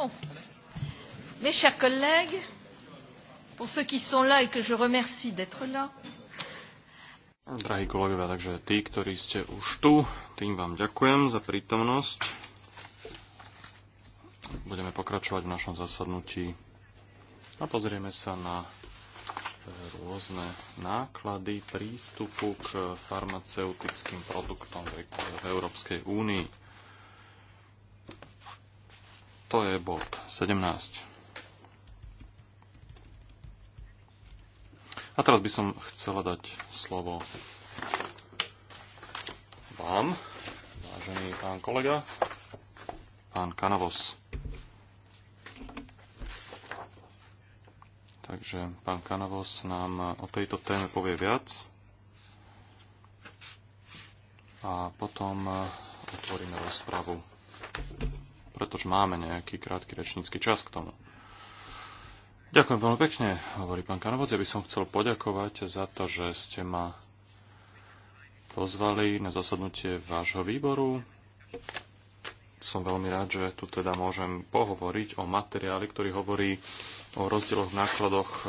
Bon. Mes chers collègues, pour ceux qui sont là et que je remercie d'être là. Drahí kolegovia, takže tí, ktorí ste už tu, tým vám ďakujem za prítomnosť. Budeme pokračovať v našom zasadnutí a pozrieme sa na e, rôzne náklady prístupu k farmaceutickým produktom v e- Európskej únii. To je bod 17. A teraz by som chcela dať slovo vám, vážený pán kolega, pán Kanavos. Takže pán Kanavos nám o tejto téme povie viac a potom otvoríme rozpravu pretože máme nejaký krátky rečnícky čas k tomu. Ďakujem veľmi pekne, hovorí pán Kanovac. Ja by som chcel poďakovať za to, že ste ma pozvali na zasadnutie vášho výboru. Som veľmi rád, že tu teda môžem pohovoriť o materiáli, ktorý hovorí o rozdieloch v nákladoch e,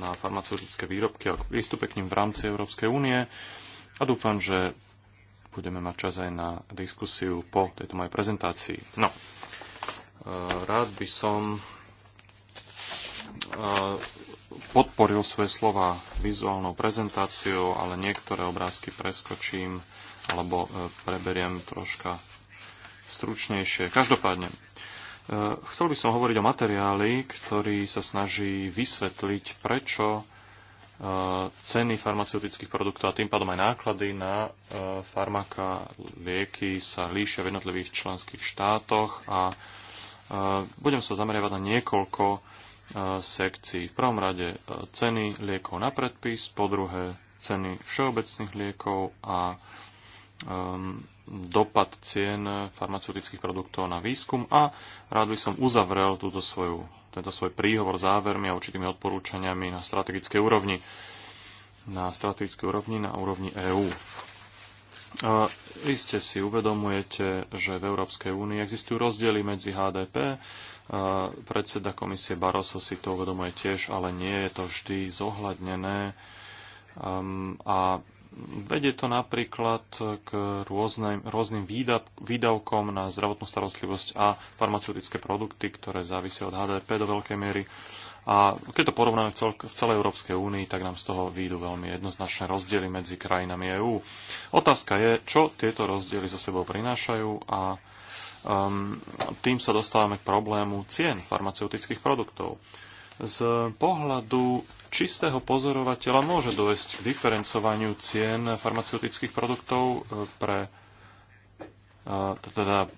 na farmaceutické výrobky a prístupe k ním v rámci Európskej únie. A dúfam, že budeme mať čas aj na diskusiu po tejto mojej prezentácii. No, e, rád by som e, podporil svoje slova vizuálnou prezentáciou, ale niektoré obrázky preskočím alebo e, preberiem troška stručnejšie. Každopádne, chcel by som hovoriť o materiáli, ktorý sa snaží vysvetliť, prečo Eh, ceny farmaceutických produktov a tým pádom aj náklady na eh, farmaka lieky sa líšia v jednotlivých členských štátoch a eh, budem sa zameriavať na niekoľko sekcií. V prvom rade ceny liekov na predpis, po druhé ceny všeobecných liekov a ehm, dopad cien farmaceutických produktov na výskum a rád by som uzavrel túto svoju tento svoj príhovor závermi a určitými odporúčaniami na strategickej úrovni. Na strategickej úrovni, na úrovni EÚ. Iste si uvedomujete, že v Európskej únii existujú rozdiely medzi HDP. Predseda komisie Barroso si to uvedomuje tiež, ale nie je to vždy zohľadnené. A Vedie to napríklad k rôznym, rôznym výdavkom na zdravotnú starostlivosť a farmaceutické produkty, ktoré závisia od HDP do veľkej miery. A keď to porovnáme v, cel, v celej Európskej únii, tak nám z toho výjdu veľmi jednoznačné rozdiely medzi krajinami EÚ. Otázka je, čo tieto rozdiely so sebou prinášajú a um, tým sa dostávame k problému cien farmaceutických produktov. Z pohľadu čistého pozorovateľa môže dovesť k diferencovaniu cien farmaceutických produktov e, pre e, teda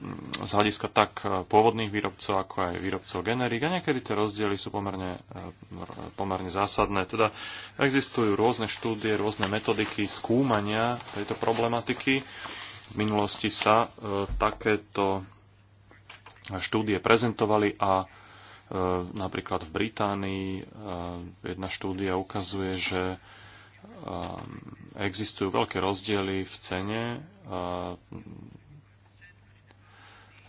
z hľadiska tak e, pôvodných výrobcov, ako aj výrobcov generík. A niekedy tie rozdiely sú pomerne, pomerne zásadné. Teda existujú rôzne štúdie, rôzne metodiky skúmania tejto problematiky. V minulosti sa takéto štúdie prezentovali a E, napríklad v Británii e, jedna štúdia ukazuje, že e, existujú veľké rozdiely v cene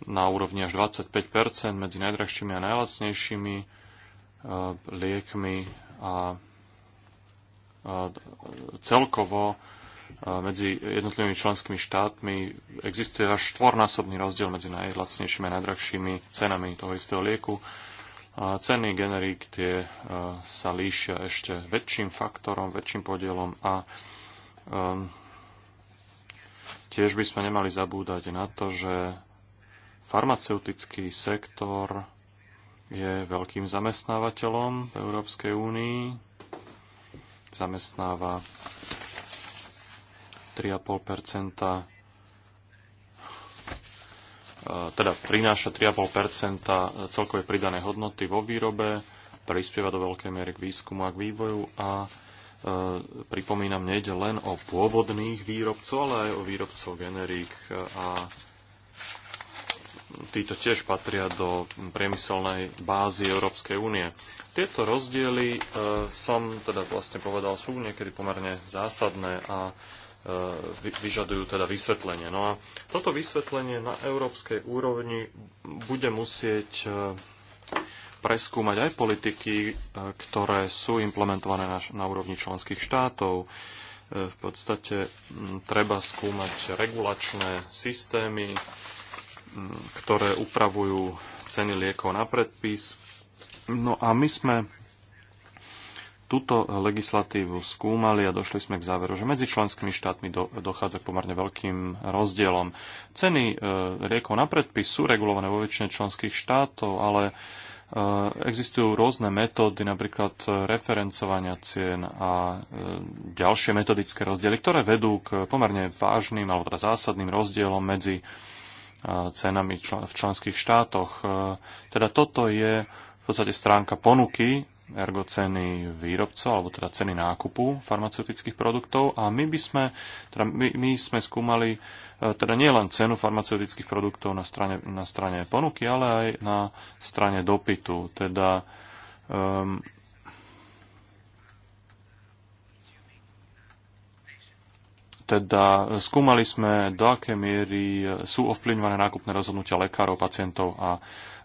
na úrovni až 25 medzi najdrahšími a najlacnejšími liekmi a celkovo medzi jednotlivými členskými štátmi existuje až štvornásobný rozdiel medzi najlacnejšími a najdrahšími cenami toho istého lieku. A ceny generík tie e, sa líšia ešte väčším faktorom, väčším podielom a um, tiež by sme nemali zabúdať na to, že farmaceutický sektor je veľkým zamestnávateľom v Európskej únii. Zamestnáva 3,5 teda prináša 3,5 celkovej pridanej hodnoty vo výrobe, prispieva do veľkej miery k výskumu a k vývoju a e, pripomínam, nejde len o pôvodných výrobcov, ale aj o výrobcov generík a títo tiež patria do priemyselnej bázy Európskej únie. Tieto rozdiely, e, som teda vlastne povedal, sú niekedy pomerne zásadné a E, vyžadujú teda vysvetlenie. No a toto vysvetlenie na európskej úrovni bude musieť e, preskúmať aj politiky, e, ktoré sú implementované na, na úrovni členských štátov. V podstate treba skúmať regulačné systémy, ktoré upravujú ceny liekov na predpis. No a my sme túto legislatívu skúmali a došli sme k záveru, že medzi členskými štátmi do, dochádza k pomerne veľkým rozdielom. Ceny e, riekov na predpis sú regulované vo väčšine členských štátov, ale e, existujú rôzne metódy, napríklad referencovania cien a e, ďalšie metodické rozdiely, ktoré vedú k pomerne vážnym alebo teda zásadným rozdielom medzi e, cenami čl- v členských štátoch. E, teda toto je v podstate stránka ponuky ergo ceny výrobcov, alebo teda ceny nákupu farmaceutických produktov a my by sme, teda my, my sme skúmali e, teda nie len cenu farmaceutických produktov na strane, na strane ponuky, ale aj na strane dopytu. Teda um, teda skúmali sme, do aké miery sú ovplyvňované nákupné rozhodnutia lekárov, pacientov a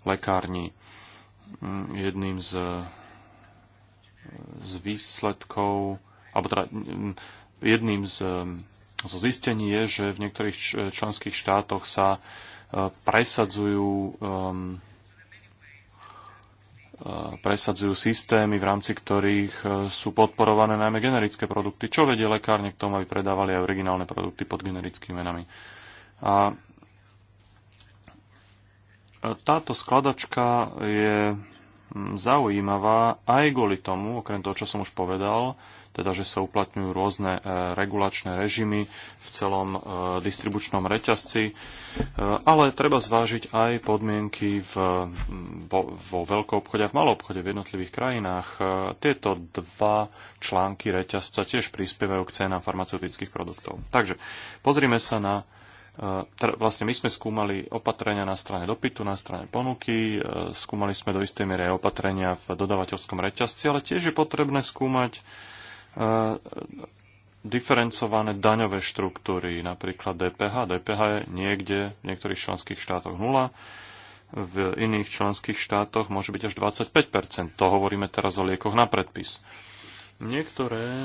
lekární. Mm, jedným z z výsledkov, alebo teda mm, jedným z, mm, zo zistení je, že v niektorých členských štátoch sa e, presadzujú um, presadzujú systémy, v rámci ktorých e, sú podporované najmä generické produkty, čo vedie lekárne k tomu, aby predávali aj originálne produkty pod generickými menami. A táto skladačka je Mm, zaujímavá aj kvôli tomu, okrem toho, čo som už povedal, teda že sa uplatňujú rôzne e, regulačné režimy v celom e, distribučnom reťazci, e, ale treba zvážiť aj podmienky v, mm, vo, vo veľkom obchode a v malom obchode v jednotlivých krajinách. Tieto dva články reťazca tiež prispievajú k cenám farmaceutických produktov. Takže pozrime sa na vlastne my sme skúmali opatrenia na strane dopytu, na strane ponuky, e, skúmali sme do istej miery aj opatrenia v dodavateľskom reťazci, ale tiež je potrebné skúmať e, diferencované daňové štruktúry, napríklad DPH. DPH je niekde v niektorých členských štátoch nula, v iných členských štátoch môže byť až 25 To hovoríme teraz o liekoch na predpis. Niektoré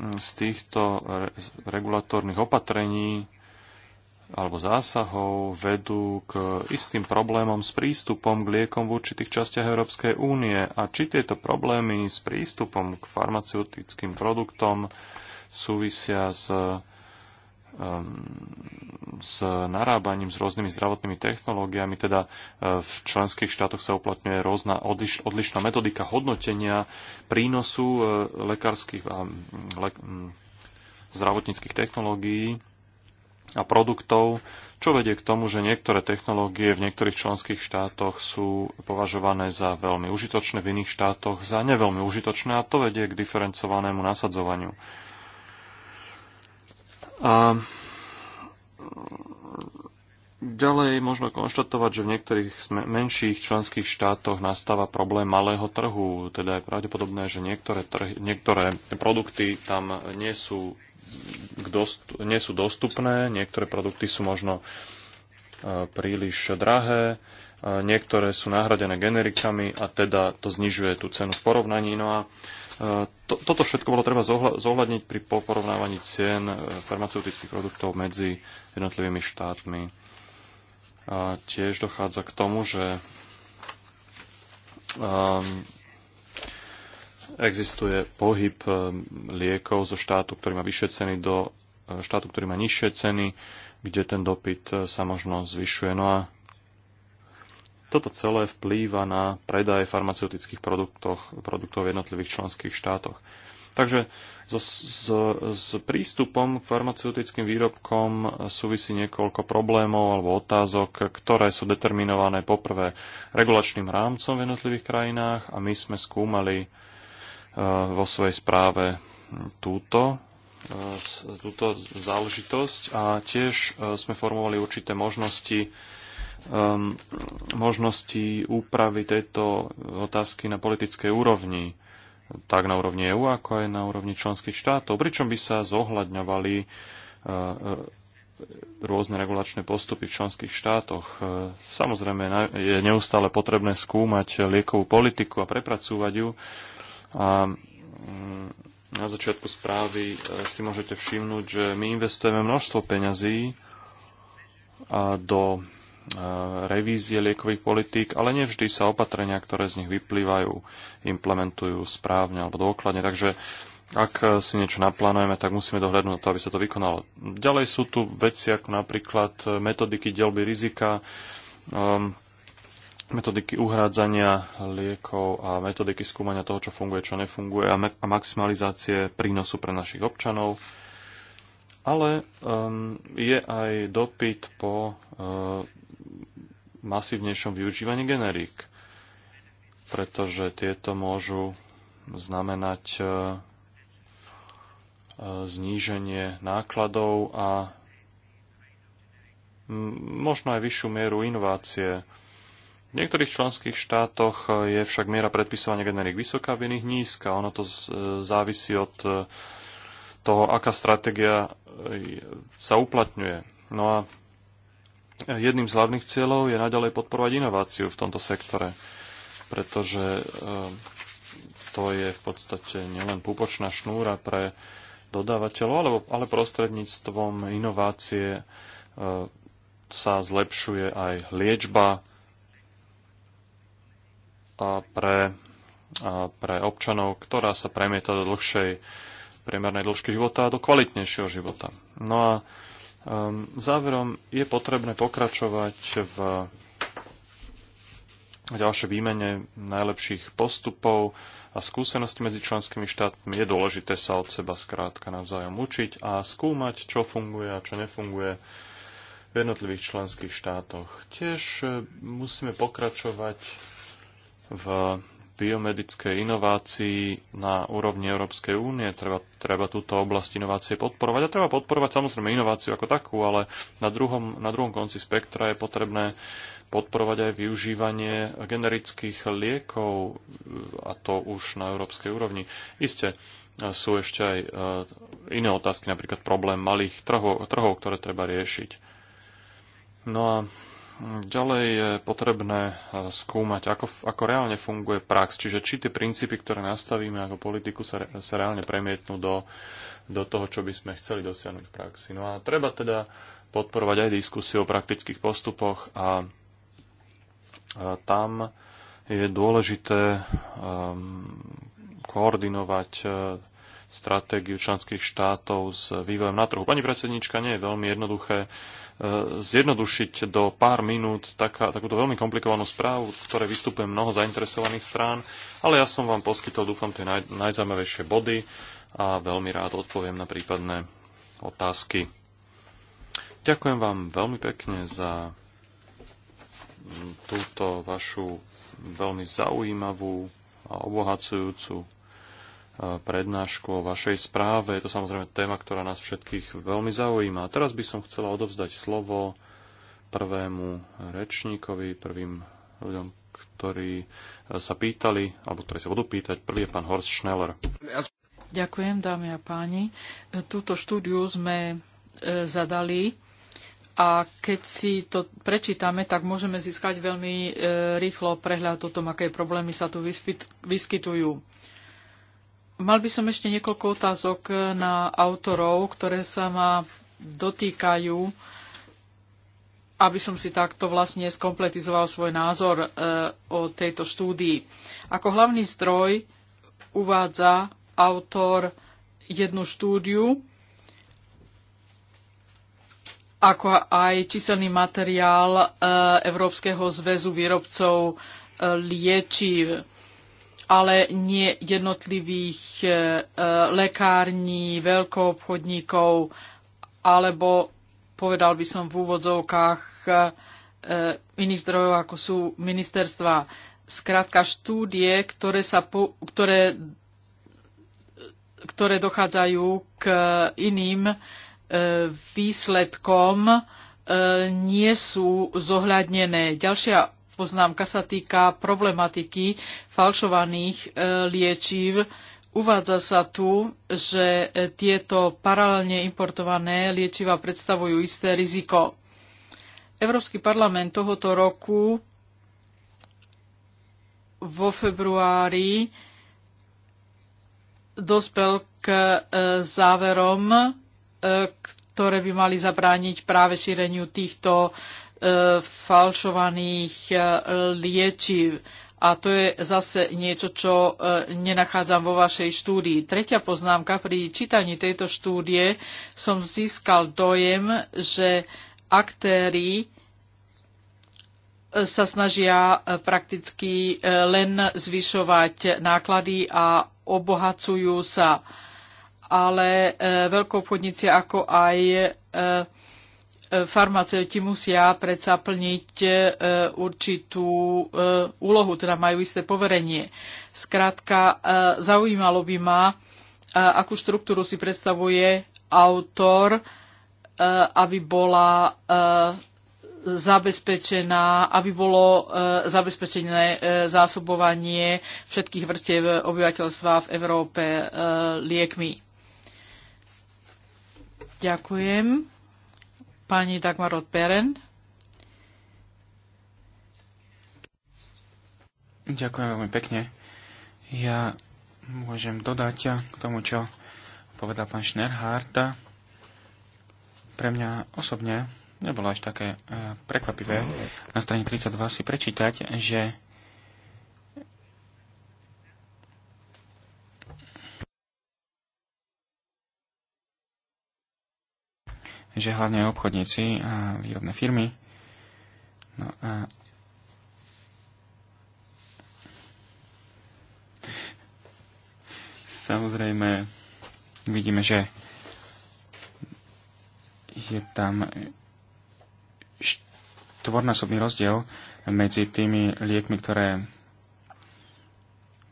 mm, z týchto re- regulatórnych opatrení alebo zásahov vedú k istým problémom s prístupom k liekom v určitých častiach Európskej únie a či tieto problémy s prístupom k farmaceutickým produktom súvisia s, um, s narábaním s rôznymi zdravotnými technológiami. Teda uh, v členských štátoch sa uplatňuje rôzna odliš, odlišná metodika hodnotenia prínosu uh, lekárskych a um, le, mm, zdravotníckých technológií a produktov, čo vedie k tomu, že niektoré technológie v niektorých členských štátoch sú považované za veľmi užitočné, v iných štátoch za neveľmi užitočné a to vedie k diferencovanému nasadzovaniu. A ďalej možno konštatovať, že v niektorých menších členských štátoch nastáva problém malého trhu, teda je pravdepodobné, že niektoré, trhy, niektoré produkty tam nie sú nie sú dostupné, niektoré produkty sú možno e, príliš drahé, e, niektoré sú nahradené generikami a teda to znižuje tú cenu v porovnaní. No a e, to, toto všetko bolo treba zohľadniť pri porovnávaní cien farmaceutických produktov medzi jednotlivými štátmi. A tiež dochádza k tomu, že existuje pohyb eh, liekov zo štátu, ktorý má vyššie ceny, do eh, štátu, ktorý má nižšie ceny, kde ten dopyt eh, sa možno zvyšuje. No a toto celé vplýva na predaje farmaceutických produktov, produktov v jednotlivých členských štátoch. Takže so, s, s prístupom k farmaceutickým výrobkom súvisí niekoľko problémov alebo otázok, ktoré sú determinované poprvé regulačným rámcom v jednotlivých krajinách a my sme skúmali vo svojej správe túto, e, túto záležitosť a tiež e, sme formovali určité možnosti možnosti úpravy tejto otázky na politickej úrovni, tak na úrovni EÚ, ako aj na úrovni členských štátov, pričom by sa zohľadňovali e, rôzne regulačné postupy v členských štátoch. Samozrejme, je neustále potrebné skúmať liekovú politiku a prepracúvať ju, a mm, na začiatku správy e, si môžete všimnúť, že my investujeme množstvo peňazí e, do e, revízie liekových politík, ale nevždy sa opatrenia, ktoré z nich vyplývajú, implementujú správne alebo dôkladne. Takže ak si niečo naplánujeme, tak musíme dohľadnúť na to, aby sa to vykonalo. Ďalej sú tu veci ako napríklad metodiky dielby rizika, um, metodiky uhrádzania liekov a metodiky skúmania toho, čo funguje, čo nefunguje a, a maximalizácie prínosu pre našich občanov. Ale um, je aj dopyt po uh, masívnejšom využívaní generík, pretože tieto môžu znamenať uh, uh zníženie nákladov a možno aj vyššiu mieru inovácie v niektorých členských štátoch eh, je však miera predpisovania generík vysoká, v iných nízka. Ono to eh, závisí od eh, toho, aká stratégia sa uplatňuje. No a jedným z hlavných cieľov je naďalej podporovať inováciu v tomto sektore, pretože to je v podstate nielen púpočná šnúra pre dodávateľov, ale, ale prostredníctvom inovácie sa zlepšuje aj liečba pre, pre občanov, ktorá sa premieta do dlhšej priemernej dĺžky života a do kvalitnejšieho života. No a um, záverom je potrebné pokračovať v ďalšej výmene najlepších postupov a skúseností medzi členskými štátmi. Je dôležité sa od seba skrátka navzájom učiť a skúmať, čo funguje a čo nefunguje v jednotlivých členských štátoch. Tiež eh, musíme pokračovať v biomedickej inovácii na úrovni Európskej únie. Treba, treba túto oblasť inovácie podporovať. A treba podporovať samozrejme inováciu ako takú, ale na druhom, na druhom konci spektra je potrebné podporovať aj využívanie generických liekov, a to už na európskej úrovni. Isté, sú ešte aj e, iné otázky, napríklad problém malých trhov, trhov ktoré treba riešiť. No a Ďalej je potrebné e, skúmať, ako, ako reálne funguje prax, čiže či tie princípy, ktoré nastavíme ako politiku, sa, sa reálne premietnú do, do toho, čo by sme chceli dosiahnuť v praxi. No a treba teda podporovať aj diskusiu o praktických postupoch a, a tam je dôležité um, koordinovať uh, stratégiu členských štátov s vývojom na trhu. Pani predsednička, nie je veľmi jednoduché e, zjednodušiť do pár minút taká, takúto veľmi komplikovanú správu, v ktorej vystupuje mnoho zainteresovaných strán, ale ja som vám poskytol, dúfam, tie naj, najzaujímavejšie body a veľmi rád odpoviem na prípadné otázky. Ďakujem vám veľmi pekne za túto vašu veľmi zaujímavú a obohacujúcu prednášku o vašej správe. Je to samozrejme téma, ktorá nás všetkých veľmi zaujíma. A teraz by som chcela odovzdať slovo prvému rečníkovi, prvým ľuďom, ktorí sa pýtali, alebo ktorí sa budú pýtať. Prvý je pán Horst Schneller. Ďakujem, dámy a páni. Túto štúdiu sme e, zadali a keď si to prečítame, tak môžeme získať veľmi e, rýchlo prehľad o tom, aké problémy sa tu vyskytujú. Mal by som ešte niekoľko otázok eh, na autorov, ktoré sa ma dotýkajú, aby som si takto vlastne skompletizoval svoj názor eh, o tejto štúdii. Ako hlavný zdroj uvádza autor jednu štúdiu, ako aj číselný materiál eh, Európskeho zväzu výrobcov liečiv ale nie jednotlivých e, e, lekární, obchodníkov, alebo povedal by som v úvodzovkách e, iných zdrojov, ako sú ministerstva. Skrátka štúdie, ktoré, sa po, ktoré, ktoré dochádzajú k iným výsledkom, nie sú zohľadnené. Ďalšia poznámka sa týka problematiky falšovaných e, liečiv. Uvádza sa tu, že e, tieto paralelne importované liečiva predstavujú isté riziko. Európsky parlament tohoto roku vo februári dospel k e, záverom, ktoré by mali zabrániť práve šíreniu týchto E, falšovaných e, liečiv. A to je zase niečo, čo e, nenachádzam vo vašej štúdii. Tretia poznámka, pri čítaní tejto štúdie som získal dojem, že aktéry sa snažia prakticky len zvyšovať náklady a obohacujú sa. Ale veľkopodnice ako aj farmaceuti musia predsa plniť e, určitú e, úlohu, teda majú isté poverenie. Skrátka, e, zaujímalo by ma, akú štruktúru si predstavuje autor, aby bola zabezpečená, aby bolo zabezpečené zásobovanie všetkých vrstiev obyvateľstva v Európe liekmi. Ďakujem pani Ďakujem veľmi pekne. Ja môžem dodať k tomu, čo povedal pán Schnerhardt. Pre mňa osobne nebolo až také eh, prekvapivé na strane 32 si prečítať, že že hlavne obchodníci a výrobné firmy. No a samozrejme vidíme, že je tam štvornásobný rozdiel medzi tými liekmi, ktoré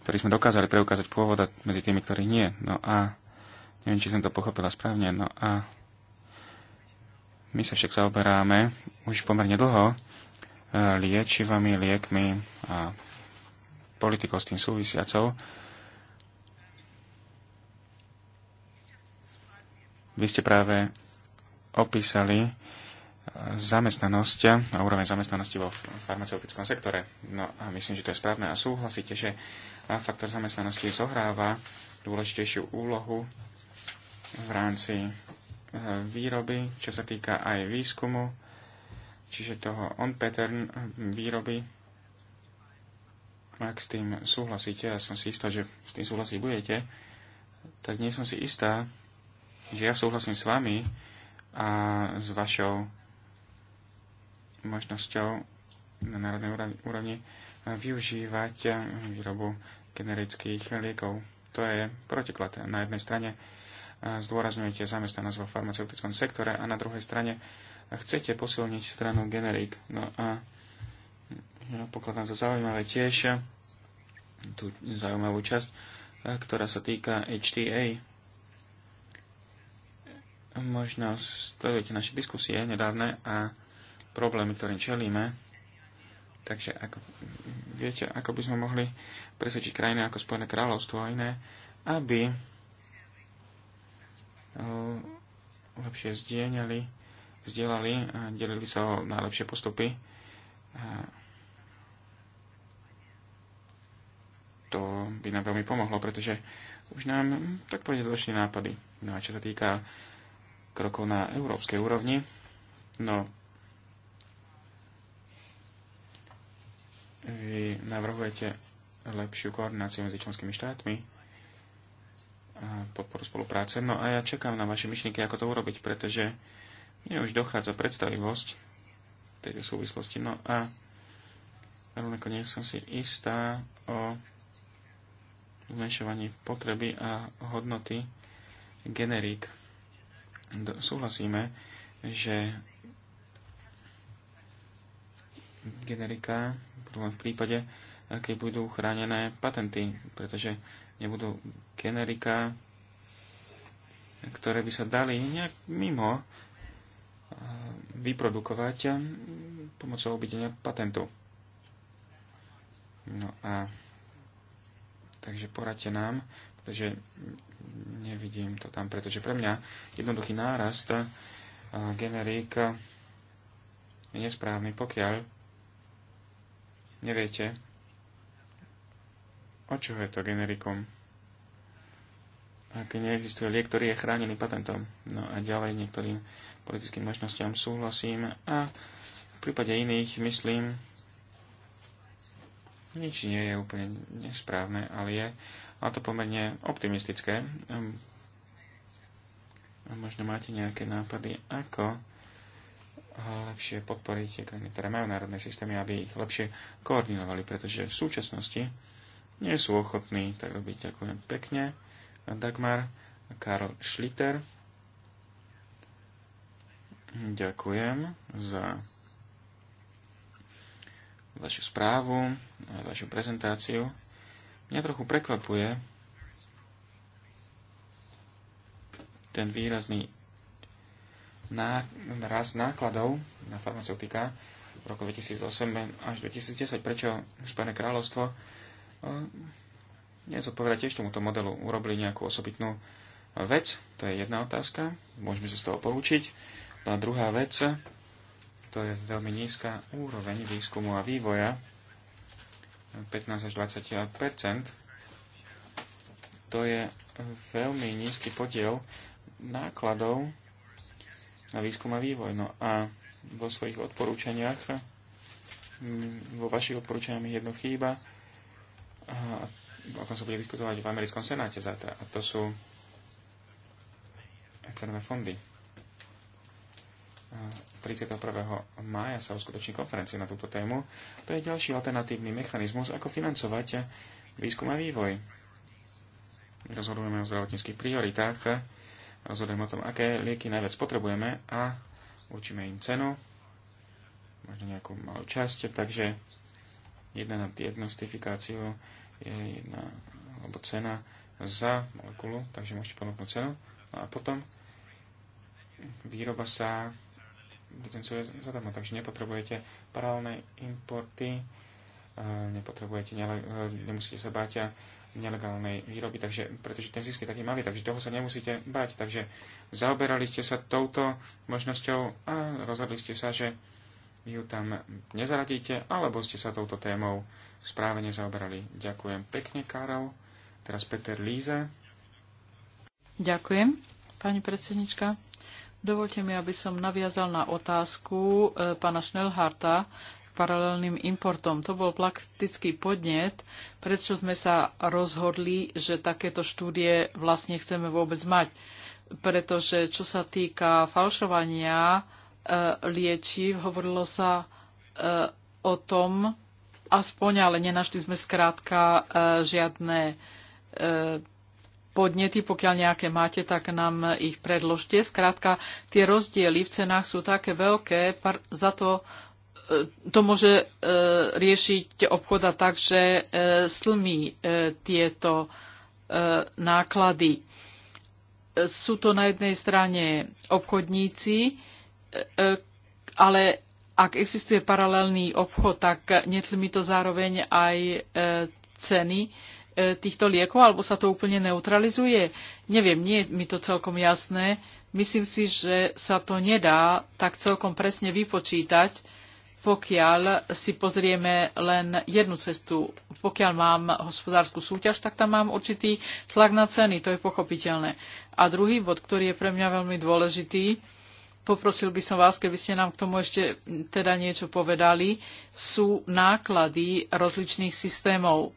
ktorý sme dokázali preukázať pôvod a medzi tými, ktorí nie. No a neviem, či som to pochopila správne. No a my sa však zaoberáme už pomerne dlho e, liečivami, liekmi a politikou s tým súvisiacou. Vy ste práve opísali e, zamestnanosť a úroveň zamestnanosti vo farmaceutickom sektore. No a myslím, že to je správne a súhlasíte, že faktor zamestnanosti zohráva dôležitejšiu úlohu v rámci výroby, čo sa týka aj výskumu, čiže toho on-pattern výroby. Ak s tým súhlasíte, ja som si istá, že s tým súhlasiť budete, tak nie som si istá, že ja súhlasím s vami a s vašou možnosťou na národnej úrovni využívať výrobu generických liekov. To je protiklad. Na jednej strane zdôrazňujete zamestnanosť vo farmaceutickom sektore a na druhej strane chcete posilniť stranu generík. No a ja pokladám za zaujímavé tiež tú zaujímavú časť, ktorá sa týka HTA. Možno sledujete naše diskusie nedávne a problémy, ktorým čelíme. Takže ako, viete, ako by sme mohli presvedčiť krajiny ako Spojené kráľovstvo a iné, aby Eh, lepšie zdieňali, zdieľali a delili sa o najlepšie postupy. A to by nám veľmi pomohlo, pretože už nám, tak povedať, zločné nápady. No a čo sa týka krokov na európskej úrovni, no vy navrhujete lepšiu koordináciu medzi členskými štátmi, podporu spolupráce. No a ja čakám na vaše myšlienky, ako to urobiť, pretože mne už dochádza predstavivosť tejto súvislosti. No a rovnako nie som si istá o zmenšovaní potreby a hodnoty generík. Súhlasíme, že generika budú len v prípade, aké budú chránené patenty, pretože nebudú generika, ktoré by sa dali nejak mimo eh, vyprodukovať eh, pomocou obidenia patentu. No a takže poradte nám, pretože nevidím to tam, pretože pre mňa jednoduchý nárast eh, generík je nesprávny, pokiaľ neviete, od čo je to generikum? Ak neexistuje liek, ktorý je chránený patentom. No a ďalej niektorým politickým možnostiam súhlasím a v prípade iných myslím, nič nie je úplne nesprávne, ale je a to pomerne optimistické. Ehm, a možno máte nejaké nápady, ako lepšie podporiť tie krajiny, ktoré majú národné systémy, aby ich lepšie koordinovali, pretože v súčasnosti nie sú ochotní tak robiť. Ďakujem pekne. Dagmar, Karol Schlitter. Ďakujem za vašu správu, a vašu prezentáciu. Mňa trochu prekvapuje ten výrazný raz nákladov na farmaceutika v roku 2008 až 2010. Prečo Spojené kráľovstvo nezodpovedá tiež tomuto modelu. Urobili nejakú osobitnú vec, to je jedna otázka, môžeme sa z toho poučiť. A druhá vec, to je veľmi nízka úroveň výskumu a vývoja, 15 až 20 To je veľmi nízky podiel nákladov na výskum a vývoj. No a vo svojich odporúčaniach, mm, vo vašich odporúčaniach mi jedno chýba, o tom sa bude diskutovať v americkom senáte zajtra. A to sú cenové fondy. 31. mája sa uskutoční konferencia na túto tému. To je ďalší alternatívny mechanizmus, ako financovať výskum a vývoj. Rozhodujeme o zdravotníckých prioritách, rozhodujeme o tom, aké lieky najviac potrebujeme a určíme im cenu, možno nejakú malú časť, takže jedna na diagnostifikáciu je jedna alebo cena za molekulu, takže môžete ponúknuť cenu. No a potom výroba sa licencuje zadarmo, takže nepotrebujete paralelné importy, nepotrebujete, nemusíte sa báť nelegálnej výroby, takže, pretože ten zisk je taký malý, takže toho sa nemusíte bať. Takže zaoberali ste sa touto možnosťou a rozhodli ste sa, že ju tam nezaradíte, alebo ste sa touto témou správe nezaoberali. Ďakujem pekne, Karol. Teraz Peter Líze. Ďakujem, pani predsednička. Dovolte mi, aby som naviazal na otázku e, pána Schnellharta k paralelným importom. To bol praktický podnet, prečo sme sa rozhodli, že takéto štúdie vlastne chceme vôbec mať. Pretože čo sa týka falšovania e, liečiv, hovorilo sa e, o tom, aspoň, ale nenašli sme skrátka e, žiadne e, podnety, pokiaľ nejaké máte, tak nám ich predložte. Skrátka, tie rozdiely v cenách sú také veľké, za to e, to môže riešiť obchoda tak, že slmí tieto náklady. Sú to na jednej strane obchodníci, ale ak existuje paralelný obchod, tak netlmi to zároveň aj e, ceny e, týchto liekov, alebo sa to úplne neutralizuje? Neviem, nie je mi to celkom jasné. Myslím si, že sa to nedá tak celkom presne vypočítať, pokiaľ si pozrieme len jednu cestu. Pokiaľ mám hospodárskú súťaž, tak tam mám určitý tlak na ceny, to je pochopiteľné. A druhý bod, ktorý je pre mňa veľmi dôležitý, Poprosil by som vás, keby ste nám k tomu ešte teda niečo povedali. Sú náklady rozličných systémov.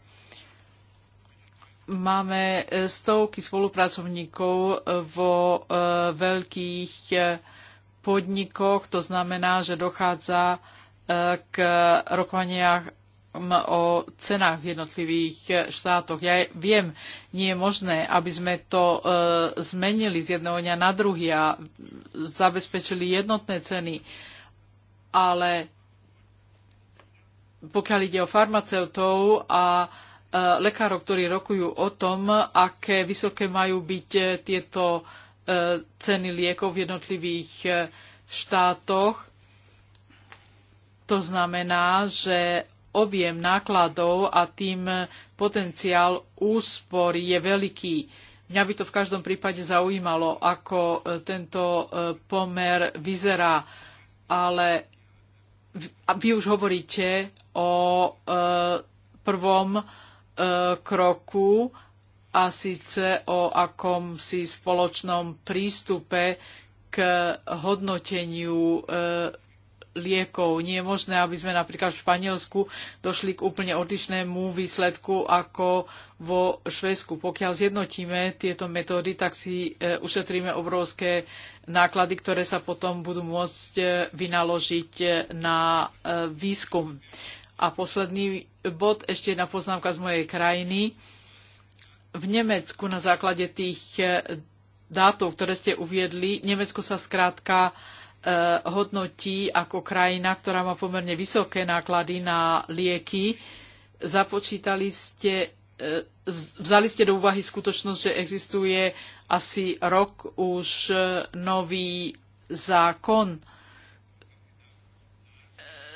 Máme e, stovky spolupracovníkov e, vo e, veľkých podnikoch, to znamená, že dochádza k rokovaniach o cenách v jednotlivých e, štátoch. Ja viem, nie je možné, aby sme to e, zmenili z jedného dňa na druhý a zabezpečili jednotné ceny, ale pokiaľ ide o farmaceutov a e, lekárov, ktorí rokujú o tom, aké vysoké majú byť tieto ceny liekov v jednotlivých štátoch, to znamená, že objem nákladov a tým potenciál úspor je veľký. Mňa by to v každom prípade zaujímalo, ako e, tento e, pomer vyzerá, ale vy už hovoríte o e, prvom kroku a síce o akomsi spoločnom prístupe k hodnoteniu liekov. Nie je možné, aby sme napríklad v Španielsku došli k úplne odlišnému výsledku ako vo Švedsku. Pokiaľ zjednotíme tieto metódy, tak si e, ušetríme obrovské náklady, ktoré sa potom budú môcť e, vynaložiť e, na výskum. A posledný bod, ešte jedna poznámka z mojej krajiny. V Nemecku na základe tých dátov, ktoré ste uviedli, Nemecko sa skrátka uh, Eh, hodnotí ako krajina, ktorá má pomerne vysoké náklady na lieky. Započítali ste, eh, vzali ste do úvahy skutočnosť, že existuje asi rok už eh, nový zákon.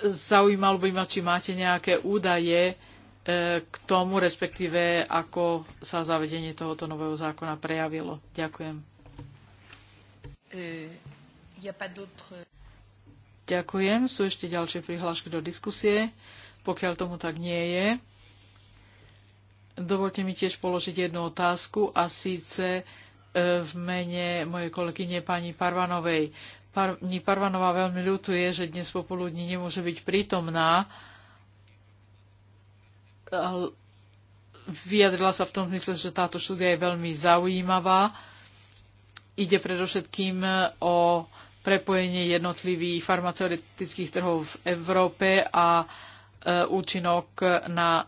Zaujímalo by ma, či máte nejaké údaje k tomu, respektíve ako sa zavedenie tohoto nového zákona prejavilo. Ďakujem. E Ďakujem. Sú ešte ďalšie prihlášky do diskusie. Pokiaľ tomu tak nie je, dovolte mi tiež položiť jednu otázku a síce e, v mene mojej kolegyne pani Parvanovej. Pani Parvanová veľmi ľutuje, že dnes popoludní nemôže byť prítomná. Vyjadrila sa v tom zmysle, že táto štúdia je veľmi zaujímavá. Ide predovšetkým e, o prepojenie jednotlivých farmaceutických trhov v Európe a e, účinok na e,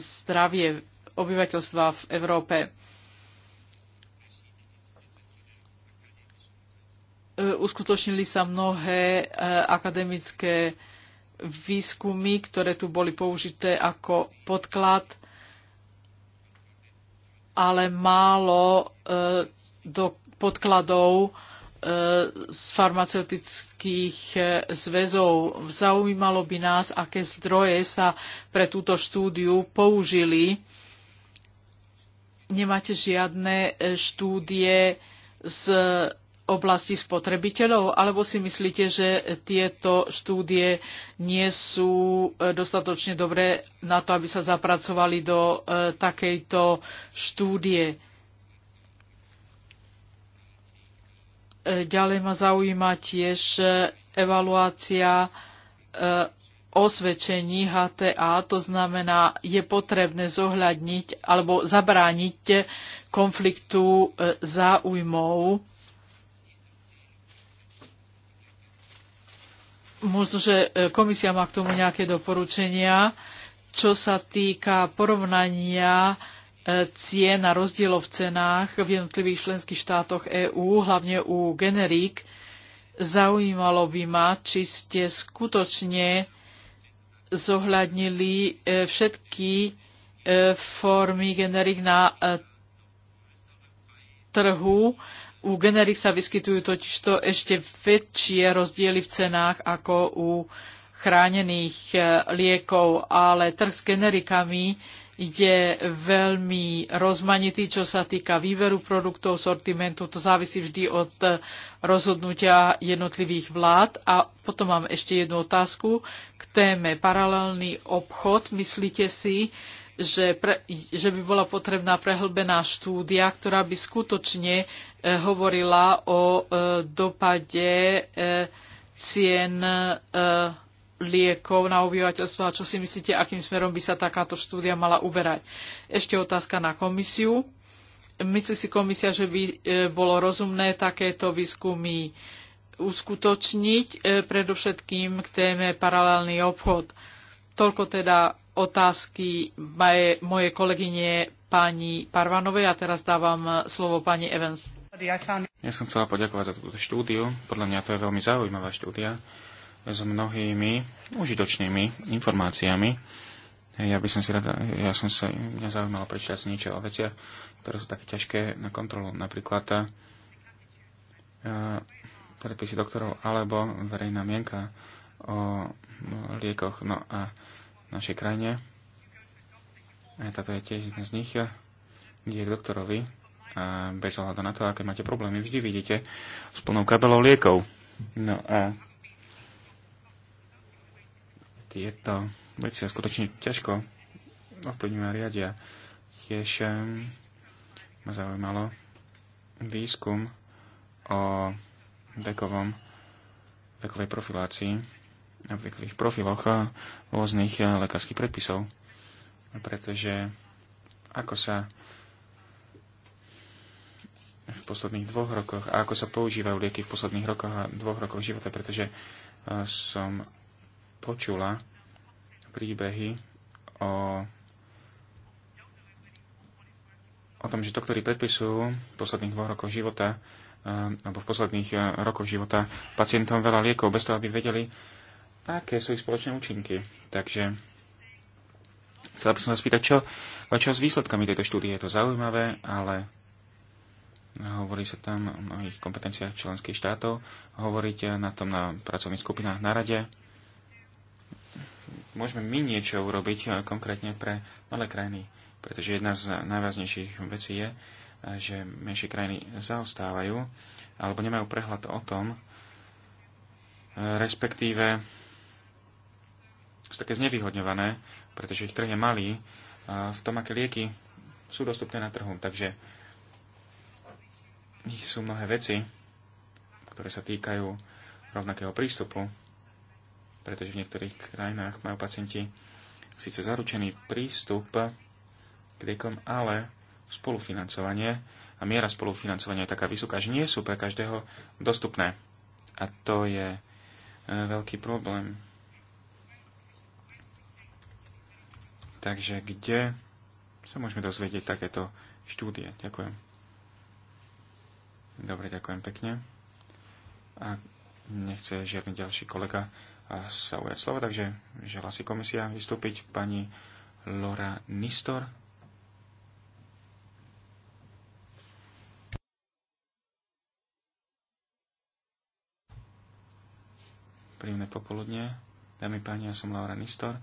zdravie obyvateľstva v Európe. E, uskutočnili sa mnohé akademické výskumy, ktoré tu boli použité ako podklad, ale málo do podkladov E, z farmaceutických e, zväzov. Zaujímalo by nás, aké zdroje sa pre túto štúdiu použili. Nemáte žiadne e, štúdie z oblasti spotrebiteľov, alebo si myslíte, že tieto štúdie nie sú dostatočne dobré na to, aby sa zapracovali do takejto štúdie? Ďalej ma zaujíma tiež e, evaluácia e, osvedčení HTA, to znamená, je potrebné zohľadniť alebo zabrániť konfliktu e, záujmov. Možno, že komisia má k tomu nejaké doporučenia, čo sa týka porovnania cien a rozdielov v cenách v jednotlivých členských štátoch EÚ, hlavne u generík. Zaujímalo by ma, či ste skutočne zohľadnili e, všetky e, formy generík na e, trhu. U generík sa vyskytujú totižto ešte väčšie rozdiely v cenách ako u chránených liekov, ale trh s generikami je veľmi rozmanitý, čo sa týka výberu produktov, sortimentu. To závisí vždy od eh, rozhodnutia jednotlivých vlád. A potom mám ešte jednu otázku k téme paralelný obchod. Myslíte si, že, pre, že by bola potrebná prehlbená štúdia, ktorá by skutočne e, hovorila o e, dopade e, cien e, liekov na obyvateľstvo a čo si myslíte, akým smerom by sa takáto štúdia mala uberať. Ešte otázka na komisiu. Myslí si komisia, že by e, bolo rozumné takéto výskumy uskutočniť, e, predovšetkým k téme paralelný obchod. Toľko teda otázky moje kolegyne pani Parvanovej a teraz dávam slovo pani Evans. Ja som chcela poďakovať za túto štúdiu. Podľa mňa to je veľmi zaujímavá štúdia s mnohými užitočnými informáciami. Ja by som si rada, ja som sa, mňa zaujímalo prečítať niečo o veciach, ktoré sú také ťažké na kontrolu. Napríklad a, e, predpisy doktorov alebo verejná mienka o liekoch. No a našej krajine, a e, táto je tiež jedna z nich, kde k doktorovi a bez ohľadu na to, aké máte problémy, vždy vidíte s plnou kabelou liekov. No a tieto veci sa skutočne ťažko ovplyvňujú a riadia. Tiež ehm, ma zaujímalo výskum o vekovom, vekovej profilácii na vekových profiloch a rôznych eh, lekárskych predpisov. Pretože ako sa v posledných dvoch rokoch a ako sa používajú lieky v posledných rokoch a dvoch rokoch života, pretože eh, som počula príbehy o, o tom, že doktori predpisujú v posledných dvoch rokoch života eh, alebo v posledných eh, rokoch života pacientom veľa liekov bez toho, aby vedeli, aké sú ich spoločné účinky. Takže chcela by som sa spýtať, čo, čo s výsledkami tejto štúdie je to zaujímavé, ale hovorí sa tam o mnohých kompetenciách členských štátov, hovoríte na tom na pracovných skupinách na rade môžeme my niečo urobiť e, konkrétne pre malé krajiny. Pretože jedna z najvážnejších vecí je, e, že menšie krajiny zaostávajú alebo nemajú prehľad o tom, e, respektíve sú také znevýhodňované, pretože ich trh je malý v tom, aké lieky sú dostupné na trhu. Takže ich sú mnohé veci, ktoré sa týkajú rovnakého prístupu pretože v niektorých krajinách majú pacienti síce zaručený prístup k liekom, ale spolufinancovanie a miera spolufinancovania je taká vysoká, že nie sú pre každého dostupné. A to je e, veľký problém. Takže kde sa môžeme dozvedieť takéto štúdie? Ďakujem. Dobre, ďakujem pekne. A nechce žiadny ďalší kolega sa ujať slovo, takže žela si komisia vystúpiť pani Lora Nistor. Príjemné popoludne. Dámy páni, ja som Laura Nistor,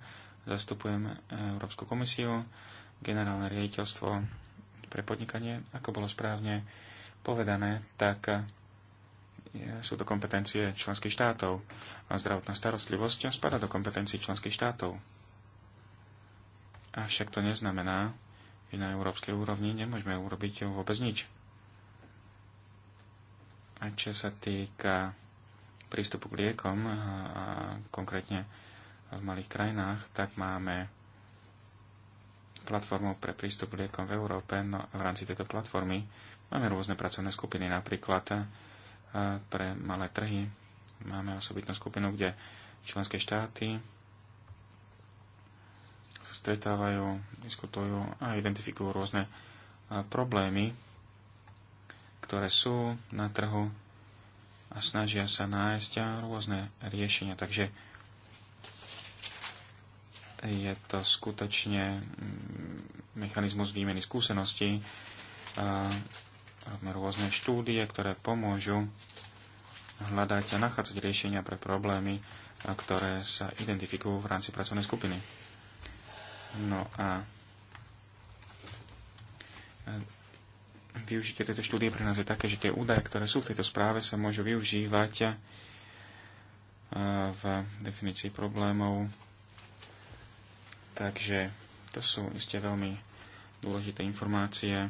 zastupujem Európsku komisiu, generálne riaditeľstvo pre podnikanie. Ako bolo správne povedané, tak sú to kompetencie členských štátov a zdravotná starostlivosť spada do kompetencií členských štátov. Avšak to neznamená, že na európskej úrovni nemôžeme urobiť vôbec nič. A čo sa týka prístupu k liekom, a konkrétne v malých krajinách, tak máme platformu pre prístup k liekom v Európe. No a v rámci tejto platformy máme rôzne pracovné skupiny, napríklad pre malé trhy. Máme osobitnú skupinu, kde členské štáty sa stretávajú, diskutujú a identifikujú rôzne problémy, ktoré sú na trhu a snažia sa nájsť rôzne riešenia. Takže je to skutočne mm, mechanizmus výmeny skúseností rôzne štúdie, ktoré pomôžu hľadať a nachádzať riešenia pre problémy, ktoré sa identifikujú v rámci pracovnej skupiny. No a využitie tejto štúdie pre nás je také, že tie údaje, ktoré sú v tejto správe, sa môžu využívať v definícii problémov. Takže to sú isté veľmi dôležité informácie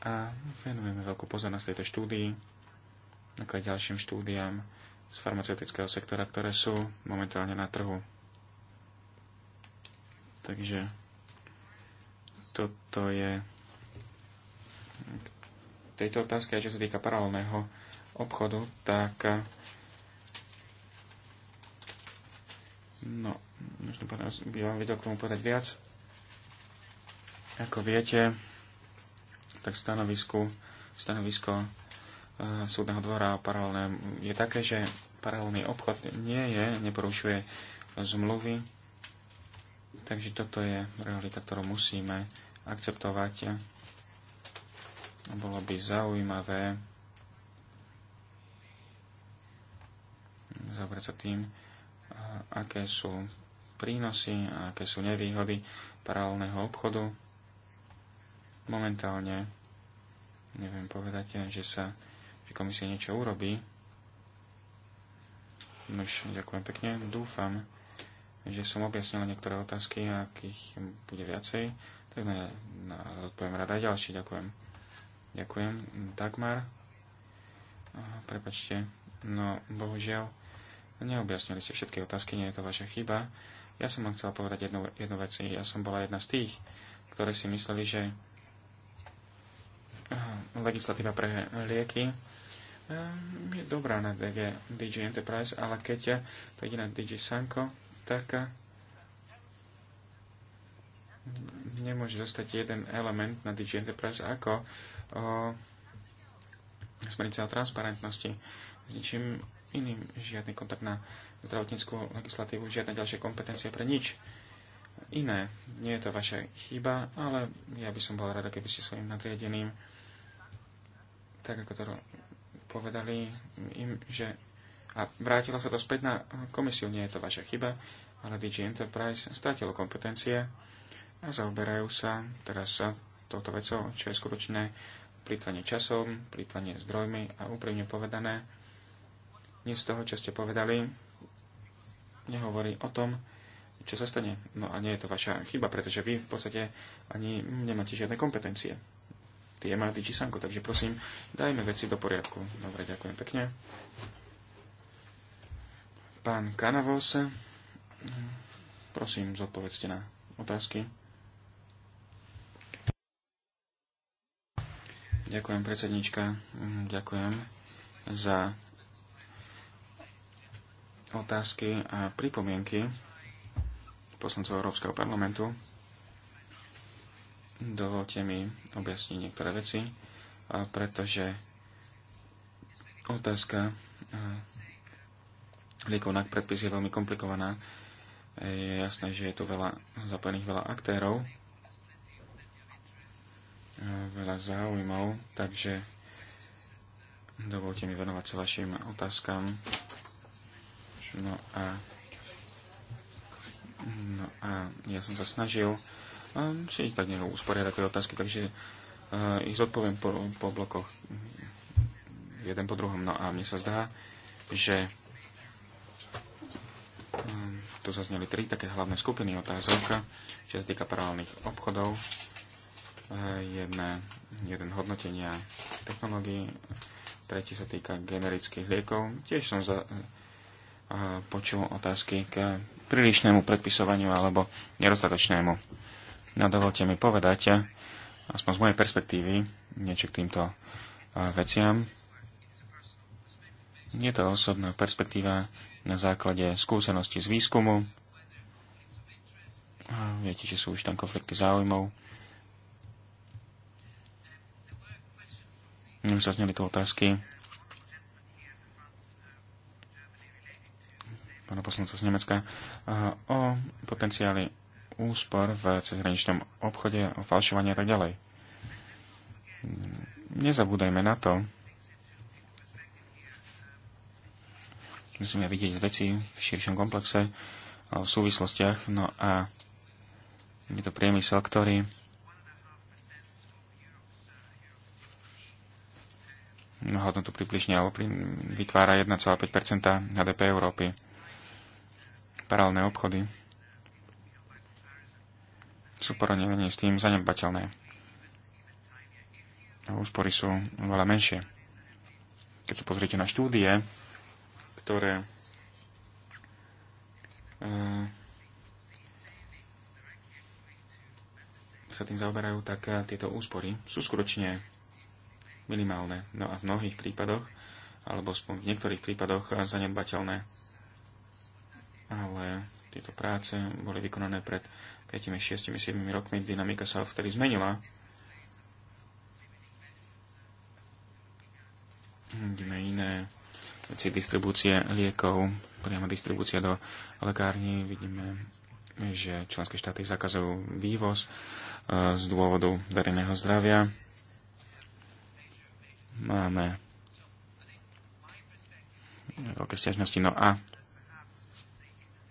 a venujeme veľkú pozornosť tejto štúdii, ako aj ďalším štúdiám z farmaceutického sektora, ktoré sú momentálne na trhu. Takže toto je tejto otázke, čo sa týka paralelného obchodu, tak no, možno by vám vedel k tomu povedať viac. Ako viete, tak stanovisku, stanovisko e, súdneho dvora o paralelné je také, že paralelný obchod nie je, neporušuje zmluvy, takže toto je realita, ktorú musíme akceptovať. Bolo by zaujímavé zaobrať sa tým, aké sú prínosy a aké sú nevýhody paralelného obchodu Momentálne neviem povedať, že sa že komisie niečo urobí. Nož, ďakujem pekne. Dúfam, že som objasnila niektoré otázky, akých bude viacej. Tak na, na, odpoviem rada aj ďalšie. Ďakujem. Ďakujem. Dagmar. Prepačte. No, bohužiaľ, neobjasnili ste všetky otázky, nie je to vaša chyba. Ja som vám chcela povedať jednu, jednu vec. Ja som bola jedna z tých, ktoré si mysleli, že legislatíva pre lieky ehm, je dobrá na DG, DG Enterprise, ale keď to ide na DG Sanko, tak eh, nemôže zostať jeden element na DG Enterprise ako o, smernica o transparentnosti s ničím iným, žiadny kontakt na zdravotníckú legislatívu, žiadne ďalšie kompetencie pre nič iné. Nie je to vaša chyba, ale ja by som bol rada, keby ste svojim nadriadeným tak ako to povedali im, že a vrátilo sa to späť na komisiu, nie je to vaša chyba, ale DG Enterprise stratilo kompetencie a zaoberajú sa teraz touto vecou, čo je skutočné plýtvanie časom, plýtvanie zdrojmi a úprimne povedané, nič z toho, čo ste povedali, nehovorí o tom, čo sa stane. No a nie je to vaša chyba, pretože vy v podstate ani nemáte žiadne kompetencie tie Digi Sanko, takže prosím, dajme veci do poriadku. Dobre, ďakujem pekne. Pán Kanavose, prosím, zodpovedzte na otázky. Ďakujem, predsednička. Ďakujem za otázky a pripomienky poslancov Európskeho parlamentu. Dovolte mi objasniť niektoré veci, pretože otázka liekov na predpis je veľmi komplikovaná. Je jasné, že je tu veľa zapojených veľa aktérov, veľa záujmov, takže dovolte mi venovať sa vašim otázkam. No a, no a ja som sa snažil si ich tak nechal usporiadať tie otázky, takže eh, ich zodpoviem po, po blokoch jeden po druhom. No a mne sa zdá, že eh, tu zazneli tri také hlavné skupiny otázok, čo sa týka paralelných obchodov, eh, jedné, jeden hodnotenia technológií, tretí sa týka generických liekov. Tiež som za, počul otázky k prílišnému predpisovaniu alebo nedostatočnému. No dovolte mi povedať, aspoň z mojej perspektívy, niečo k týmto eh, veciam. Je to osobná perspektíva na základe skúsenosti z výskumu. Viete, že sú už tam konflikty záujmov. No, už zneli tu otázky pána poslanca z Nemecka o potenciáli úspor v cezhraničnom obchode, o falšovaní a tak ďalej. Nezabúdajme na to. Musíme vidieť veci v širšom komplexe, v súvislostiach. No a je to priemysel, ktorý hodnotu približne vytvára 1,5 HDP Európy. Paralelné obchody sú porovnaní s tým zanedbateľné. Úspory sú veľa menšie. Keď sa pozriete na štúdie, ktoré e, sa tým zaoberajú, tak e, tieto úspory sú skutočne minimálne. No a v mnohých prípadoch, alebo v niektorých prípadoch e, zanedbateľné ale tieto práce boli vykonané pred 5, 6, 7 rokmi. Dynamika sa vtedy zmenila. Vidíme iné veci distribúcie liekov, priama distribúcia do lekárni. Vidíme, že členské štáty zakazujú vývoz e, z dôvodu verejného zdravia. Máme veľké stiažnosti. No a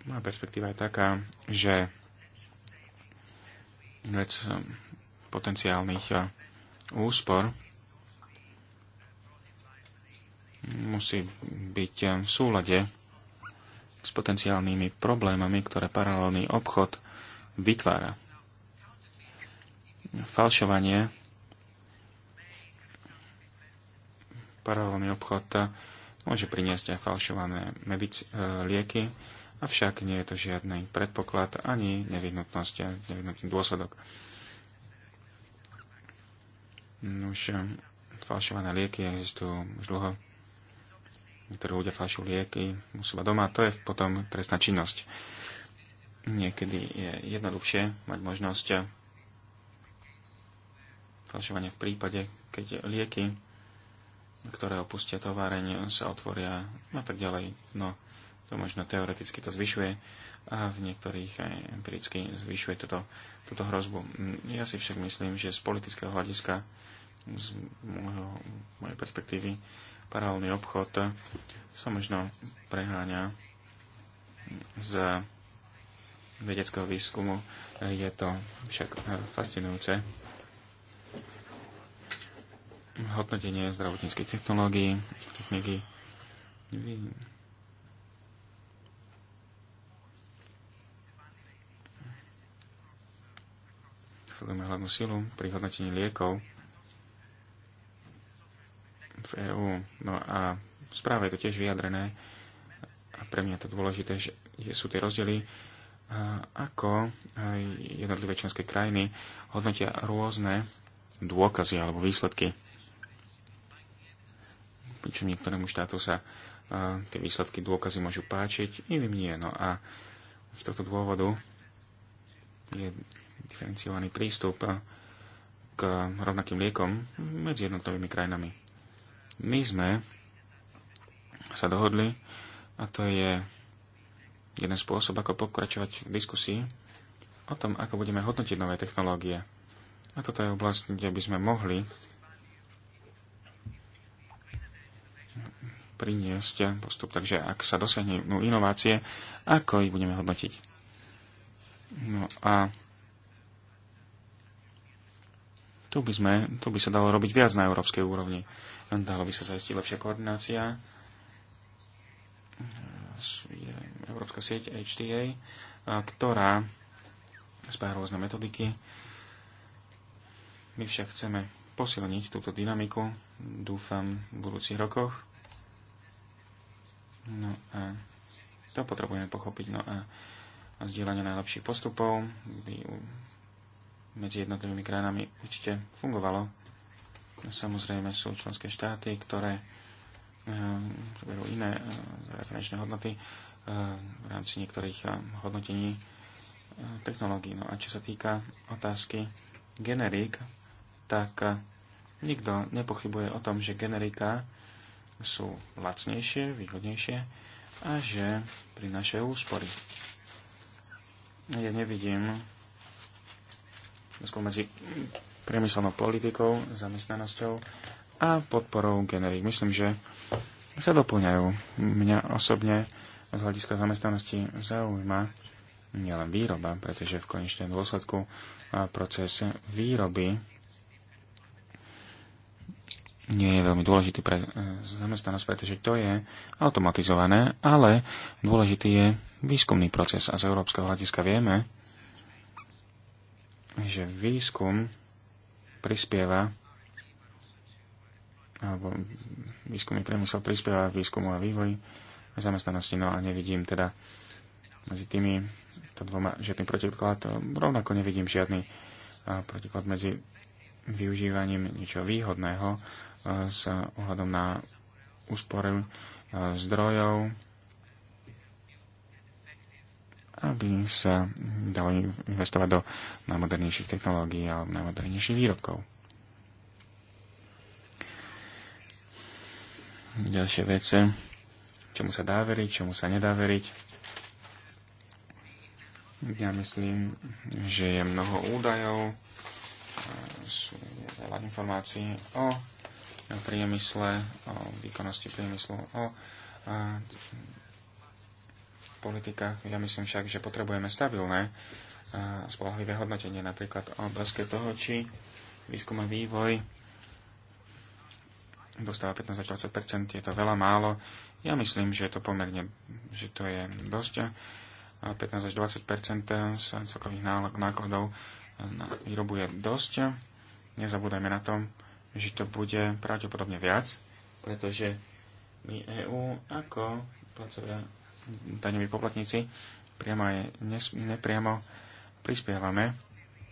moja perspektíva je taká, že vec um, potenciálnych uh, úspor musí byť uh, v súlade s potenciálnymi problémami, ktoré paralelný obchod vytvára. Falšovanie, paralelný obchod uh, môže priniesť aj falšované medic- lieky, avšak nie je to žiadny predpoklad ani nevyhnutnosť, nevyhnutný dôsledok. No už um, falšované lieky existujú už dlho. Niektorí ľudia falšujú lieky u seba doma, to je potom trestná činnosť. Niekedy je jednoduchšie mať možnosť um, falšovania v prípade, keď lieky, ktoré opustia továreň, sa otvoria a tak ďalej. No, to možno teoreticky to zvyšuje a v niektorých aj empiricky zvyšuje túto, túto hrozbu. Mm, ja si však myslím, že z politického hľadiska, z môjho, mojej perspektívy, paralelný obchod sa možno preháňa z vedeckého výskumu. Je to však fascinujúce hodnotenie zdravotníckej technológií, techniky sledujeme hlavnú silu pri hodnotení liekov v EÚ. No a v správe je to tiež vyjadrené a pre mňa je to dôležité, že sú tie rozdiely, ako jednotlivé členské krajiny hodnotia rôzne dôkazy alebo výsledky. Pričom niektorému štátu sa tie výsledky, dôkazy môžu páčiť, iným nie. No a z tohto dôvodu je diferenciovaný prístup k rovnakým liekom medzi jednotlivými krajinami. My sme sa dohodli, a to je jeden spôsob, ako pokračovať v diskusii o tom, ako budeme hodnotiť nové technológie. A toto je oblasť, kde by sme mohli priniesť postup. Takže ak sa dosiahnu inovácie, ako ich budeme hodnotiť? No a tu by, sme, tu by sa dalo robiť viac na európskej úrovni. Dalo by sa zaistiť lepšia koordinácia. Je Európska sieť HTA, ktorá spája rôzne metodiky. My však chceme posilniť túto dynamiku, dúfam, v budúcich rokoch. No a to potrebujeme pochopiť. No a zdieľanie najlepších postupov by medzi jednotlivými krajinami určite fungovalo. Samozrejme sú členské štáty, ktoré eh, berú iné eh, referenčné hodnoty eh, v rámci niektorých hodnotení technológií. No a čo sa týka otázky generík, tak nikto nepochybuje o tom, že generika sú lacnejšie, výhodnejšie a že prinášajú úspory. Ja nevidím medzi priemyselnou politikou, zamestnanosťou a podporou generík. Myslím, že sa doplňajú. Mňa osobne z hľadiska zamestnanosti zaujíma nielen výroba, pretože v konečnom dôsledku proces výroby nie je veľmi dôležitý pre e, zamestnanosť, pretože to je automatizované, ale dôležitý je výskumný proces a z európskeho hľadiska vieme, že výskum prispieva alebo výskumný priemysel prispieva výskumu a vývoji a zamestnanosti. No a nevidím teda medzi tými to dvoma žiadny protiklad. Rovnako nevidím žiadny protiklad medzi využívaním niečo výhodného s ohľadom na úspory zdrojov, aby sa dalo investovať do najmodernejších technológií a najmodernejších výrobkov. Ďalšie vece, čomu sa dá veriť, čomu sa nedá veriť. Ja myslím, že je mnoho údajov, sú veľa informácií o priemysle, o výkonnosti priemyslu, o politikách. Ja myslím však, že potrebujeme stabilné spolahlivé hodnotenie, napríklad o bleske toho, či výskum a vývoj dostáva 15 až 20 je to veľa málo. Ja myslím, že je to pomerne, že to je dosť. 15 až 20 z celkových nákladov na výrobu je dosť. Nezabúdajme na tom, že to bude pravdepodobne viac, pretože my EU ako placovia daňoví poplatníci, priamo aj nepriamo prispievame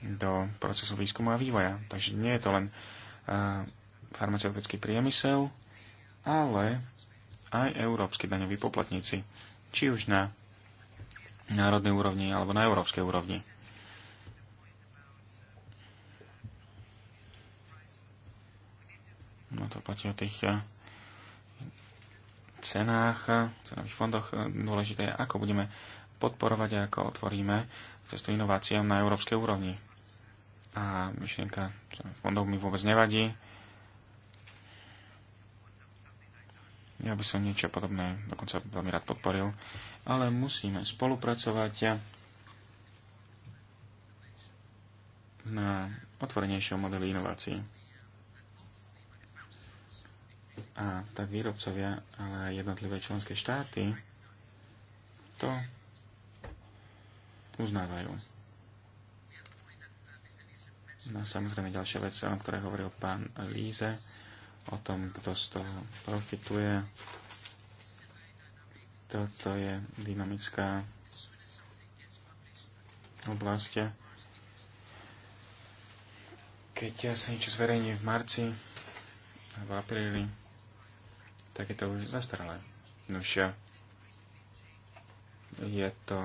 do procesu výskumu a vývoja. Takže nie je to len uh, farmaceutický priemysel, ale aj európsky daňoví poplatníci, či už na národnej úrovni alebo na európskej úrovni. No to platí o tých uh, cenách, cenových fondoch. Eh, dôležité je, ako budeme podporovať a ako otvoríme cestu inováciám na európskej úrovni. A myšlienka fondov mi vôbec nevadí. Ja by som niečo podobné dokonca veľmi rád podporil. Ale musíme spolupracovať na otvorenejšom modeli inovácií a tak výrobcovia, ale aj jednotlivé členské štáty to uznávajú. No samozrejme ďalšia vec, o ktorej hovoril pán Líze, o tom, kto z toho profituje. Toto je dynamická oblasť. Keď ja sa niečo zverejní v marci, v apríli, tak je to už zastaralé. Nušia, je to,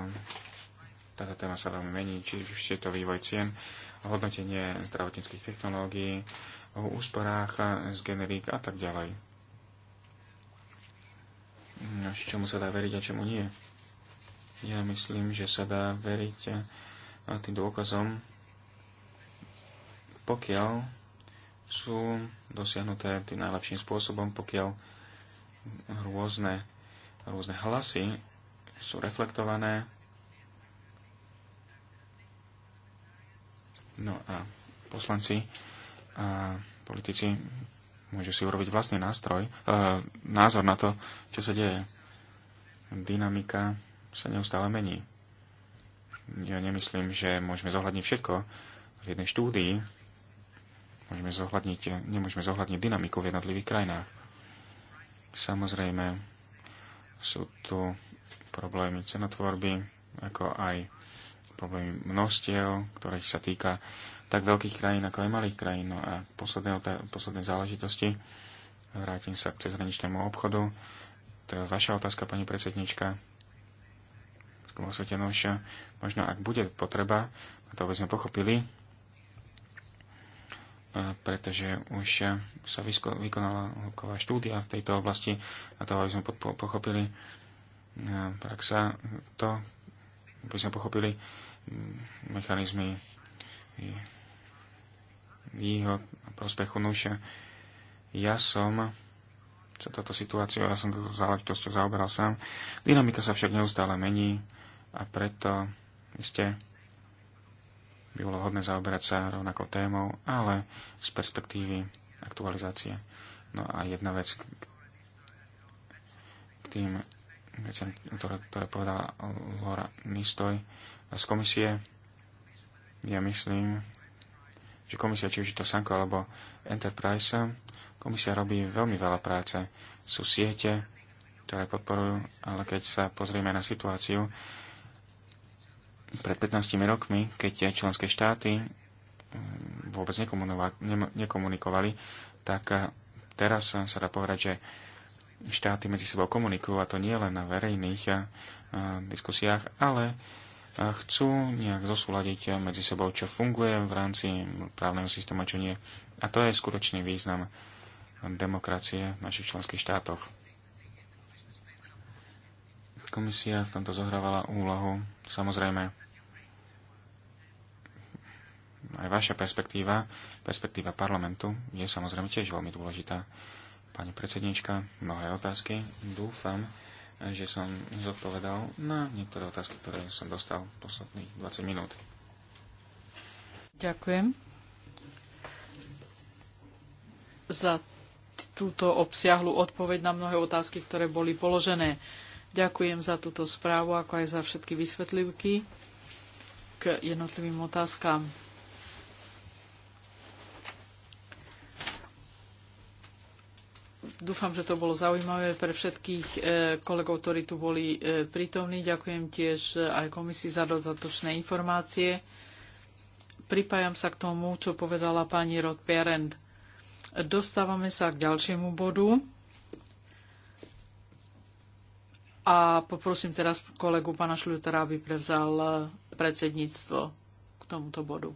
táto téma sa veľmi mení, či už je to vývoj cien, hodnotenie zdravotníckých technológií, o úsporách z generík a tak ďalej. No, čomu sa dá veriť a čomu nie? Ja myslím, že sa dá veriť e, tým dôkazom, pokiaľ sú dosiahnuté tým najlepším spôsobom, pokiaľ rôzne, rôzne hlasy sú reflektované. No a poslanci a politici môžu si urobiť vlastný nástroj, e, názor na to, čo sa deje. Dynamika sa neustále mení. Ja nemyslím, že môžeme zohľadniť všetko v jednej štúdii. Môžeme zohľadniť, nemôžeme zohľadniť dynamiku v jednotlivých krajinách. Samozrejme, sú tu problémy cenotvorby, ako aj problémy množstiev, ktorých sa týka tak veľkých krajín, ako aj malých krajín. No a posledné, posledné záležitosti, vrátim sa k cezhraničnému obchodu. To je vaša otázka, pani predsednička. Skôr sa Možno, ak bude potreba, a to by sme pochopili, pretože už sa vykonala hĺbková štúdia v tejto oblasti a to, aby sme pochopili praxa, to, aby sme pochopili mm, mechanizmy výhod a prospechu nuša. No ja som sa toto situáciu, ja som toto záležitosťou zaoberal sám. Dynamika sa však neustále mení a preto ste by bolo hodné zaoberať sa rovnakou témou, ale z perspektívy aktualizácie. No a jedna vec k tým veciam, ktoré, ktoré povedala Laura Nistoj z komisie. Ja myslím, že komisia, či už je to Sanko alebo Enterprise, komisia robí veľmi veľa práce. Sú siete, ktoré podporujú, ale keď sa pozrieme na situáciu, pred 15 rokmi, keď členské štáty mm, vôbec nekomunikovali, tak eh, teraz eh, sa dá povedať, že štáty medzi sebou komunikujú a to nie len na verejných eh, diskusiách, ale chcú nejak zosúľadiť medzi sebou, čo funguje v rámci právneho systému a čo nie. A to je skutočný význam demokracie v našich členských štátoch. Komisia v tomto zohrávala úlohu. Samozrejme, aj vaša perspektíva, perspektíva parlamentu je samozrejme tiež veľmi dôležitá. Pani predsednička, mnohé otázky. Dúfam, že som zodpovedal na niektoré otázky, ktoré som dostal posledných 20 minút. Ďakujem za túto obsiahlu odpoveď na mnohé otázky, ktoré boli položené. Ďakujem za túto správu, ako aj za všetky vysvetlivky k jednotlivým otázkám. Dúfam, že to bolo zaujímavé pre všetkých eh, kolegov, ktorí tu boli eh, prítomní. Ďakujem tiež eh, aj komisii za dodatočné informácie. Pripájam sa k tomu, čo povedala pani Rod Perend. Dostávame sa k ďalšiemu bodu A poprosím teraz kolegu pana Šľutera, aby prevzal eh, predsedníctvo k tomuto bodu.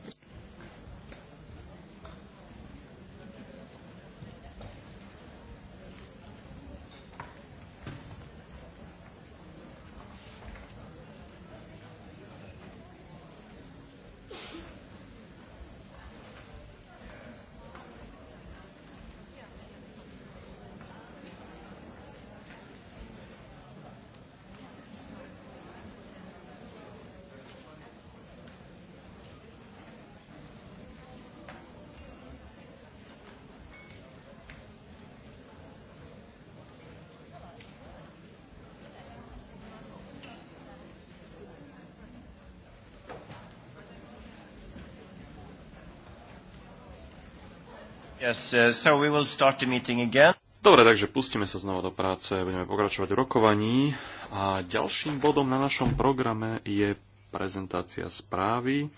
Yes, uh, so we will start the meeting again. Dobre, takže pustíme sa znova do práce, budeme pokračovať v rokovaní. A ďalším bodom na našom programe je prezentácia správy,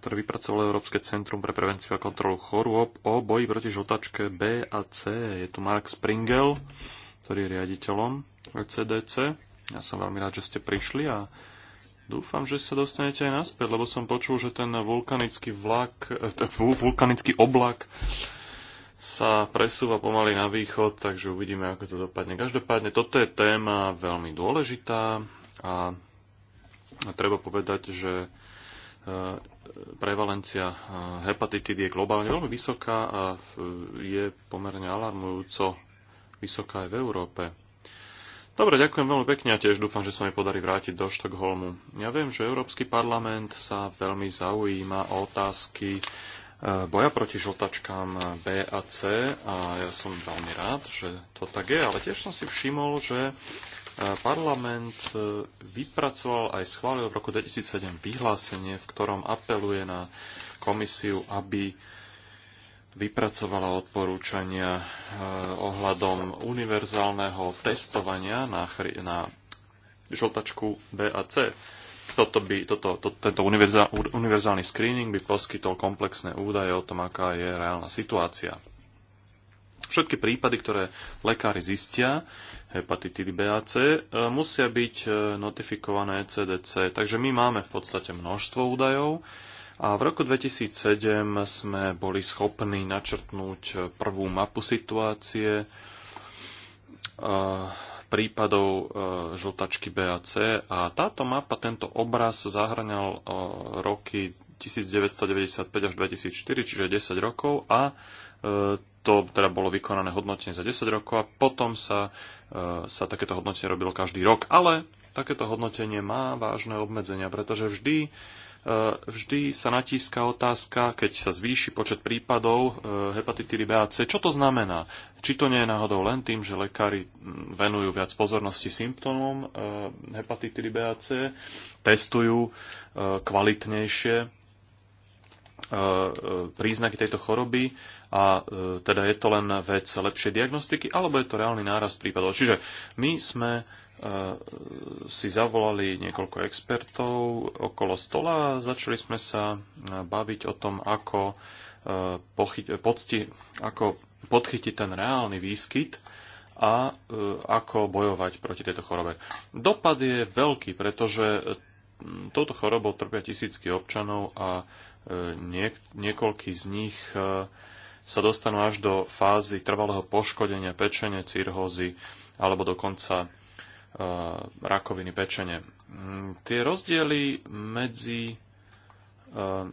ktoré vypracovalo Európske centrum pre prevenciu a kontrolu chorôb o boji proti žltačke B a C. Je tu Mark Springel, ktorý je riaditeľom CDC. E ja som veľmi rád, že ste prišli a Dúfam, že sa dostanete aj naspäť, lebo som počul, že ten vulkanický vlak, ten vulkanický oblak sa presúva pomaly na východ, takže uvidíme, ako to dopadne. Každopádne, toto je téma veľmi dôležitá a treba povedať, že e, prevalencia e, hepatitidy je globálne veľmi vysoká a e, je pomerne alarmujúco vysoká aj v Európe. Dobre, ďakujem veľmi pekne a tiež dúfam, že sa mi podarí vrátiť do Štokholmu. Ja viem, že Európsky parlament sa veľmi zaujíma o otázky E, boja proti žltačkám B a C a ja som veľmi rád, že to tak je, ale tiež som si všimol, že e, parlament e, vypracoval aj schválil v roku 2007 vyhlásenie, v ktorom apeluje na komisiu, aby vypracovala odporúčania ohľadom univerzálneho testovania na, na žltačku B a C toto by, toto, to, tento univerzálny screening by poskytol komplexné údaje o tom, aká je reálna situácia. Všetky prípady, ktoré lekári zistia, hepatitidy B a C, e, musia byť e, notifikované CDC. Takže my máme v podstate množstvo údajov a v roku 2007 sme boli schopní načrtnúť e, prvú mapu situácie prípadov e, žltačky BAC a táto mapa, tento obraz zahraňal e, roky 1995 až 2004, čiže 10 rokov a e, to teda bolo vykonané hodnotenie za 10 rokov a potom sa, sa takéto hodnotenie robilo každý rok. Ale takéto hodnotenie má vážne obmedzenia, pretože vždy E, vždy sa natíska otázka, keď sa zvýši počet prípadov e, hepatitíry B a C, čo to znamená? Či to nie je náhodou len tým, že lekári venujú viac pozornosti symptómom e, hepatitíry B a C, testujú kvalitnejšie príznaky tejto choroby a teda je to len vec lepšej diagnostiky, alebo je to reálny nárast prípadov. Čiže my sme E, si zavolali niekoľko expertov okolo stola a začali sme sa e, baviť o tom, ako, e, podsti- ako podchytiť ten reálny výskyt a ako bojovať proti tejto chorobe. Dopad je veľký, pretože touto chorobou trpia tisícky občanov a niek- niekoľký z nich sa dostanú až do fázy trvalého poškodenia, pečenie, cirhózy alebo dokonca Eh, rakoviny pečene. Mm, tie rozdiely medzi eh,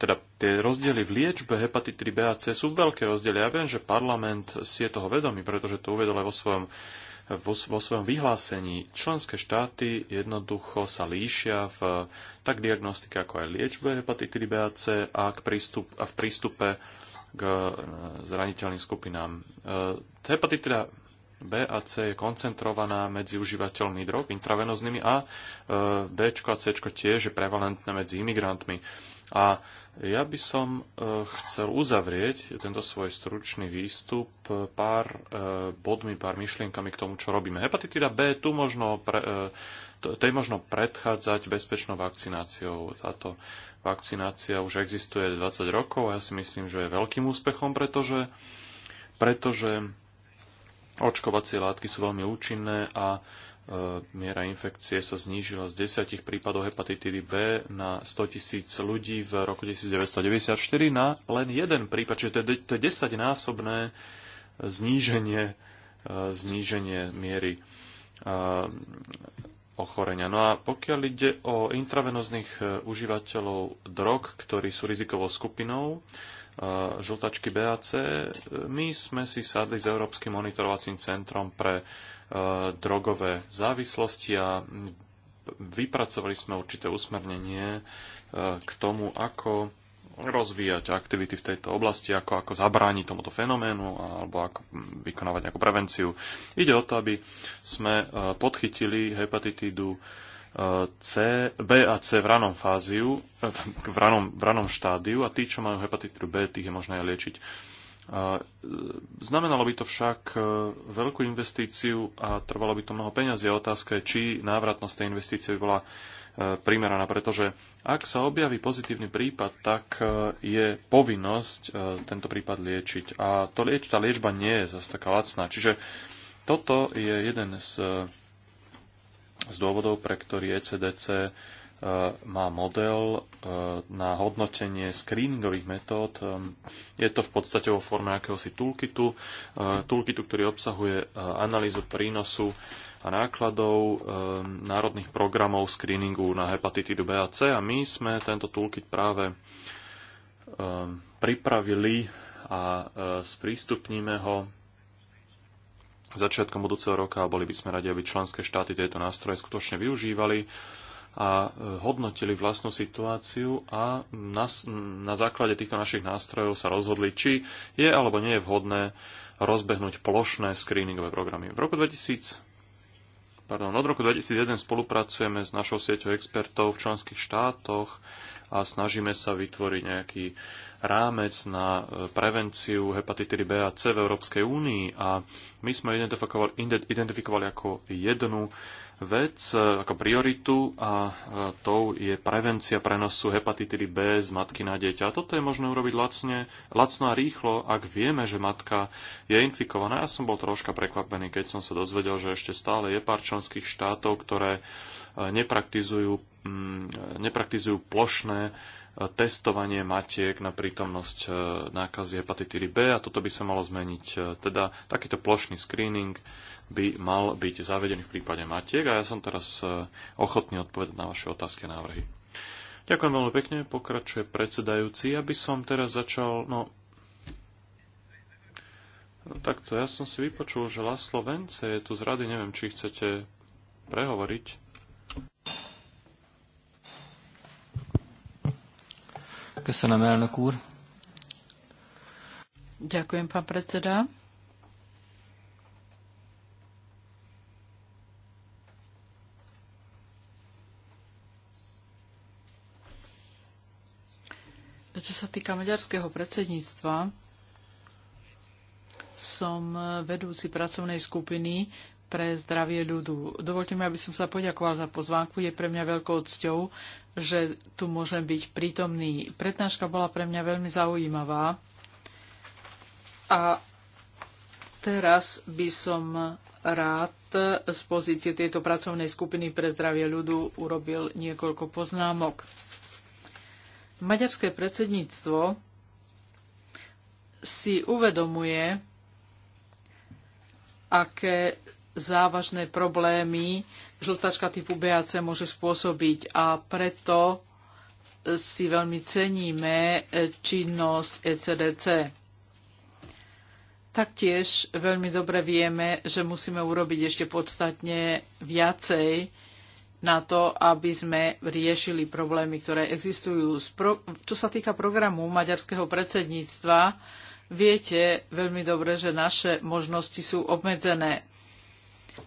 teda tie rozdiely v liečbe hepatitry B a C sú veľké rozdiely. Ja viem, že parlament si je toho vedomý, pretože to uvedol aj vo svojom, vo, vo svojom vyhlásení. Členské štáty jednoducho sa líšia v tak diagnostike, ako aj liečbe hepatitry B a C a, k prístup, a v prístupe k eh, zraniteľným skupinám. Hepatitida B a C je koncentrovaná medzi užívateľmi drog intravenoznými a e, D a C tiež je prevalentné medzi imigrantmi. A ja by som e, chcel uzavrieť tento svoj stručný výstup pár e, bodmi, pár myšlienkami k tomu, čo robíme. Hepatitida B, tu možno pre, tej možno predchádzať bezpečnou vakcináciou. Táto vakcinácia už existuje 20 rokov a ja si myslím, že je veľkým úspechom, pretože, pretože Očkovacie látky sú veľmi účinné a e, miera infekcie sa znížila z 10 prípadov hepatitidy B na 100 tisíc ľudí v roku 1994 na len jeden prípad, čiže to je, to je 10-násobné zníženie, e, zníženie miery e, ochorenia. No a pokiaľ ide o intravenozných užívateľov drog, ktorí sú rizikovou skupinou, žltačky BAC, my sme si sadli s Európskym monitorovacím centrom pre e, drogové závislosti a vypracovali sme určité usmernenie e, k tomu, ako rozvíjať aktivity v tejto oblasti, ako, ako zabrániť tomuto fenoménu alebo ako vykonávať nejakú prevenciu. Ide o to, aby sme e, podchytili hepatitídu C, B a C v ranom, fáziu, eh, v, ranom, v ranom štádiu a tí, čo majú hepatitru B, tých je možné aj liečiť. Eh, znamenalo by to však eh, veľkú investíciu a trvalo by to mnoho peňazí. A otázka je, či návratnosť tej investície by bola primeraná, pretože ak sa objaví pozitívny prípad, tak je povinnosť tento prípad liečiť. A to lieč, tá liečba nie je zase taká lacná. Čiže toto je jeden z z dôvodov, pre ktorý ECDC e, má model e, na hodnotenie screeningových metód. E, je to v podstate vo forme akéhosi toolkitu, toolkitu, ktorý obsahuje analýzu prínosu a nákladov národných programov screeningu na hepatitidu B a C a my sme tento toolkit práve pripravili a sprístupníme ho začiatkom budúceho roka a boli by sme radi, aby členské štáty tieto nástroje skutočne využívali a e, hodnotili vlastnú situáciu a na, na základe týchto našich nástrojov sa rozhodli, či je alebo nie je vhodné rozbehnúť plošné screeningové programy. V roku 2000 Pardon, od roku 2001 spolupracujeme s našou sieťou expertov v členských štátoch a snažíme sa vytvoriť nejaký rámec na e, prevenciu hepatitíry B a C v Európskej únii a my sme identifikovali, identifikovali ako jednu vec e, ako prioritu a e, tou je prevencia prenosu hepatitidy B z matky na dieťa. A toto je možné urobiť lacne, lacno a rýchlo, ak vieme, že matka je infikovaná. Ja som bol troška prekvapený, keď som sa dozvedel, že ešte stále je pár členských štátov, ktoré e, nepraktizujú, mm, nepraktizujú plošné testovanie matiek na prítomnosť nákazy hepatitidy B a toto by sa malo zmeniť. Teda takýto plošný screening by mal byť zavedený v prípade matiek a ja som teraz e, ochotný odpovedať na vaše otázky a návrhy. Ďakujem veľmi pekne, pokračuje predsedajúci. Ja by som teraz začal, no, Takto, ja som si vypočul, že Laslo Vence je tu z rady, neviem, či chcete prehovoriť. Ďakujem, pán predseda. Čo sa týka maďarského predsedníctva, som vedúci pracovnej skupiny pre zdravie ľudu. Dovolte mi, aby som sa poďakoval za pozvánku. Je pre mňa veľkou cťou, že tu môžem byť prítomný. Prednáška bola pre mňa veľmi zaujímavá. A teraz by som rád z pozície tejto pracovnej skupiny pre zdravie ľudu urobil niekoľko poznámok. Maďarské predsedníctvo si uvedomuje, aké závažné problémy žltačka typu BAC môže spôsobiť a preto si veľmi ceníme e, činnosť ECDC. Taktiež veľmi dobre vieme, že musíme urobiť ešte podstatne viacej, na to, aby sme riešili problémy, ktoré existujú. Čo sa týka programu maďarského predsedníctva, viete veľmi dobre, že naše možnosti sú obmedzené.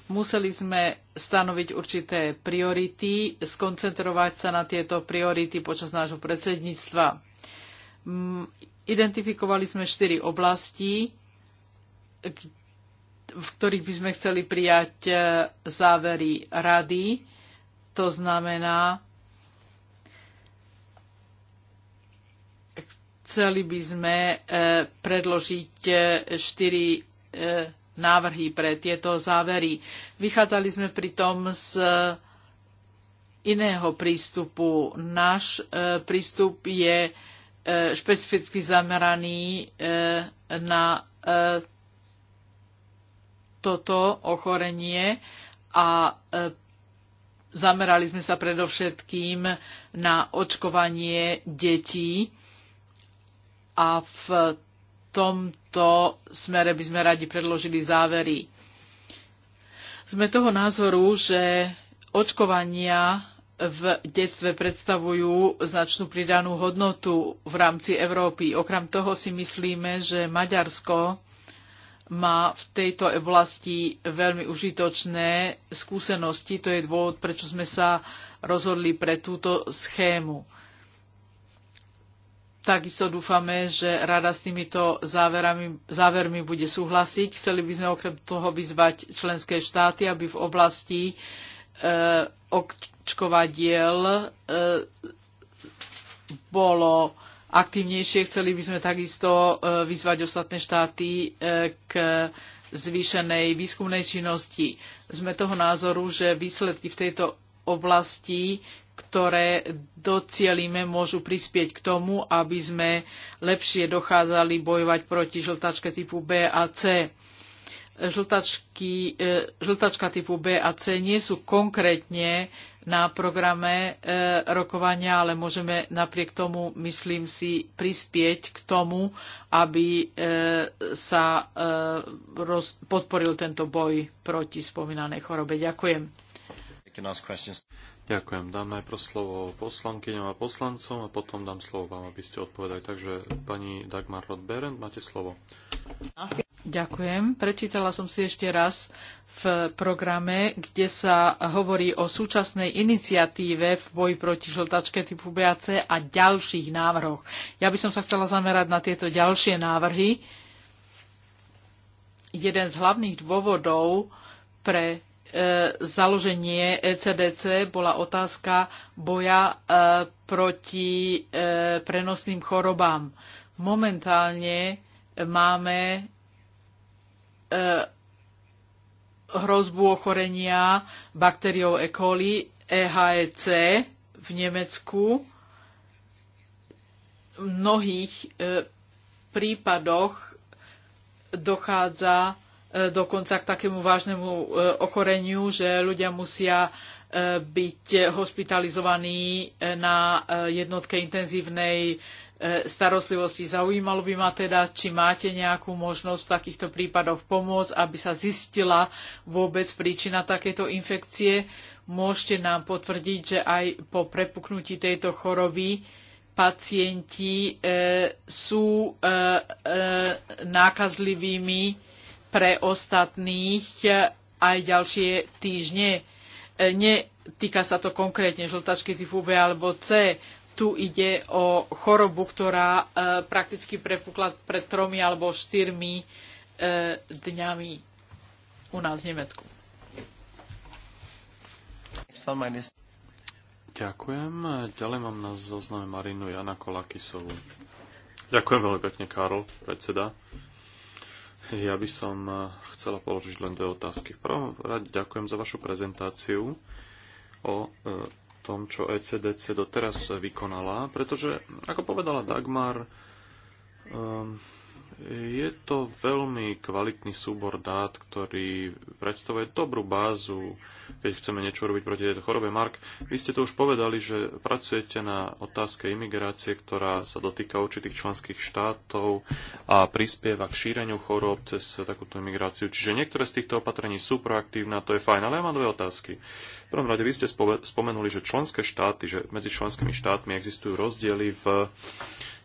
Museli sme stanoviť určité priority, skoncentrovať sa na tieto priority počas nášho predsedníctva. Mm, identifikovali sme štyri oblasti, v ktorých by sme chceli prijať e, závery rady to znamená, chceli by sme e, predložiť e, štyri e, návrhy pre tieto závery. Vychádzali sme pritom z iného prístupu. Náš prístup je špecificky zameraný na toto ochorenie a Zamerali sme sa predovšetkým na očkovanie detí a v tomto smere by sme radi predložili závery. Sme toho názoru, že očkovania v detstve predstavujú značnú pridanú hodnotu v rámci Európy. Okrem toho si myslíme, že Maďarsko má v tejto oblasti veľmi užitočné skúsenosti. To je dôvod, prečo sme sa rozhodli pre túto schému. Takisto dúfame, že rada s týmito záverami, závermi bude súhlasiť. Chceli by sme okrem toho vyzvať členské štáty, aby v oblasti e, očkovadiel e, bolo aktívnejšie. Chceli by sme takisto e, vyzvať ostatné štáty e, k zvýšenej výskumnej činnosti. Sme toho názoru, že výsledky v tejto oblasti, ktoré docielíme, môžu prispieť k tomu, aby sme lepšie dochádzali bojovať proti žltačke typu B a C žltačky, e, žltačka typu B a C nie sú konkrétne na programe e, rokovania, ale môžeme napriek tomu, myslím si, prispieť k tomu, aby e, sa podporil tento boj proti spomínanej chorobe. Ďakujem. Ďakujem. Dám najprv slovo poslankyňom a poslancom a potom dám slovo vám, aby ste odpovedali. Takže pani Dagmar Rodberend, máte slovo. Ďakujem. Prečítala som si ešte raz v programe, kde sa hovorí o súčasnej iniciatíve v boji proti žltačke typu BAC a ďalších návrhoch. Ja by som sa chcela zamerať na tieto ďalšie návrhy. Jeden z hlavných dôvodov pre e, založenie ECDC bola otázka boja e, proti e, prenosným chorobám. Momentálne máme E, hrozbu ochorenia baktériou E. coli EHEC v Nemecku. V mnohých e, prípadoch dochádza e, dokonca k takému vážnemu ochoreniu, že ľudia musia byť hospitalizovaní na jednotke intenzívnej starostlivosti. Zaujímalo by ma teda, či máte nejakú možnosť v takýchto prípadoch pomôcť, aby sa zistila vôbec príčina takéto infekcie. Môžete nám potvrdiť, že aj po prepuknutí tejto choroby pacienti e, sú e, e, nákazlivými pre ostatných e, aj ďalšie týždne. E, netýka sa to konkrétne žltačky typu B alebo C tu ide o chorobu, ktorá e, prakticky prepukla pred tromi alebo štyrmi e, dňami u nás v Nemecku. Ďakujem. Ďalej mám na zozname Marinu Jana Kolakisovú. Ďakujem veľmi pekne, Karol, predseda. Ja by som e, chcela položiť len dve otázky. V prvom rade ďakujem za vašu prezentáciu o tom, čo ECDC doteraz vykonala, pretože, ako povedala Dagmar, um, je to veľmi kvalitný súbor dát, ktorý predstavuje dobrú bázu, keď chceme niečo robiť proti tejto chorobe. Mark, vy ste to už povedali, že pracujete na otázke imigrácie, ktorá sa dotýka určitých členských štátov a prispieva k šíreniu chorób cez takúto imigráciu. Čiže niektoré z týchto opatrení sú proaktívne, a to je fajn, ale ja mám dve otázky. V prvom rade, vy ste spomenuli, že členské štáty, že medzi členskými štátmi existujú rozdiely v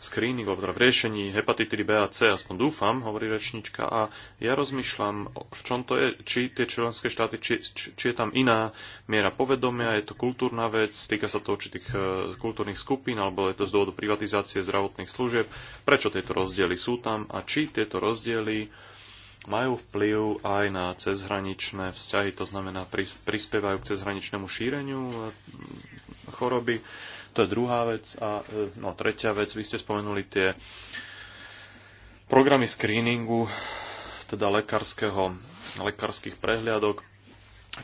screening screeningu, teda v riešení hepatitidy B a C, aspoň dúfam, hovorí rečnička, a ja rozmýšľam, v čom to je, či tie členské štáty, či, či, či je tam iná miera povedomia, je to kultúrna vec, týka sa to určitých e, kultúrnych skupín, alebo je to z dôvodu privatizácie zdravotných služieb, prečo tieto rozdiely sú tam a či tieto rozdiely majú vplyv aj na cezhraničné vzťahy, to znamená prispievajú k cezhraničnému šíreniu e, choroby. To je druhá vec. A e, no, tretia vec, vy ste spomenuli tie programy screeningu, teda lekárskeho, lekárskych prehliadok,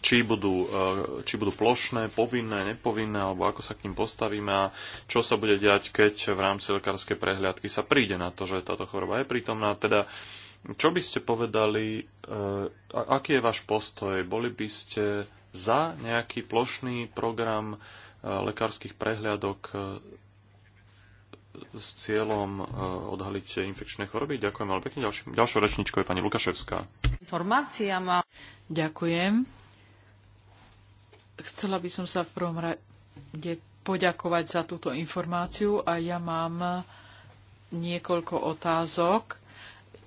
či budú, e, či budú plošné, povinné, nepovinné, alebo ako sa k ním postavíme a čo sa bude diať, keď v rámci lekárskej prehliadky sa príde na to, že táto choroba je prítomná. Teda, čo by ste povedali, e, aký je váš postoj? Boli by ste za nejaký plošný program lekárskych prehliadok e, s cieľom e, odhaliť infekčné choroby. Ďakujem veľmi pekne. ďalšou rečničkou je pani Lukaševská. Informácia má... Ďakujem. Chcela by som sa v prvom rade poďakovať za túto informáciu a ja mám niekoľko otázok.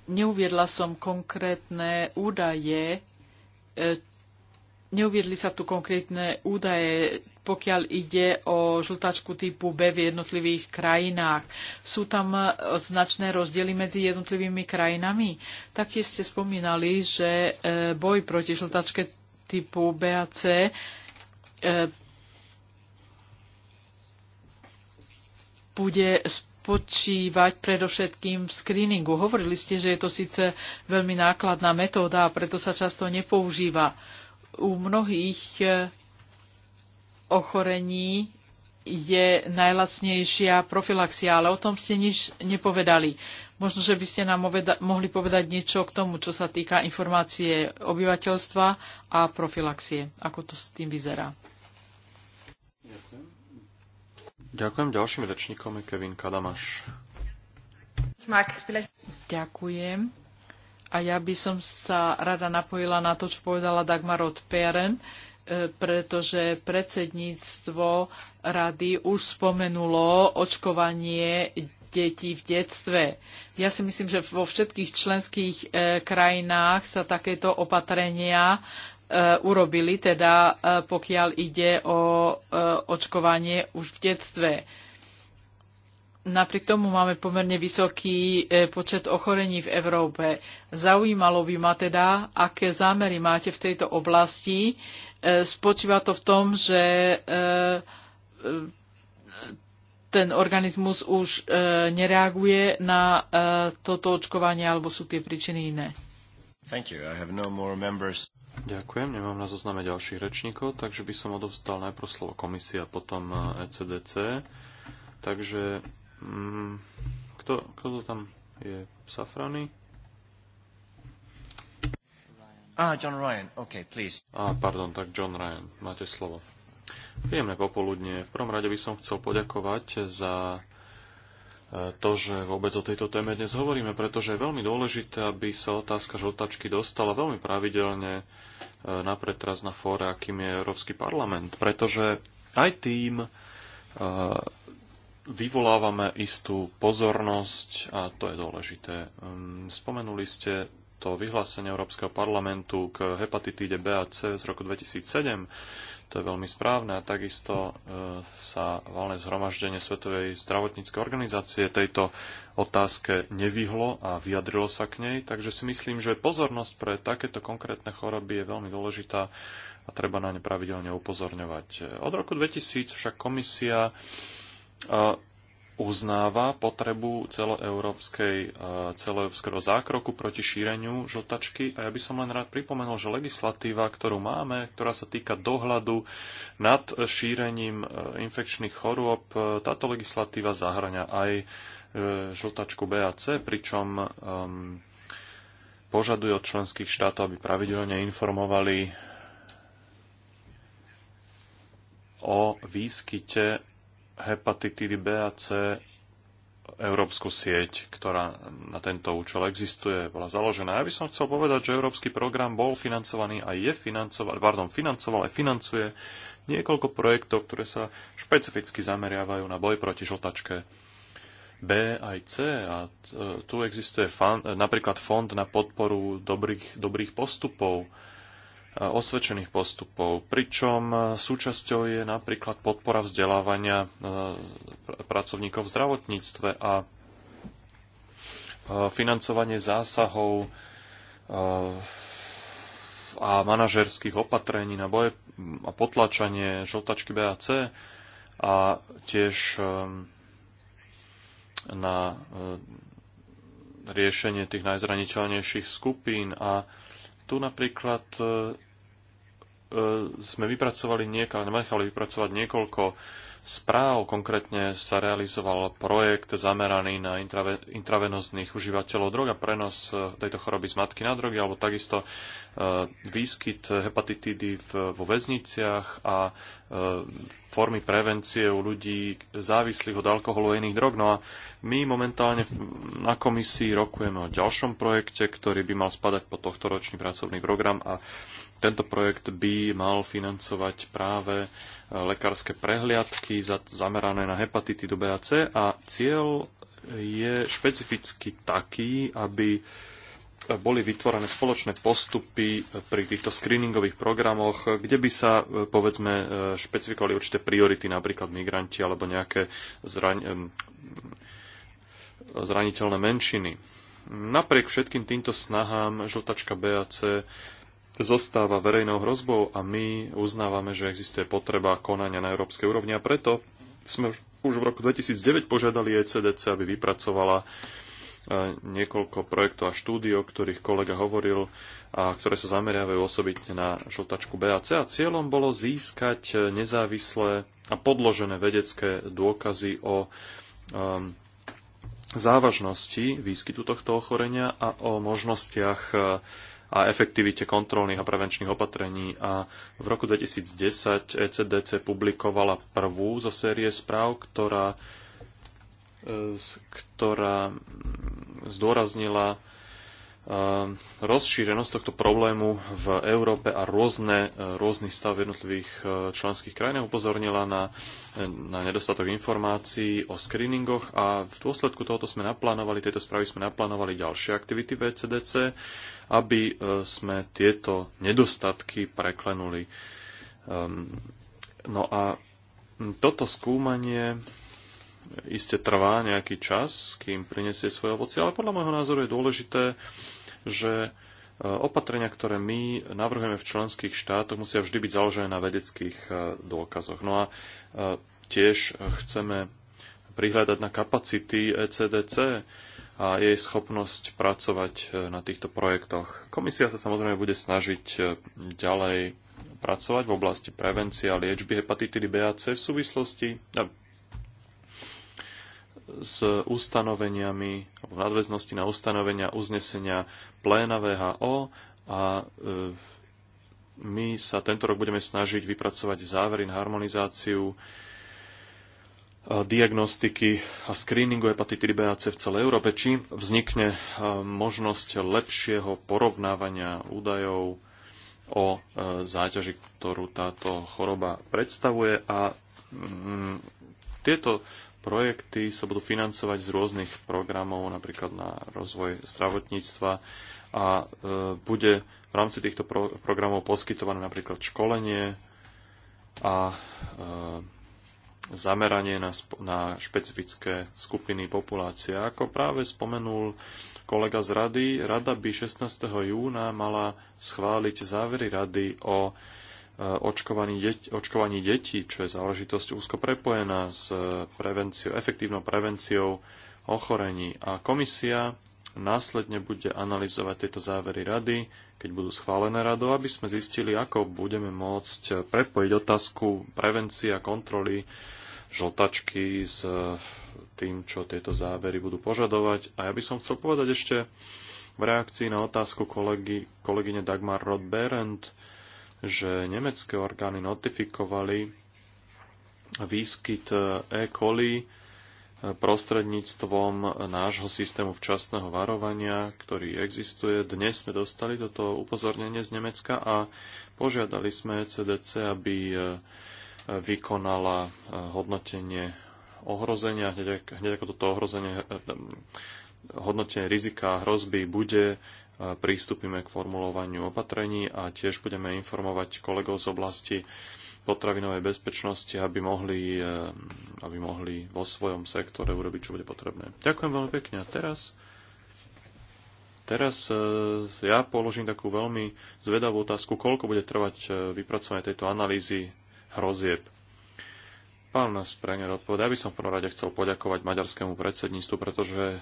Neuviedla som konkrétne údaje, e, neuviedli sa tu konkrétne údaje, pokiaľ ide o žltačku typu B v jednotlivých krajinách. Sú tam e, značné rozdiely medzi jednotlivými krajinami. Taktiež ste spomínali, že e, boj proti žltačke typu B a C e, bude spočívať predovšetkým v screeningu. Hovorili ste, že je to síce veľmi nákladná metóda a preto sa často nepoužíva u mnohých e, ochorení je najlacnejšia profilaxia, ale o tom ste nič nepovedali. Možno, že by ste nám mohli povedať niečo k tomu, čo sa týka informácie obyvateľstva a profilaxie. Ako to s tým vyzerá? Ďakujem. Ďakujem. Ďalším rečníkom je Kevin Kadamaš. Ďakujem. A ja by som sa rada napojila na to, čo povedala Dagmar od Peren, e, pretože predsedníctvo rady už spomenulo očkovanie detí v detstve. Ja si myslím, že vo všetkých členských e, krajinách sa takéto opatrenia e, urobili, teda pokiaľ ide o očkovanie už v detstve. Napriek tomu máme pomerne vysoký e, počet ochorení v Európe. Zaujímalo by ma teda, aké zámery máte v tejto oblasti. E, spočíva to v tom, že e, ten organizmus už nereaguje na toto očkovanie, alebo sú tie príčiny iné. No Ďakujem, nemám na zozname ďalších rečníkov, takže by som odovzdal najprv slovo komisia, potom ECDC. Takže Mm, kto, kto to tam je? Safrany? Ah, John Ryan, OK, please. Ah, pardon, tak John Ryan, máte slovo. Príjemné popoludne. V prvom rade by som chcel poďakovať za e, to, že vôbec o tejto téme dnes hovoríme, pretože je veľmi dôležité, aby sa otázka žltačky dostala veľmi pravidelne e, na pretraz na fóre, akým je Európsky parlament, pretože aj tým e, vyvolávame istú pozornosť a to je dôležité. Mm, spomenuli ste to vyhlásenie Európskeho parlamentu k hepatitíde B a C z roku 2007. To je veľmi správne a takisto e, sa valné zhromaždenie Svetovej zdravotníckej organizácie tejto otázke nevyhlo a vyjadrilo sa k nej. Takže si myslím, že pozornosť pre takéto konkrétne choroby je veľmi dôležitá a treba na ne pravidelne upozorňovať. Od roku 2000 však komisia uznáva potrebu celoeurópskej, celoeurópskeho zákroku proti šíreniu žltačky a ja by som len rád pripomenul, že legislatíva, ktorú máme, ktorá sa týka dohľadu nad šírením e, infekčných chorôb, e, táto legislatíva zahrania aj e, žltačku BAC, pričom um, požaduje od členských štátov, aby pravidelne informovali o výskyte hepatitídy B a C európsku sieť, ktorá na tento účel existuje, bola založená. Ja by som chcel povedať, že európsky program bol financovaný a je financovaný, pardon, financoval a financuje niekoľko projektov, ktoré sa špecificky zameriavajú na boj proti žltačke B aj C a tu existuje fan, napríklad fond na podporu dobrých, dobrých postupov, osvedčených postupov, pričom súčasťou je napríklad podpora vzdelávania e, pracovníkov v zdravotníctve a e, financovanie zásahov e, a manažerských opatrení na boje a potlačanie žltačky BAC a tiež na riešenie tých najzraniteľnejších skupín a tu napríklad e, e, sme vypracovali niekoľko, nechali vypracovať niekoľko správ. Konkrétne sa realizoval projekt zameraný na intravenozných užívateľov drog a prenos e, tejto choroby z matky na drogy, alebo takisto e, výskyt hepatitidy vo väzniciach a e, formy prevencie u ľudí závislých od alkoholu a iných drog. No a my momentálne na komisii rokujeme o ďalšom projekte, ktorý by mal spadať pod tohtoročný pracovný program a tento projekt by mal financovať práve lekárske prehliadky zamerané na hepatitidu B a C a cieľ je špecificky taký, aby boli vytvorené spoločné postupy pri týchto screeningových programoch, kde by sa, povedzme, e, špecifikovali určité priority, napríklad migranti alebo nejaké zraň, e, zraniteľné menšiny. Napriek všetkým týmto snahám žltačka BAC zostáva verejnou hrozbou a my uznávame, že existuje potreba konania na európskej úrovni a preto sme už v roku 2009 požiadali ECDC, aby vypracovala e, niekoľko projektov a štúdí, o ktorých kolega hovoril a ktoré sa zameriavajú osobitne na žltačku B a C. A cieľom bolo získať nezávislé a podložené vedecké dôkazy o um, závažnosti výskytu tohto ochorenia a o možnostiach uh, a efektivite kontrolných a prevenčných opatrení. A v roku 2010 ECDC publikovala prvú zo série správ, ktorá, ktorá mm, zdôraznila e, rozšírenosť tohto problému v Európe a rôzne, e, rôzny stav jednotlivých e, členských krajín upozornila na, na nedostatok informácií o screeningoch a v dôsledku tohoto sme naplánovali, tejto správy sme naplánovali ďalšie aktivity VCDC aby e, sme tieto nedostatky preklenuli. Ehm, no a toto skúmanie iste trvá nejaký čas, kým prinesie svoje ovoci, ale podľa môjho názoru je dôležité, že e, opatrenia, ktoré my navrhujeme v členských štátoch, musia vždy byť založené na vedeckých e, dôkazoch. No a tiež chceme prihľadať na kapacity ECDC, a jej schopnosť pracovať e, na týchto projektoch. Komisia sa samozrejme bude snažiť e, ďalej pracovať v oblasti prevencie a liečby hepatitidy B a C v súvislosti e, s ustanoveniami alebo v nadväznosti na ustanovenia uznesenia pléna VHO a e, my sa tento rok budeme snažiť vypracovať závery na harmonizáciu diagnostiky a screeningu hepatitidy B a C v celej Európe, či vznikne možnosť lepšieho porovnávania údajov o e, záťaži, ktorú táto choroba predstavuje a mm, tieto projekty sa budú financovať z rôznych programov, napríklad na rozvoj zdravotníctva a e, bude v rámci týchto pro- programov poskytované napríklad školenie a e, zameranie na, na špecifické skupiny populácie. Ako práve spomenul kolega z rady, rada by 16. júna mala schváliť závery rady o e, očkovaní, deť, očkovaní detí, čo je záležitosť úzko prepojená s e, prevenciou, efektívnou prevenciou ochorení. A komisia následne bude analyzovať tieto závery rady, keď budú schválené radou, aby sme zistili, ako budeme môcť prepojiť otázku prevencie a kontroly žltačky s eh, tým, čo tieto závery budú požadovať. A ja by som chcel povedať ešte v reakcii na otázku kolegy, kolegyne Dagmar Roth-Berendt, že nemecké orgány notifikovali výskyt eh, E. coli eh, prostredníctvom nášho systému včasného varovania, ktorý existuje. Dnes sme dostali toto upozornenie z Nemecka a požiadali sme e CDC, aby vykonala eh, hodnotenie ohrozenia, hneď, hneď ako toto ohrozenie, eh, eh, hodnotenie rizika a hrozby bude, prístupíme k formulovaniu opatrení a tiež budeme informovať kolegov z oblasti potravinovej bezpečnosti, aby mohli, aby mohli vo svojom sektore urobiť, čo bude potrebné. Ďakujem veľmi pekne. A teraz, teraz ja položím takú veľmi zvedavú otázku, koľko bude trvať vypracovanie tejto analýzy hrozieb. Pán Sprenger odpoveda, ja by som v prvom rade chcel poďakovať maďarskému predsedníctvu, pretože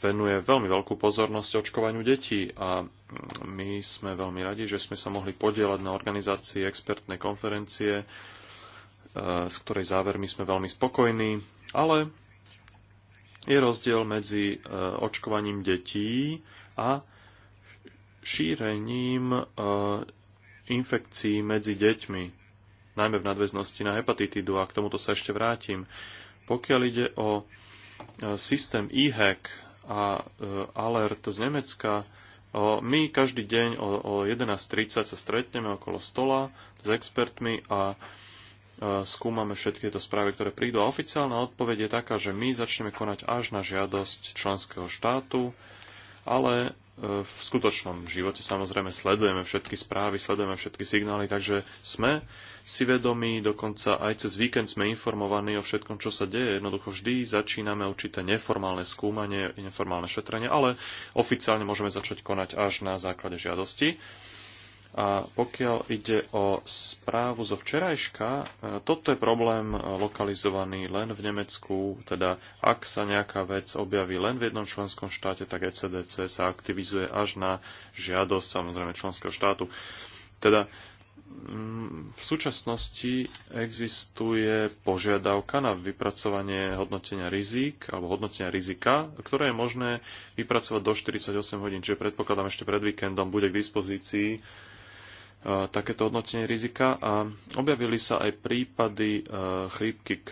venuje veľmi veľkú pozornosť očkovaniu detí a my sme veľmi radi, že sme sa mohli podielať na organizácii expertnej konferencie, e, z ktorej závermi sme veľmi spokojní, ale je rozdiel medzi e, očkovaním detí a šírením e, infekcií medzi deťmi najmä v nadväznosti na hepatitidu a k tomuto sa ešte vrátim. Pokiaľ ide o e, systém e-hack a e, alert z Nemecka, my každý deň o, o 11.30 sa stretneme okolo stola s expertmi a e, skúmame všetky tieto správy, ktoré prídu. A oficiálna odpoveď je taká, že my začneme konať až na žiadosť členského štátu, ale v skutočnom živote samozrejme sledujeme všetky správy, sledujeme všetky signály, takže sme si vedomí, dokonca aj cez víkend sme informovaní o všetkom, čo sa deje. Jednoducho vždy začíname určité neformálne skúmanie, neformálne šetrenie, ale oficiálne môžeme začať konať až na základe žiadosti. A pokiaľ ide o správu zo včerajška, e, toto je problém e, lokalizovaný len v Nemecku, teda ak sa nejaká vec objaví len v jednom členskom štáte, tak ECDC sa aktivizuje až na žiadosť samozrejme členského štátu. Teda mm, v súčasnosti existuje požiadavka na vypracovanie hodnotenia rizík alebo hodnotenia rizika, ktoré je možné vypracovať do 48 hodín, čiže predpokladám ešte pred víkendom bude k dispozícii takéto hodnotenie rizika a objavili sa aj prípady chrípky Q.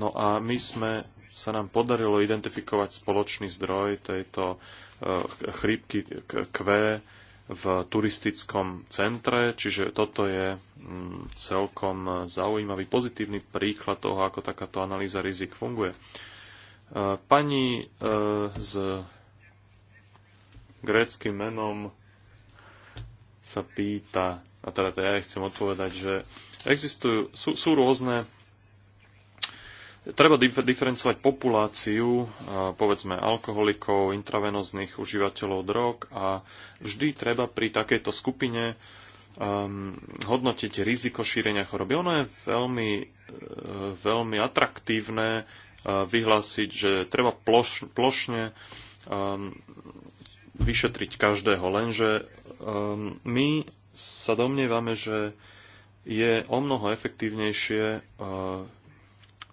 No a my sme, sa nám podarilo identifikovať spoločný zdroj tejto chrípky Q v turistickom centre, čiže toto je mm, celkom zaujímavý, pozitívny príklad toho, ako takáto analýza rizik funguje. Pani e, z gréckým menom sa pýta, a teda to ja chcem odpovedať, že existujú, sú, sú rôzne, treba diferencovať populáciu, povedzme alkoholikov, intravenozných užívateľov drog a vždy treba pri takejto skupine um, hodnotiť riziko šírenia choroby. Ono je veľmi, e, veľmi atraktívne vyhlásiť, že treba ploš, plošne um, vyšetriť každého, lenže um, my sa domnievame, že je o mnoho efektívnejšie uh,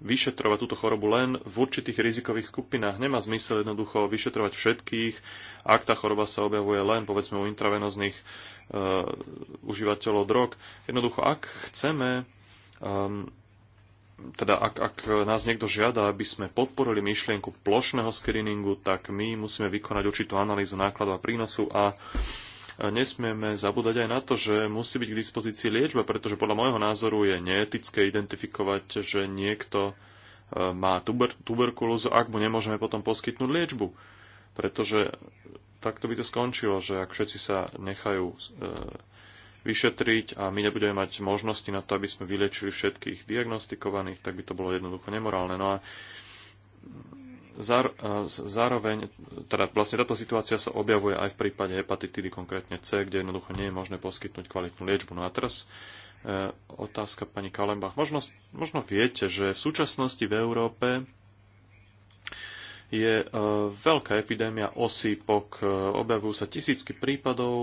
vyšetrovať túto chorobu len v určitých rizikových skupinách. Nemá zmysel jednoducho vyšetrovať všetkých, ak tá choroba sa objavuje len povedzme u intravenozných uh, užívateľov drog. Jednoducho, ak chceme um, teda ak, ak nás niekto žiada, aby sme podporili myšlienku plošného screeningu, tak my musíme vykonať určitú analýzu nákladov a prínosu a nesmieme zabúdať aj na to, že musí byť k dispozícii liečba, pretože podľa môjho názoru je neetické identifikovať, že niekto e, má tuber, tuberkulózu, ak mu nemôžeme potom poskytnúť liečbu. Pretože takto by to skončilo, že ak všetci sa nechajú e, vyšetriť a my nebudeme mať možnosti na to, aby sme vylečili všetkých diagnostikovaných, tak by to bolo jednoducho nemorálne. No a zároveň, teda vlastne táto situácia sa objavuje aj v prípade hepatitidy, konkrétne C, kde jednoducho nie je možné poskytnúť kvalitnú liečbu. No a teraz e, otázka pani Kalembach. Možno, možno viete, že v súčasnosti v Európe je e, veľká epidémia osýpok. E, objavujú sa tisícky prípadov.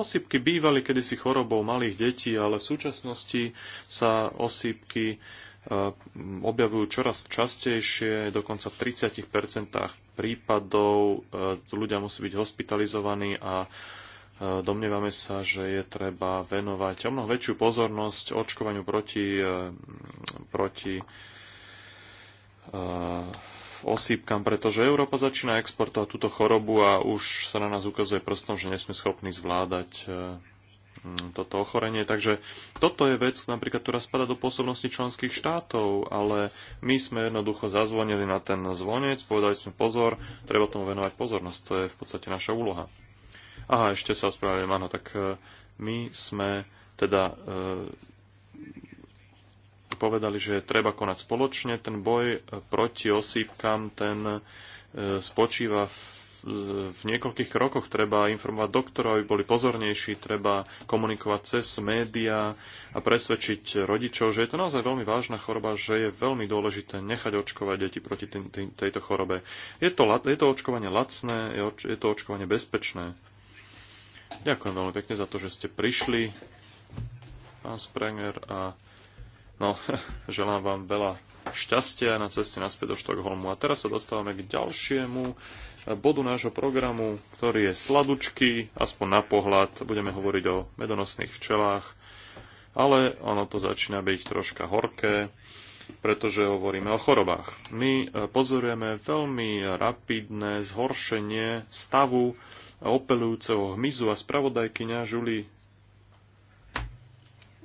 Osýpky bývali kedysi chorobou malých detí, ale v súčasnosti sa osýpky e, objavujú čoraz častejšie, dokonca v 30% prípadov ľudia musí byť hospitalizovaní a domnievame sa, že je treba venovať o mnoho väčšiu pozornosť očkovaniu proti, proti osýpkam, pretože Európa začína exportovať túto chorobu a už sa na nás ukazuje prstom, že nesme schopní zvládať e, toto ochorenie. Takže toto je vec, napríklad, ktorá spada do pôsobnosti členských štátov, ale my sme jednoducho zazvonili na ten zvonec, povedali sme pozor, treba tomu venovať pozornosť, to je v podstate naša úloha. Aha, ešte sa ospravedlňujem, áno, tak e, my sme teda e, povedali, že treba konať spoločne. Ten boj proti osýpkam, ten e, spočíva v, v niekoľkých krokoch. Treba informovať doktorov, aby boli pozornejší, treba komunikovať cez médiá a presvedčiť rodičov, že je to naozaj veľmi vážna choroba, že je veľmi dôležité nechať očkovať deti proti tým, tým, tejto chorobe. Je to, je to očkovanie lacné, je, je to očkovanie bezpečné. Ďakujem veľmi pekne za to, že ste prišli, pán Sprenger, a No, želám vám veľa šťastia na ceste naspäť do Štokholmu. A teraz sa dostávame k ďalšiemu bodu nášho programu, ktorý je sladučký, aspoň na pohľad. Budeme hovoriť o medonosných včelách, ale ono to začína byť troška horké, pretože hovoríme o chorobách. My e, pozorujeme veľmi rapidné zhoršenie stavu opelujúceho hmyzu a spravodajkyňa Julie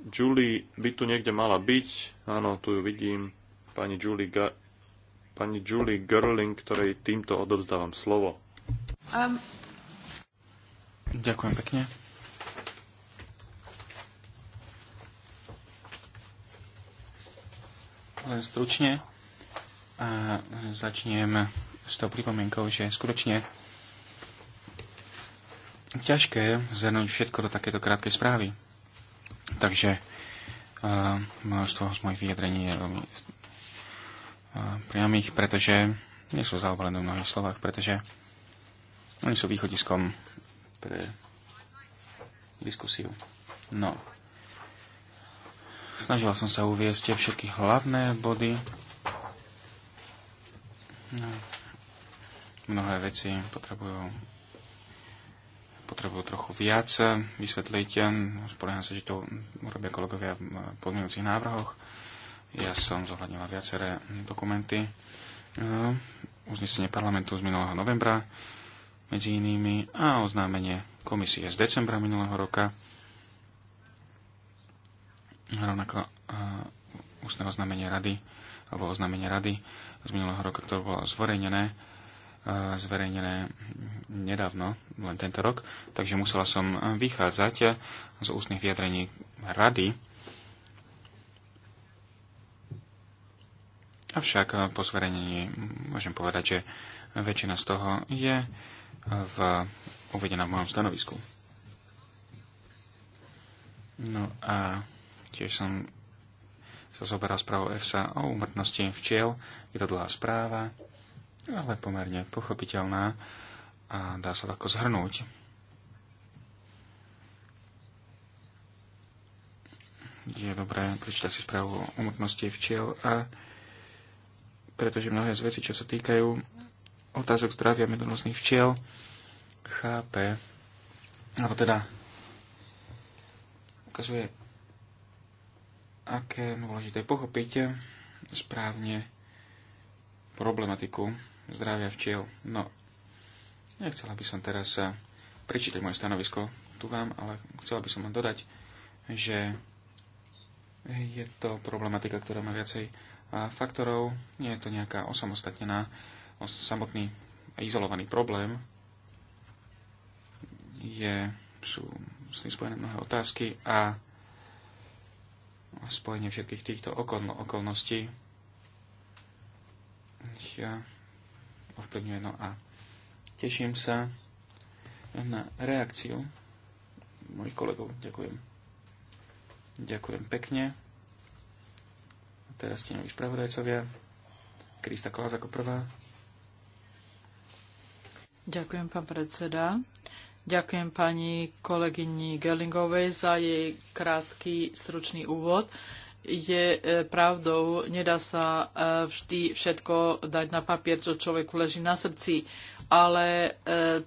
Julie by tu niekde mala byť. Áno, tu ju vidím. Pani Julie, Ga- pani Julie Gerling, ktorej týmto odovzdávam slovo. Um. Ďakujem pekne. Len stručne a začnem s tou pripomienkou, že skutočne ťažké zhrnúť všetko do takéto krátkej správy. Takže uh, množstvo z mojich vyjadrení je veľmi uh, priamých, pretože nie sú zaobalené v mnohých slovách, pretože oni sú východiskom pre diskusiu. No. Snažila som sa uviezť všetky hlavné body. No. Mnohé veci potrebujú potrebujú trochu viac eh, vysvetliť. Eh, Spolehám sa, že to urobia kolegovia v eh, podmienujúcich návrhoch. Ja som zohľadnila viaceré dokumenty. Uznesenie parlamentu z minulého novembra, medzi inými, a oznámenie komisie z decembra minulého roka. Rovnako ústne oznámenie rady, alebo oznámenie rady z minulého roka, ktoré bolo zverejnené zverejnené nedávno, len tento rok, takže musela som vychádzať z ústnych vyjadrení rady. Avšak po zverejnení môžem povedať, že väčšina z toho je v, uvedená v mojom stanovisku. No a tiež som sa zoberal správou EFSA o úmrtnosti včiel. Je to dlhá správa ale pomerne pochopiteľná a dá sa ľahko zhrnúť. Je dobré prečítať si správu o umotnosti včiel a pretože mnohé z vecí, čo sa týkajú otázok zdravia medonosných včiel, chápe, alebo teda ukazuje, aké dôležité pochopiť správne problematiku zdravia včiel. No, nechcela by som teraz eh, prečítať moje stanovisko tu vám, ale chcela by som vám dodať, že je to problematika, ktorá má viacej eh, faktorov. Nie je to nejaká osamostatnená, samotný a izolovaný problém. Je, sú s tým spojené mnohé otázky a spojenie všetkých týchto okolností ja ovplyvňuje. No a teším sa na reakciu mojich kolegov. Ďakujem. Ďakujem pekne. A teraz ste noví spravodajcovia. Krista Klás ako prvá. Ďakujem, pán predseda. Ďakujem pani kolegyni Gellingovej za jej krátky, stručný úvod je e, pravdou. Nedá sa e, vždy všetko dať na papier, čo človeku leží na srdci. Ale e,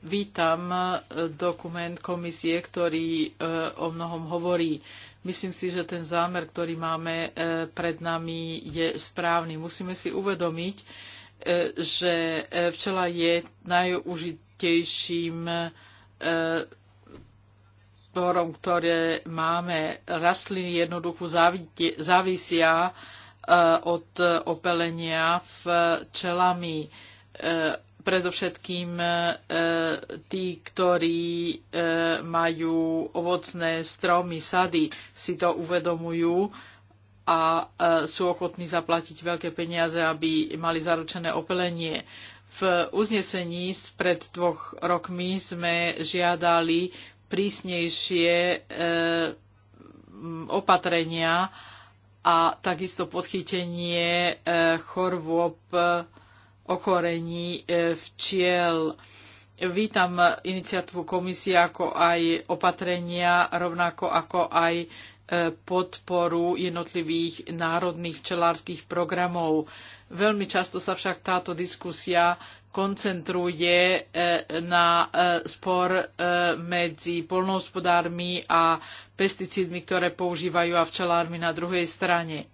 vítam dokument komisie, ktorý o mnohom hovorí. Myslím si, že ten zámer, ktorý máme pred nami, je správny. Musíme si uvedomiť, že včela je najužitejším názorom, ktoré máme, rastliny jednoducho závisia e, od opelenia čelami. E, predovšetkým e, tí, ktorí majú ovocné stromy, sady, si to uvedomujú a sú ochotní zaplatiť veľké peniaze, aby mali zaručené opelenie. V uznesení pred dvoch rokmi sme žiadali prísnejšie e, opatrenia a takisto podchytenie e, chorôb ochorení e, včiel. Vítam iniciatívu komisie ako aj opatrenia, rovnako ako aj podporu jednotlivých národných včelárskych programov. Veľmi často sa však táto diskusia koncentruje e, na e, spor e, medzi polnohospodármi a pesticídmi, ktoré používajú a včelármi na druhej strane.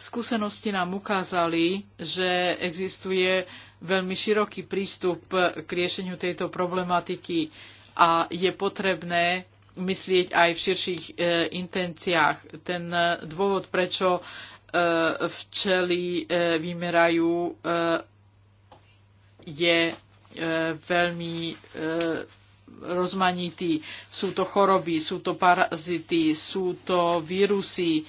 Skúsenosti nám ukázali, že existuje veľmi široký prístup k riešeniu tejto problematiky a je potrebné myslieť aj v širších e, intenciách. Ten dôvod, prečo včely vymerajú je e, veľmi e, rozmanitý. Sú to choroby, sú to parazity, sú to vírusy, e,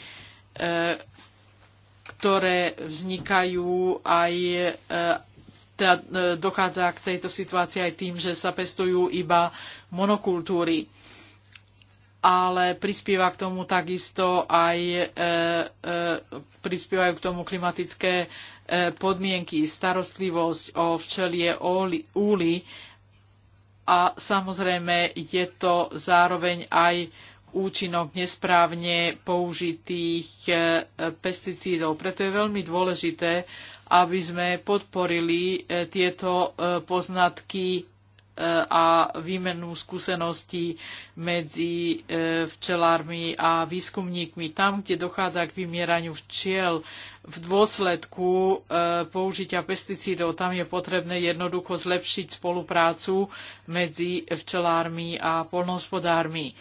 ktoré vznikajú aj teda dochádza k tejto situácii aj tým, že sa pestujú iba monokultúry ale prispieva k tomu takisto aj e, e, prispievajú k tomu klimatické e, podmienky, starostlivosť o včelie úly a samozrejme je to zároveň aj účinok nesprávne použitých e, pesticídov. Preto je veľmi dôležité, aby sme podporili e, tieto e, poznatky a výmenu skúseností medzi e, včelármi a výskumníkmi. Tam, kde dochádza k vymieraniu včiel v dôsledku e, použitia pesticídov, tam je potrebné jednoducho zlepšiť spoluprácu medzi včelármi a polnohospodármi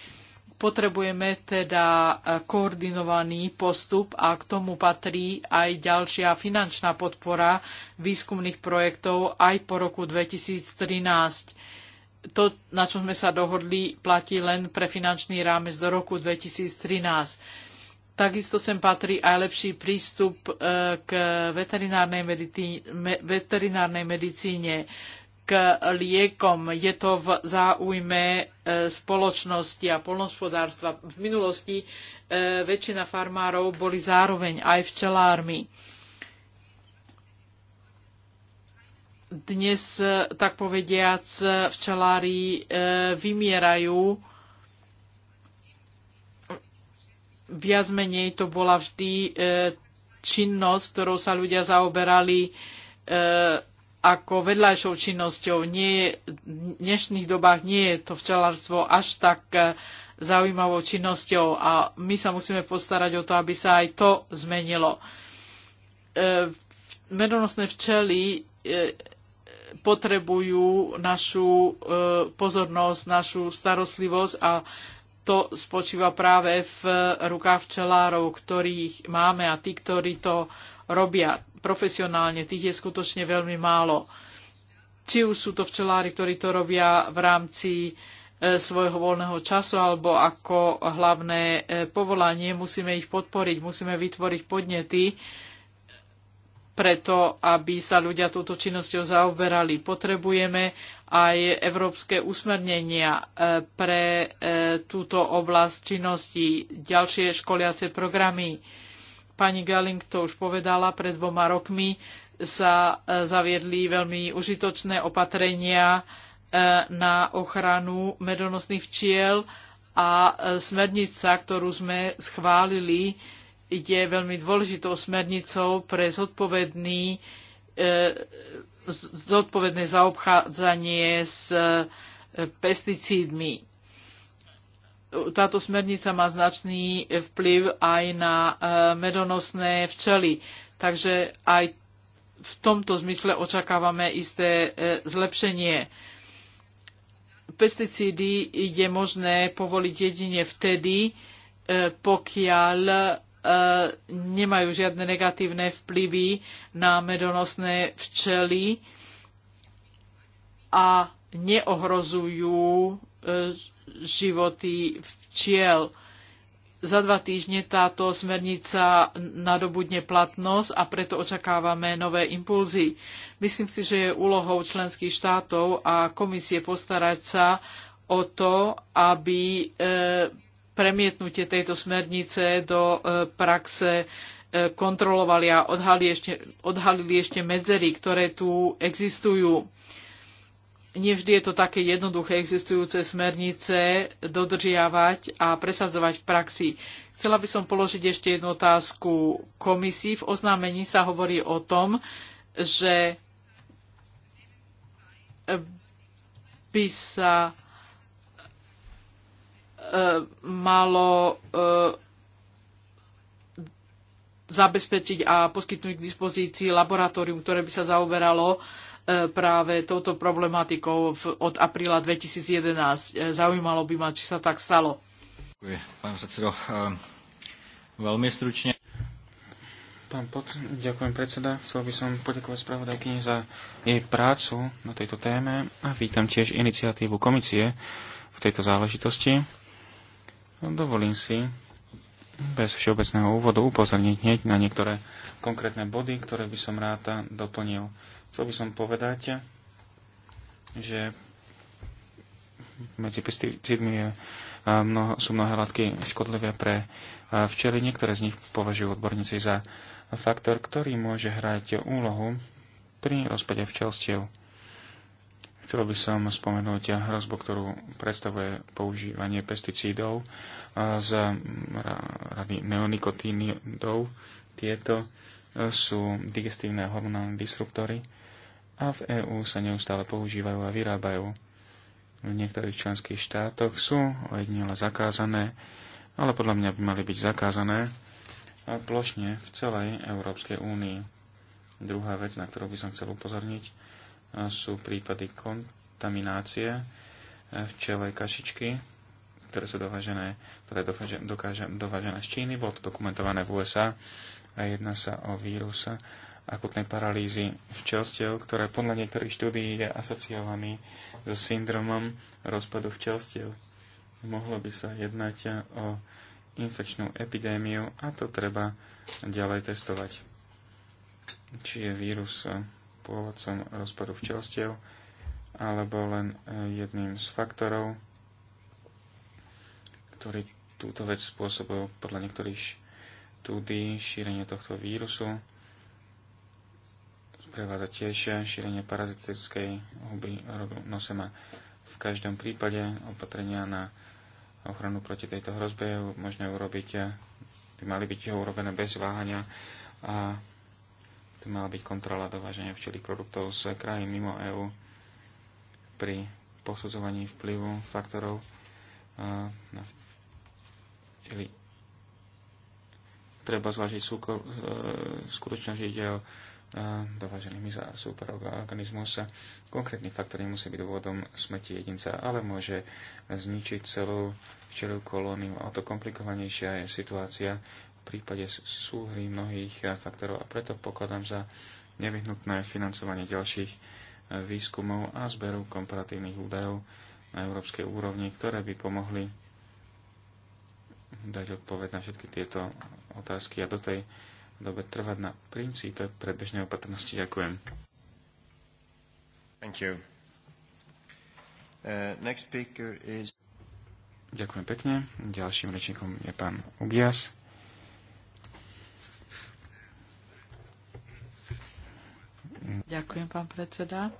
Potrebujeme teda e, koordinovaný postup a k tomu patrí aj ďalšia finančná podpora výskumných projektov aj po roku 2013. To, na čo sme sa dohodli, platí len pre finančný rámec do roku 2013. Takisto sem patrí aj lepší prístup e, k veterinárnej medicíne. Veterinárnej medicíne k liekom. Je to v záujme e, spoločnosti a polnospodárstva. V minulosti e, väčšina farmárov boli zároveň aj včelármi. Dnes, e, tak povediac, včelári vymierajú. Viac menej to bola vždy činnosť, ktorou sa ľudia zaoberali ako vedľajšou činnosťou. Nie, v dnešných dobách nie je to včelárstvo až tak eh, zaujímavou činnosťou a my sa musíme postarať o to, aby sa aj to zmenilo. Eh, medonosné včely eh, potrebujú našu pozornosť, našu starostlivosť a to spočíva práve v rukách včelárov, ktorých máme a tí, ktorí to robia profesionálne. Tých je skutočne veľmi málo. Či už sú to včelári, ktorí to robia v rámci e, svojho voľného času alebo ako hlavné e, povolanie. Musíme ich podporiť, musíme vytvoriť podnety preto, aby sa ľudia touto činnosťou zaoberali. Potrebujeme aj európske usmernenia e, pre túto oblasť činnosti, ďalšie školiace programy Pani Galing to už povedala, pred dvoma rokmi sa e, zaviedli veľmi užitočné opatrenia e, na ochranu medonosných včiel a e, smernica, ktorú sme schválili, je veľmi dôležitou smernicou pre zodpovedný, zodpovedné zaobchádzanie s pesticídmi táto smernica má značný vplyv aj na e, medonosné včely. Takže aj v tomto zmysle očakávame isté e, zlepšenie. Pesticídy je možné povoliť jedine vtedy, e, pokiaľ nemajú žiadne negatívne vplyvy na medonosné včely a neohrozujú životy včiel. Za dva týždne táto smernica nadobudne platnosť a preto očakávame nové impulzy. Myslím si, že je úlohou členských štátov a komisie postarať sa o to, aby e, premietnutie tejto smernice do e, praxe e, kontrolovali a odhalili ešte, odhalili ešte medzery, ktoré tu existujú nevždy je to také jednoduché existujúce smernice dodržiavať a presadzovať v praxi. Chcela by som položiť ešte jednu otázku komisii. V oznámení sa hovorí o tom, že by sa e, malo e, zabezpečiť a poskytnúť k dispozícii laboratórium, ktoré by sa zaoberalo E, práve touto problematikou v, od apríla 2011. E, zaujímalo by ma, či sa tak stalo. Ďakujem, pán predsedo. E, veľmi stručne. Pán pod, ďakujem predseda. Chcel by som poďakovať spravodajkyni za jej prácu na tejto téme a vítam tiež iniciatívu komisie v tejto záležitosti. No, dovolím si bez všeobecného úvodu upozorniť hneď na niektoré konkrétne body, ktoré by som rád doplnil. Chcel by som povedať, že medzi pesticídmi je eh, mnoho, sú mnohé látky škodlivé pre eh, včely. Niektoré z nich považujú odborníci za faktor, ktorý môže hrať úlohu pri rozpade včelstiev. Chcel by som spomenúť hrozbu, ktorú predstavuje používanie pesticídov eh, z mm, rady neonikotínidov. Tieto sú digestívne hormonálne disruptory a v EÚ sa neustále používajú a vyrábajú. V niektorých členských štátoch sú ojedinele zakázané, ale podľa mňa by mali byť zakázané a plošne v celej Európskej únii. Druhá vec, na ktorú by som chcel upozorniť, sú prípady kontaminácie včelej kašičky, ktoré sú dovážené, ktoré dokáže, dovážené z Číny. Bolo to dokumentované v USA a jedná sa o vírus akutnej paralýzy včelstiev, ktoré podľa niektorých štúdií je asociovaný so syndromom rozpadu včelstiev. Mohlo by sa jednať o infekčnú epidémiu a to treba ďalej testovať. Či je vírus pôvodcom rozpadu včelstiev alebo len jedným z faktorov, ktorý túto vec spôsobil podľa niektorých tudy šírenie tohto vírusu. Sprevádza tiež šírenie parazitickej huby nosema. V každom prípade opatrenia na ochranu proti tejto hrozbe možné urobiť, by mali byť urobené bez váhania a to mala byť kontrola dováženia včelých produktov z krajín mimo EÚ pri posudzovaní vplyvu faktorov na včeli treba zvážiť súko, e, skutočne, že ide o e, dovážený mizá superorganizmus. Konkrétny faktor nemusí byť dôvodom smrti jedinca, ale môže zničiť celú včelú kolóniu. A to komplikovanejšia je situácia v prípade súhry mnohých e, faktorov a preto pokladám za nevyhnutné financovanie ďalších výskumov a zberu komparatívnych údajov na európskej úrovni, ktoré by pomohli dať odpoveď na všetky tieto otázky a do tej dobe trvať na princípe predbežnej opatrnosti. Ďakujem. Thank you. Uh, next speaker is... Ďakujem pekne. Ďalším rečníkom je pán Ugias. Ďakujem, pán predseda.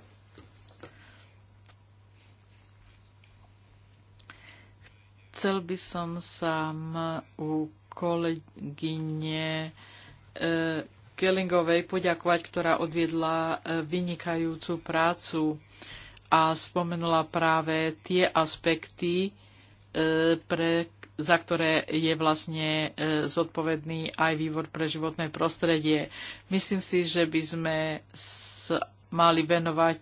Chcel by som sa u kolegyne Kellingovej e, poďakovať, ktorá odviedla e, vynikajúcu prácu a spomenula práve tie aspekty, e, pre, za ktoré je vlastne zodpovedný aj výbor pre životné prostredie. Myslím si, že by sme mali venovať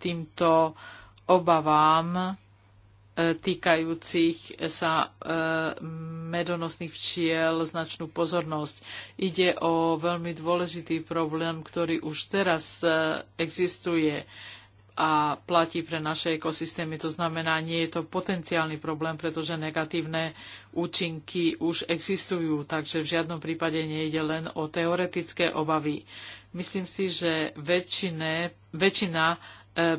týmto obavám týkajúcich sa e, medonosných včiel značnú pozornosť. Ide o veľmi dôležitý problém, ktorý už teraz e, existuje a platí pre naše ekosystémy. To znamená, nie je to potenciálny problém, pretože negatívne účinky už existujú, takže v žiadnom prípade nejde len o teoretické obavy. Myslím si, že väčšine, väčšina e,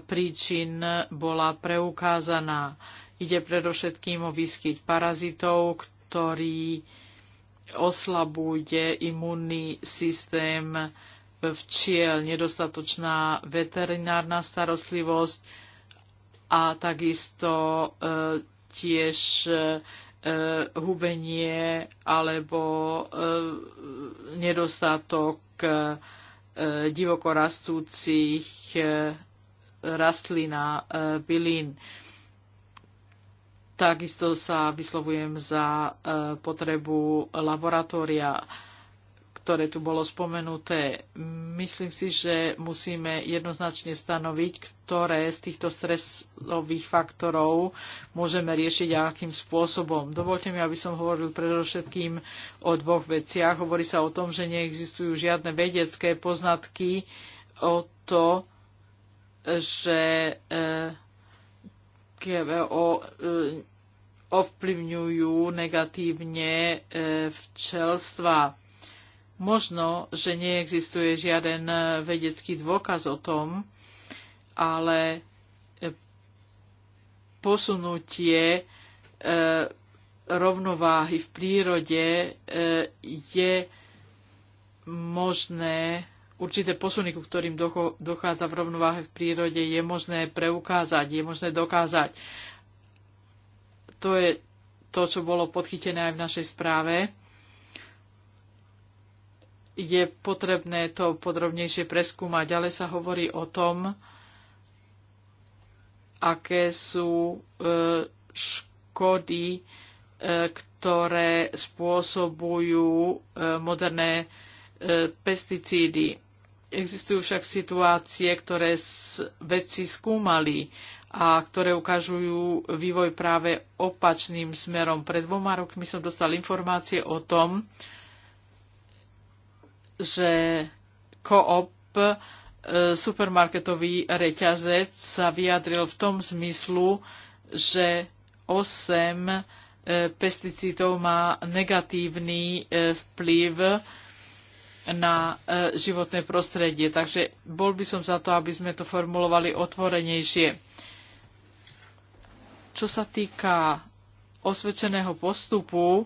príčin bola preukázaná. Ide predovšetkým o výskyt parazitov, ktorý oslabuje imunný systém včiel, nedostatočná veterinárna starostlivosť a takisto e, tiež e, hubenie alebo e, nedostatok e, divokorastúcich e, rastlín a e, bylín. E, Takisto sa vyslovujem za e, potrebu laboratória, ktoré tu bolo spomenuté. Myslím si, že musíme jednoznačne stanoviť, ktoré z týchto stresových faktorov môžeme riešiť a akým spôsobom. Dovolte mi, aby som hovoril predovšetkým o dvoch veciach. Hovorí sa o tom, že neexistujú žiadne vedecké poznatky o to, že e, o. E, ovplyvňujú negatívne e, včelstva. Možno, že neexistuje žiaden e, vedecký dôkaz o tom, ale e, posunutie rovnováhy v prírode je možné, určité posuny, ku ktorým dochádza v rovnováhe v prírode, je možné preukázať, je možné dokázať. To je to, čo bolo podchytené aj v našej správe. Je potrebné to podrobnejšie preskúmať. Ďalej sa hovorí o tom, aké sú e, škody, e, ktoré spôsobujú e, moderné pesticídy. Existujú však situácie, ktoré vedci skúmali a ktoré ukážujú vývoj práve opačným smerom. Pred dvoma rokmi som dostal informácie o tom, že koop e, supermarketový reťazec sa vyjadril v tom zmyslu, že 8 e, pesticídov má negatívny e, vplyv na životné prostredie. Takže bol by som za to, aby sme to formulovali otvorenejšie čo sa týka osvedčeného postupu,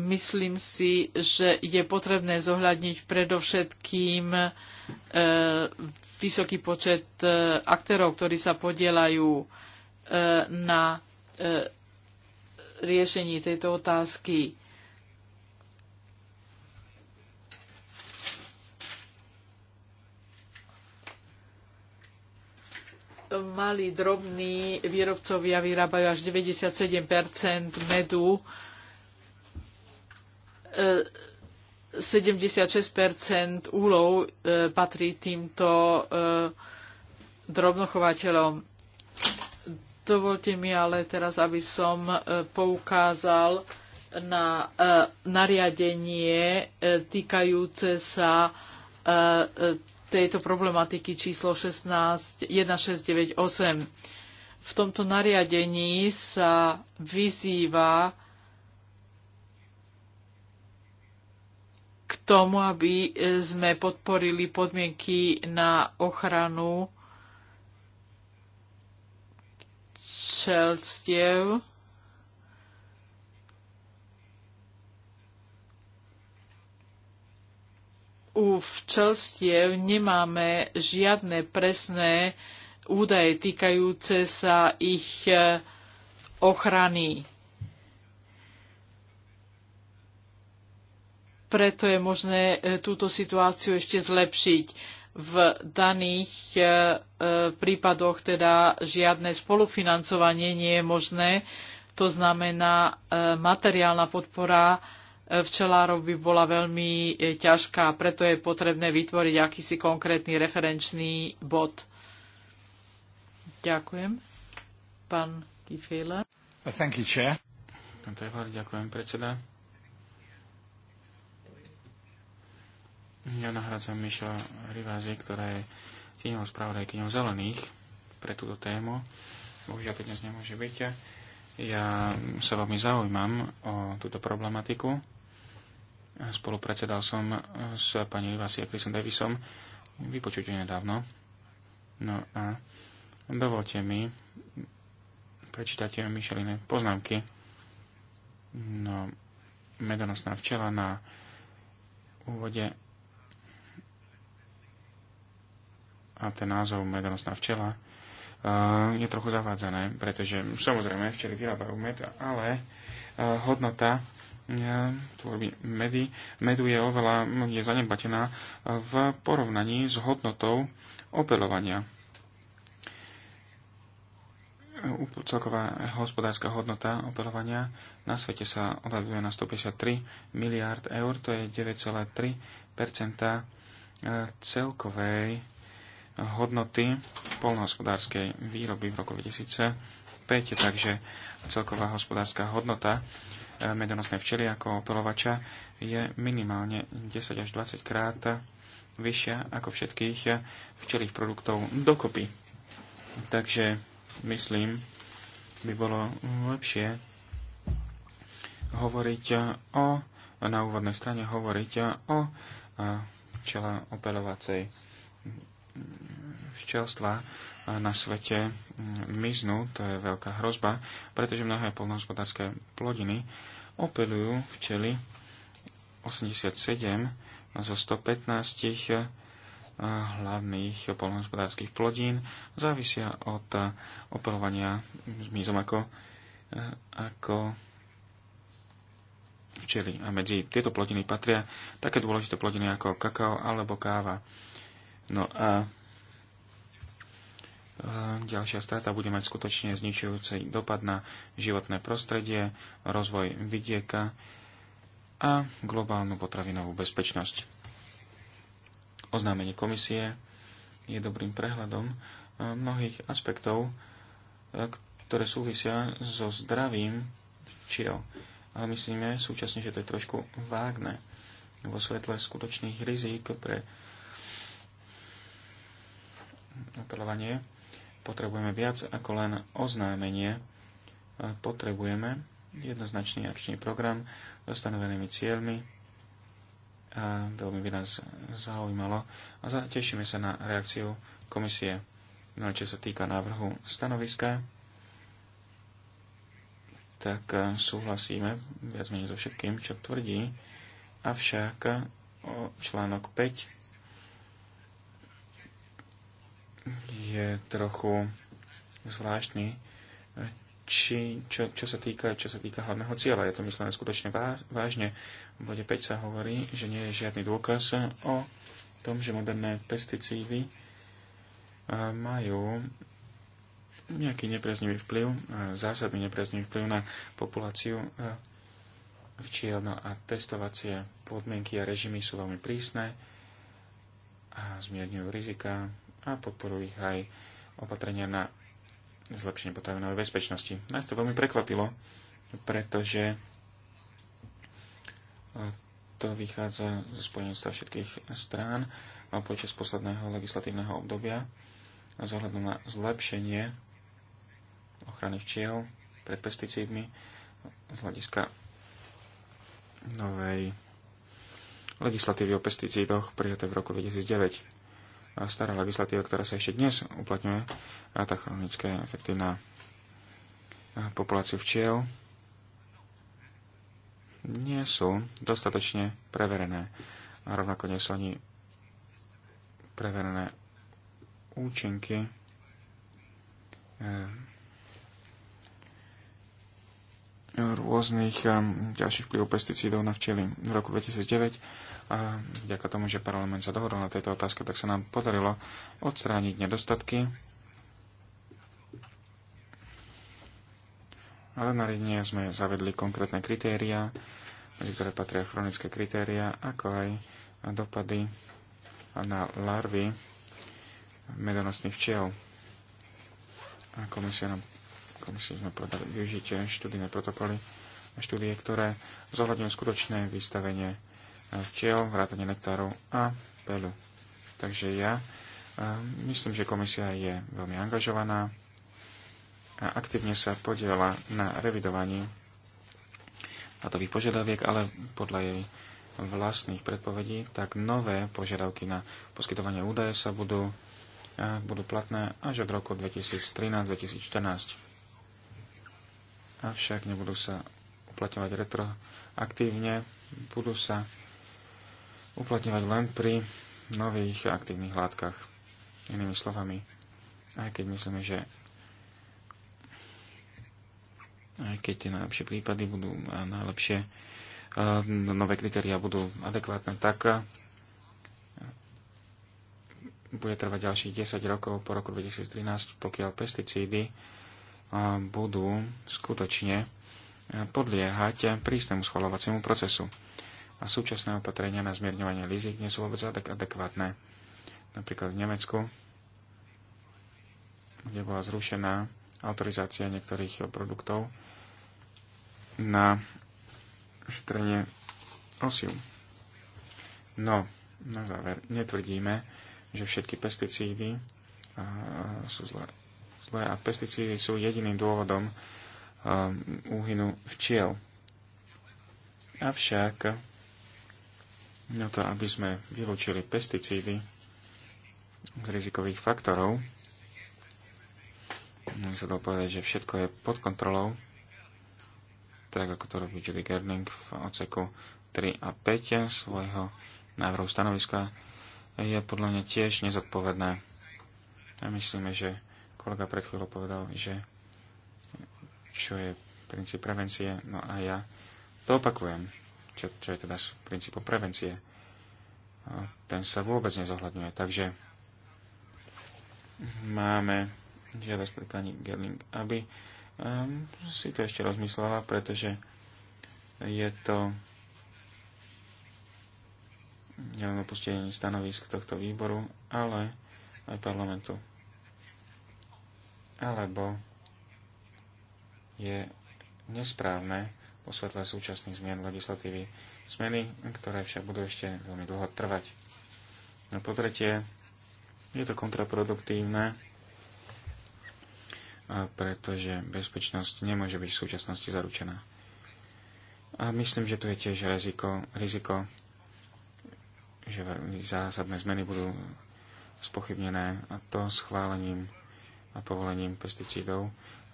myslím si, že je potrebné zohľadniť predovšetkým e, vysoký počet e, aktérov, ktorí sa podielajú e, na e, riešení tejto otázky. malí drobní výrobcovia vyrábajú až 97 medu, 76 e, úlov e, patrí týmto e, drobnochovateľom. Dovolte mi ale teraz, aby som poukázal na nariadenie týkajúce sa tejto problematiky číslo 16 1698. V tomto nariadení sa vyzýva k tomu, aby sme podporili podmienky na ochranu čelstiev u včelstiev nemáme žiadne presné údaje týkajúce sa ich e, ochrany. Preto je možné e, túto situáciu ešte zlepšiť. V daných e, prípadoch teda žiadne spolufinancovanie nie je možné. To znamená, materiálna podpora včelárov by bola veľmi e, ťažká, preto je potrebné vytvoriť akýsi konkrétny referenčný bod. Ďakujem. Pán Kifela. Uh, thank you, chair. Pán ďakujem, predseda. Ja nahradzam Miša Rivázie, ktorá je tieňou spravodajkyňou zelených pre túto tému. Bohužiaľ to dnes nemôže byť. Ja sa veľmi zaujímam o túto problematiku Spolupredsedal som eh, s pani Ivasi Chrisom Davisom Vypočujte nedávno. No a dovolte mi prečítať Micheline poznámky. No, medonosná včela na úvode a ten názov medonosná včela eh, je trochu zavádzané, pretože samozrejme včely vyrábajú med, ale eh, hodnota tvorby medy. Medu je oveľa je zanebatená v porovnaní s hodnotou opelovania. Celková hospodárska hodnota opelovania na svete sa odhaduje na 153 miliard eur, to je 9,3 e, celkovej hodnoty polnohospodárskej výroby v roku 2005, takže celková hospodárska hodnota medonosné včely ako opelovača je minimálne 10 až 20 krát vyššia ako všetkých včelých produktov dokopy. Takže myslím, by bolo lepšie hovoriť o, na úvodnej strane hovoriť o včela opelovacej včelstva eh, na svete mm, miznú, to je veľká hrozba, pretože mnohé polnohospodárske plodiny opelujú včely 87 zo 115 eh, hlavných polnohospodárskych plodín závisia od eh, opelovania zmizom ako, ako včely. A medzi tieto plodiny patria také dôležité plodiny ako kakao alebo káva. No a ďalšia strata bude mať skutočne zničujúci dopad na životné prostredie, rozvoj vidieka a globálnu potravinovú bezpečnosť. Oznámenie komisie je dobrým prehľadom mnohých aspektov, ktoré súvisia so zdravím čiel. Ale myslíme súčasne, že to je trošku vágne vo svetle skutočných rizík pre apelovanie. Potrebujeme viac ako len oznámenie. Potrebujeme jednoznačný akčný program so stanovenými cieľmi. A veľmi by nás zaujímalo a tešíme sa na reakciu komisie. No čo sa týka návrhu stanoviska, tak e, súhlasíme viac menej so všetkým, čo tvrdí, avšak článok 5 je trochu zvláštny, či, čo, čo, sa týka, čo sa týka hlavného cieľa. Je to myslené skutočne vážne. V bode 5 sa hovorí, že nie je žiadny dôkaz o tom, že moderné pesticídy majú nejaký nepriaznivý vplyv, zásadný nepriaznivý vplyv na populáciu včiel. No a testovacie podmienky a režimy sú veľmi prísne a zmierňujú rizika a podporujú ich aj opatrenia na zlepšenie potravinovej bezpečnosti. Nás to veľmi prekvapilo, pretože e, to vychádza zo spojenstva všetkých strán a počas posledného legislatívneho obdobia a zohľadom na zlepšenie ochrany včiel pred pesticídmi z hľadiska novej legislatívy o pesticídoch prijaté v roku 2009 stará legislatíva, ktorá sa ešte dnes uplatňuje, a tá chronické na populáciu včiel, nie sú dostatočne preverené. A rovnako nie sú ani preverené účinky eh, rôznych um, ďalších vplyvov pesticídov na včely. V roku 2009 a vďaka tomu, že parlament sa dohodol na tejto otázke, tak sa nám podarilo odstrániť nedostatky. Ale na nariadenie sme zavedli konkrétne kritéria, ktoré patria chronické kritéria, ako aj dopady na larvy medonosných včiel. A komisia nám konečne sme povedali využiť štúdijné protokoly a štúdie, ktoré zohľadňujú skutočné vystavenie e, včiel, vrátanie nektáru a pelu. Takže ja e, myslím, že komisia je veľmi angažovaná a aktívne sa podiela na revidovaní datových požiadaviek, ale podľa jej vlastných predpovedí, tak nové požiadavky na poskytovanie údaje sa budú, e, budú platné až od roku 2013-2014 avšak nebudú sa uplatňovať retroaktívne, budú sa uplatňovať len pri nových aktívnych látkach. Inými slovami, aj keď myslíme, že aj keď tie najlepšie prípady budú a najlepšie eh, nové kritéria budú adekvátne, tak eh, bude trvať ďalších 10 rokov po roku 2013, pokiaľ pesticídy budú skutočne e, podliehať prísnemu schvalovaciemu procesu. A súčasné opatrenia na zmierňovanie rizik nie sú vôbec adekvátne. Napríklad v Nemecku, kde bola zrušená autorizácia niektorých produktov na šetrenie osiu. No, na záver, netvrdíme, že všetky pesticídy sú zlé tvoje a pesticídy sú jediným dôvodom um, úhynu včiel. Avšak na to, aby sme vylúčili pesticídy z rizikových faktorov, Môžem sa dalo povedať, že všetko je pod kontrolou, tak ako to robí Judy Gerling v oceku 3 a 5 svojho návrhu stanoviska, je podľa mňa tiež nezodpovedné. A myslíme, že Kolega pred chvíľou povedal, že čo je princíp prevencie, no a ja to opakujem, čo, čo je teda princípom prevencie. A ten sa vôbec nezohľadňuje, takže máme žiadosť pri pani Gerling, aby um, si to ešte rozmyslela, pretože je to nielen opustenie stanovisk tohto výboru, ale aj parlamentu alebo je nesprávne po svetle súčasných zmien legislatívy. Zmeny, ktoré však budú ešte veľmi dlho trvať. No po tretie, je to kontraproduktívne, pretože bezpečnosť nemôže byť v súčasnosti zaručená. A myslím, že tu je tiež riziko, riziko že zásadné zmeny budú spochybnené a to schválením a povolením pesticídov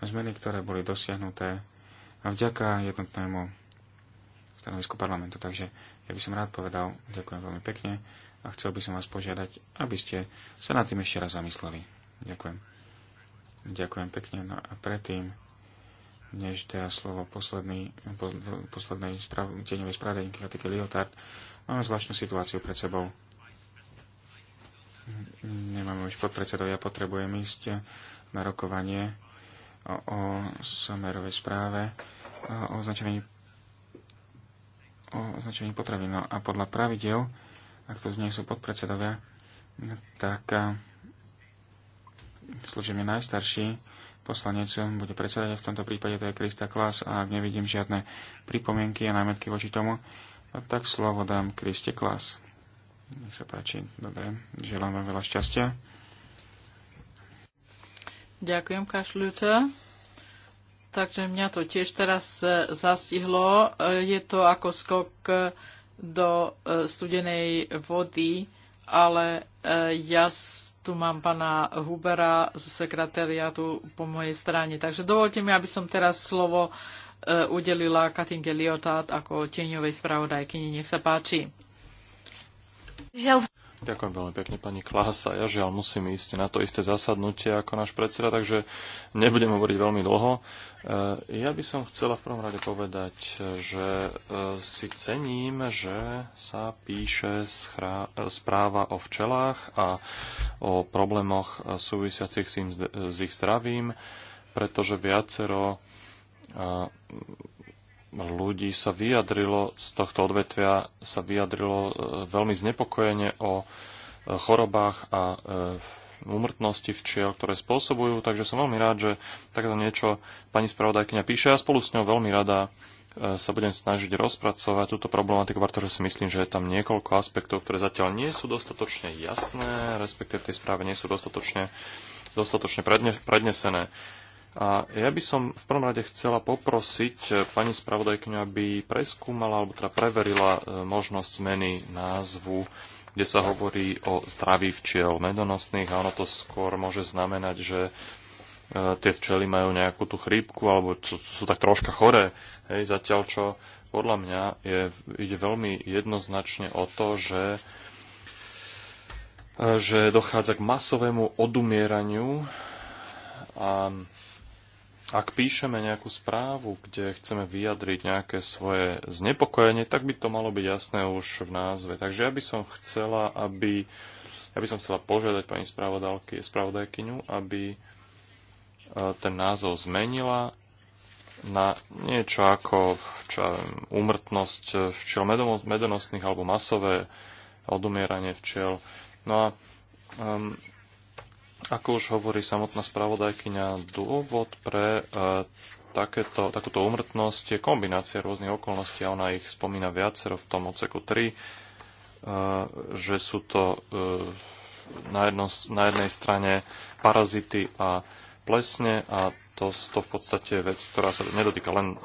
a zmeny, ktoré boli dosiahnuté a vďaka jednotnému stanovisku parlamentu. Takže ja by som rád povedal, ďakujem veľmi pekne a chcel by som vás požiadať, aby ste sa nad tým ešte raz zamysleli. Ďakujem. Ďakujem pekne. No a predtým, než dá slovo posledný, poslednej správ, tieňovej správe Katike Liotard, máme zvláštnu situáciu pred sebou. Nemám už podpredsedov, ja potrebujem ísť na rokovanie o, o somerovej správe o označení, o označení potravy. No a podľa pravidel, ak to nie sú podpredsedovia, tak služíme najstarší poslanec bude predsedať v tomto prípade to je Krista Klas a ak nevidím žiadne pripomienky a námetky voči tomu, no tak slovo dám Kriste Klas. Nech sa páči, dobre. Želám vám veľa šťastia. Ďakujem, kašľujúca. Takže mňa to tiež teraz e, zastihlo. E, je to ako skok e, do studenej vody, ale ja tu mám pana Hubera z sekretariatu po mojej strane. Takže dovolte mi, aby som teraz slovo udelila Katinke Liotát ako tieňovej spravodajkyni. Nech sa páči. Žiaľ. Ďakujem veľmi pekne pani Klasa. Ja žiaľ musím ísť na to isté zasadnutie ako náš predseda, takže nebudem hovoriť veľmi dlho. E, ja by som chcela v prvom rade povedať, že e, si cením, že sa píše správa o včelách a o problémoch súvisiacich s, s ich zdravím, pretože viacero e, ľudí sa vyjadrilo z tohto odvetvia, sa vyjadrilo e, veľmi znepokojene o e, chorobách a e, úmrtnosti včiel, ktoré spôsobujú. Takže som veľmi rád, že takéto niečo pani spravodajkyňa píše. Ja spolu s ňou veľmi rada sa budem snažiť rozpracovať túto problematiku, pretože si myslím, že je tam niekoľko aspektov, ktoré zatiaľ nie sú dostatočne jasné, respektíve v tej správe nie sú dostatočne, dostatočne predne, prednesené. A ja by som v prvom rade chcela poprosiť eh, pani spravodajkňu, aby preskúmala alebo teda preverila eh, možnosť zmeny názvu, kde sa hovorí o zdraví včiel medonosných a ono to skôr môže znamenať, že eh, tie včely majú nejakú tú chrípku alebo sú tak troška choré. Hej, zatiaľ čo podľa mňa je, ide veľmi jednoznačne o to, že že dochádza k masovému odumieraniu a ak píšeme nejakú správu, kde chceme vyjadriť nejaké svoje znepokojenie, tak by to malo byť jasné už v názve. Takže ja by som chcela, aby ja by som chcela požiadať pani spravodajkyňu, aby e, ten názov zmenila na niečo ako čo umrtnosť včiel medonosných alebo masové odumieranie včiel. No a um, ako už hovorí samotná spravodajkyňa, dôvod pre e, takéto, takúto umrtnosť je kombinácia rôznych okolností a ona ich spomína viacero v tom odseku 3, e, že sú to e, na, jedno, na jednej strane parazity a plesne a to, to v podstate je vec, ktorá sa nedotýka len,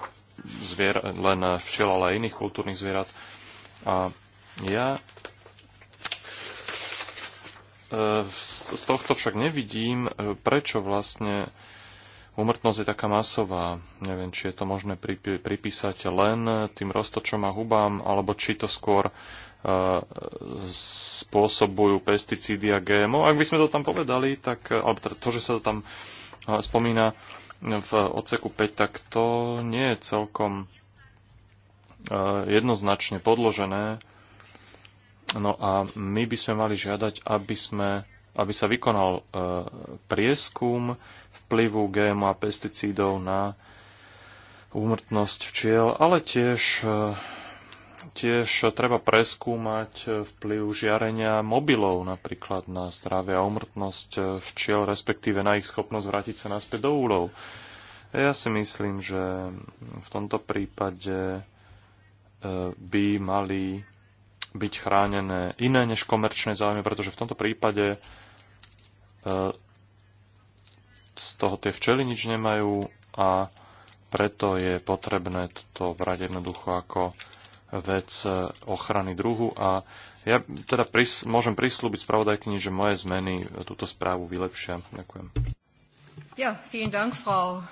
zvier, len včiel, ale aj iných kultúrnych zvierat. A ja E, z tohto však nevidím, e, prečo vlastne Úmrtnosť je taká masová. Neviem, či je to možné pripísať len tým roztočom a hubám, alebo či to skôr e, spôsobujú pesticídy a GMO. Ak by sme to tam povedali, tak, alebo teda to, že sa to tam spomína v odseku 5, tak to nie je celkom jednoznačne podložené No a my by sme mali žiadať, aby, sme, aby sa vykonal e, prieskum vplyvu GMO a pesticídov na úmrtnosť včiel, ale tiež, e, tiež treba preskúmať vplyv žiarenia mobilov napríklad na zdravie a úmrtnosť e, včiel, respektíve na ich schopnosť vrátiť sa naspäť do úlov. Ja si myslím, že v tomto prípade by mali byť chránené iné než komerčné záujmy, pretože v tomto prípade e, z toho tie včely nič nemajú a preto je potrebné toto brať jednoducho ako vec e, ochrany druhu a ja teda prís, môžem prislúbiť spravodajkyni, že moje zmeny e, túto správu vylepšia. Ďakujem. Ja, vielen Dank, Frau.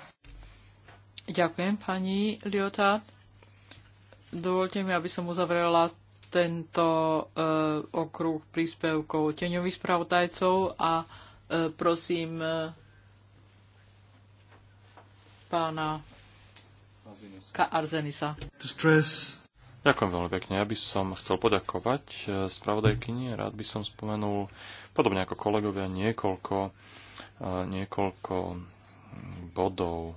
Ďakujem, pani Liotard. Dovolte mi, aby som uzavrela tento e, okruh príspevkov teňových spravodajcov a e, prosím e, pána Arzenisa. Ďakujem veľmi pekne. Ja by som chcel poďakovať spravodajkyni. Rád by som spomenul, podobne ako kolegovia, niekoľko, niekoľko bodov.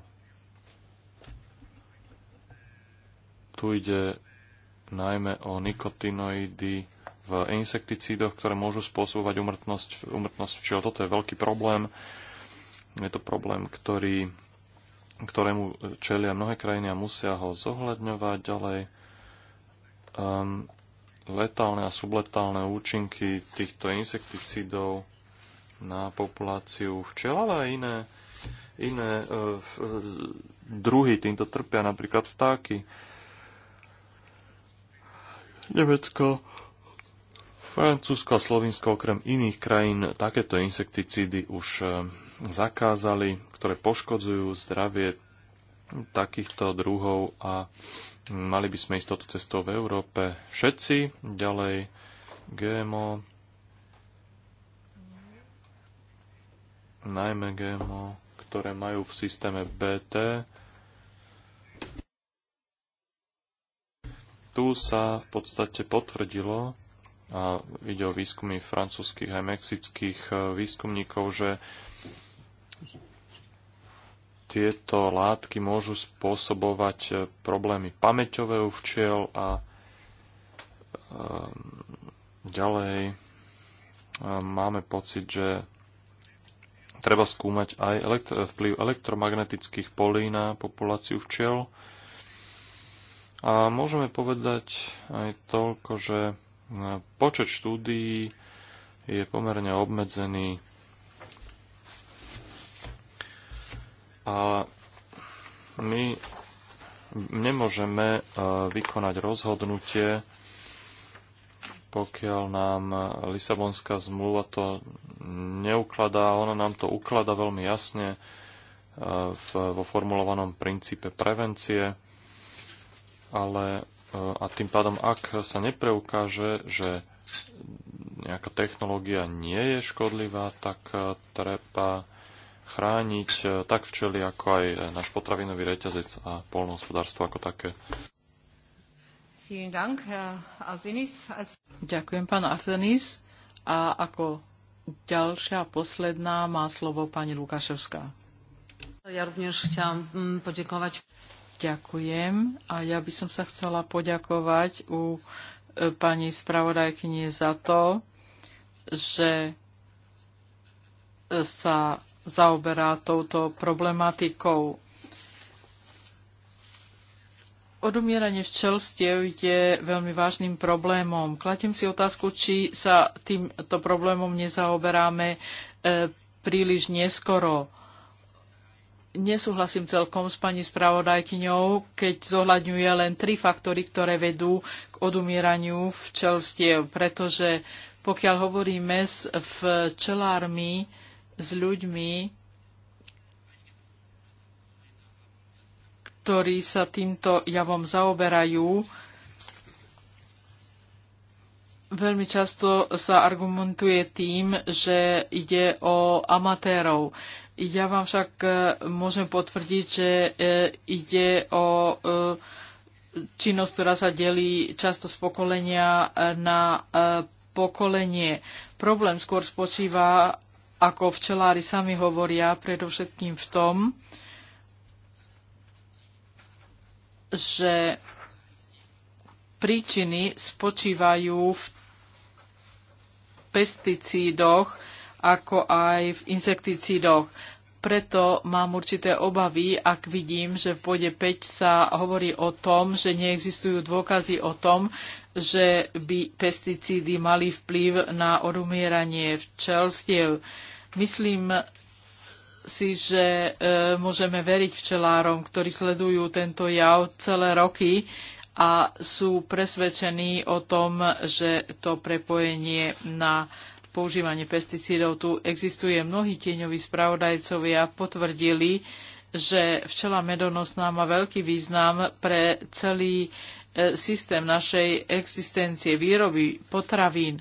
Tu ide najmä o nikotinoidy v insekticídoch, ktoré môžu spôsobovať umrtnosť, umrtnosť včiel. Toto je veľký problém. Je to problém, ktorý, ktorému čelia mnohé krajiny a musia ho zohľadňovať ďalej. Um, letálne a subletálne účinky týchto insekticídov na populáciu včiel, ale aj iné, iné e, e, druhy týmto trpia, napríklad vtáky. Nemecko, Francúzsko a Slovinsko okrem iných krajín takéto insekticídy už e, zakázali, ktoré poškodzujú zdravie takýchto druhov a mali by sme istotu cestou v Európe všetci. Ďalej GMO, najmä GMO, ktoré majú v systéme BT, tu sa v podstate potvrdilo, a ide o výskumy francúzských aj mexických e, výskumníkov, že tieto látky môžu spôsobovať e, problémy pamäťového včiel a e, ďalej máme pocit, že treba skúmať aj elektro, vplyv elektromagnetických polí na populáciu včiel a môžeme povedať aj toľko, že e, počet štúdií je pomerne obmedzený. A my nemôžeme e, vykonať rozhodnutie, pokiaľ nám e, Lisabonská zmluva to neukladá. Ona nám to ukladá veľmi jasne vo formulovanom princípe prevencie ale e, a tým pádom, ak sa nepreukáže, že nejaká technológia nie je škodlivá, tak e, treba chrániť e, tak včely, ako aj náš potravinový reťazec a polnohospodárstvo ako také. Ďakujem, pán Arsenis. A ako ďalšia, posledná, má slovo pani Lukaševská. Ja rovnež chcem mm, poďakovať. Ďakujem a ja by som sa chcela poďakovať u e, pani spravodajkyni za to, že e, sa zaoberá touto problematikou. Odumieranie včelstiev je veľmi vážnym problémom. Kladiem si otázku, či sa týmto problémom nezaoberáme e, príliš neskoro nesúhlasím celkom s pani spravodajkyňou, keď zohľadňuje len tri faktory, ktoré vedú k odumieraniu včelstiev, pretože pokiaľ hovoríme s včelármi, s ľuďmi, ktorí sa týmto javom zaoberajú, veľmi často sa argumentuje tým, že ide o amatérov. Ja vám však e, môžem potvrdiť, že e, ide o e, činnosť, ktorá sa delí často z pokolenia na pokolenie. Problém skôr spočíva, ako včelári sami hovoria, predovšetkým v tom, že príčiny spočívajú v pesticídoch, ako aj v insekticídoch. Preto mám určité obavy, ak vidím, že v bode 5 sa hovorí o tom, že neexistujú dôkazy o tom, že by pesticídy mali vplyv na odumieranie včelstiev. Myslím si, že e, môžeme veriť včelárom, ktorí sledujú tento jav celé roky a sú presvedčení o tom, že to prepojenie na používanie pesticídov. Tu existuje mnohí tieňoví spravodajcovia, potvrdili, že včela medonosná má veľký význam pre celý e, systém našej existencie výroby potravín.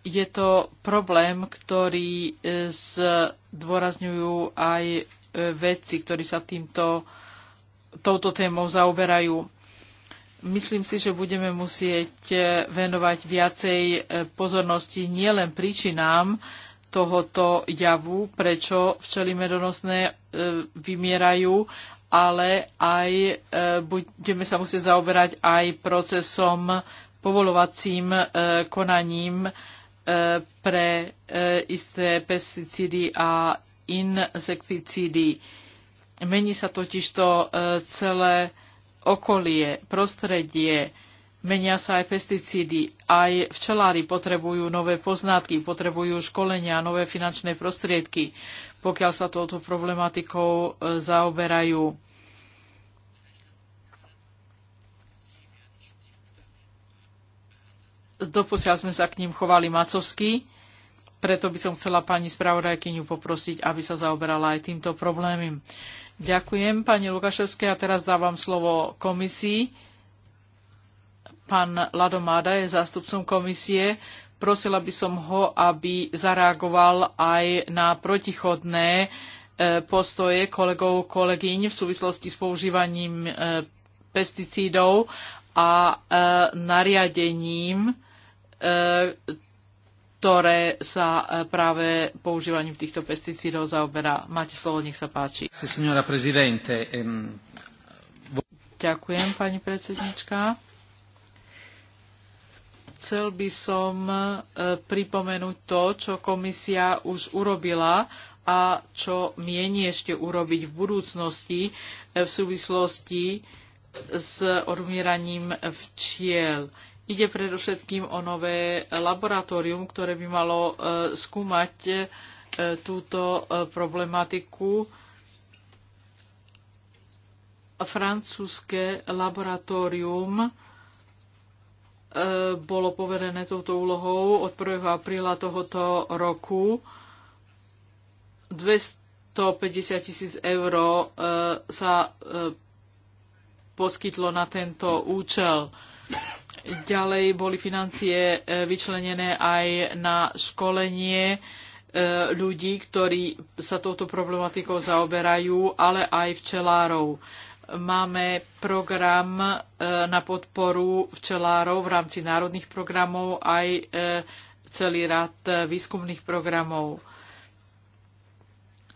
Je to problém, ktorý e, zdôrazňujú aj e, vedci, ktorí sa týmto, touto témou zaoberajú Myslím si, že budeme musieť e, venovať viacej e, pozornosti nielen príčinám tohoto javu, prečo včely medonosné e, vymierajú, ale aj budeme sa musieť zaoberať aj procesom povolovacím konaním pre isté pesticídy a insekticídy. Mení sa totižto celé okolie, prostredie, Menia sa aj pesticídy, aj včelári potrebujú nové poznatky, potrebujú školenia, nové finančné prostriedky, pokiaľ sa touto problematikou e, zaoberajú. Doposiaľ sme sa k ním chovali macovsky, preto by som chcela pani spravodajkyňu poprosiť, aby sa zaoberala aj týmto problémom. Ďakujem pani Lukaševské a teraz dávam slovo komisii. Pán Ladomáda je zástupcom komisie. Prosila by som ho, aby zareagoval aj na protichodné e, postoje kolegov, kolegyň v súvislosti s používaním e, pesticídov a e, nariadením ktoré sa e, práve používaním týchto pesticídov zaoberá. Máte slovo, nech sa páči. Ehm, Ďakujem, pani predsednička. Chcel by som e, pripomenúť to, čo komisia už urobila a čo mieni ešte urobiť v budúcnosti e, v súvislosti s odmieraním včiel. Ide predovšetkým o nové laboratórium, ktoré by malo e, skúmať e, túto e, problematiku. Francúzske laboratórium bolo poverené touto úlohou od 1. apríla tohoto roku. 250 tisíc eur sa poskytlo na tento účel. Ďalej boli financie e, vyčlenené aj na školenie e, ľudí, ktorí sa touto problematikou zaoberajú, ale aj včelárov. Máme program e, na podporu včelárov v rámci národných programov aj celý rad výskumných programov.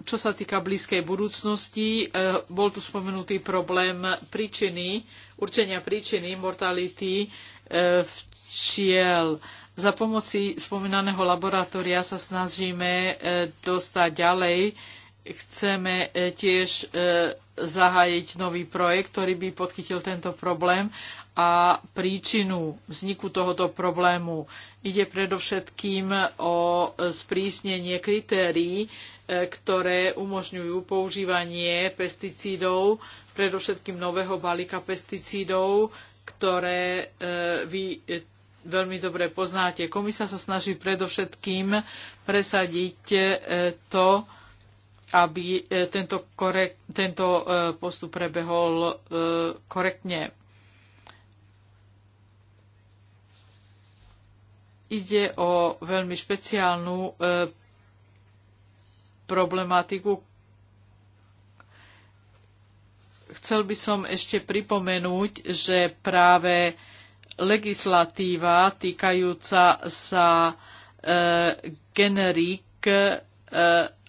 Čo sa týka blízkej budúcnosti, bol tu spomenutý problém príčiny, určenia príčiny mortality E, včiel. Za pomoci spomínaného laboratória sa snažíme e, dostať ďalej. Chceme e, tiež zahájiť nový projekt, ktorý by podchytil tento problém a príčinu vzniku tohoto problému. Ide predovšetkým o sprísnenie kritérií, ktoré umožňujú používanie pesticídov, predovšetkým nového balíka pesticídov, ktoré e, vy e, veľmi dobre poznáte. Komisia sa snaží predovšetkým presadiť e, to, aby tento, korek- tento postup prebehol korektne. Ide o veľmi špeciálnu problematiku, chcel by som ešte pripomenúť, že práve legislatíva týkajúca sa e, generík e,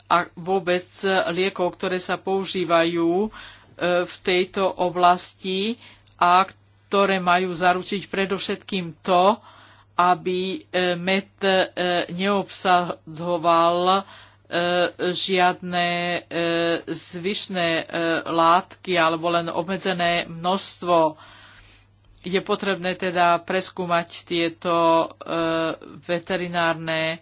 a vôbec liekov, ktoré sa používajú e, v tejto oblasti a ktoré majú zaručiť predovšetkým to, aby e, med e, neobsahoval e, E, žiadne e, zvyšné e, látky alebo len obmedzené množstvo. Je potrebné teda preskúmať tieto veterinárne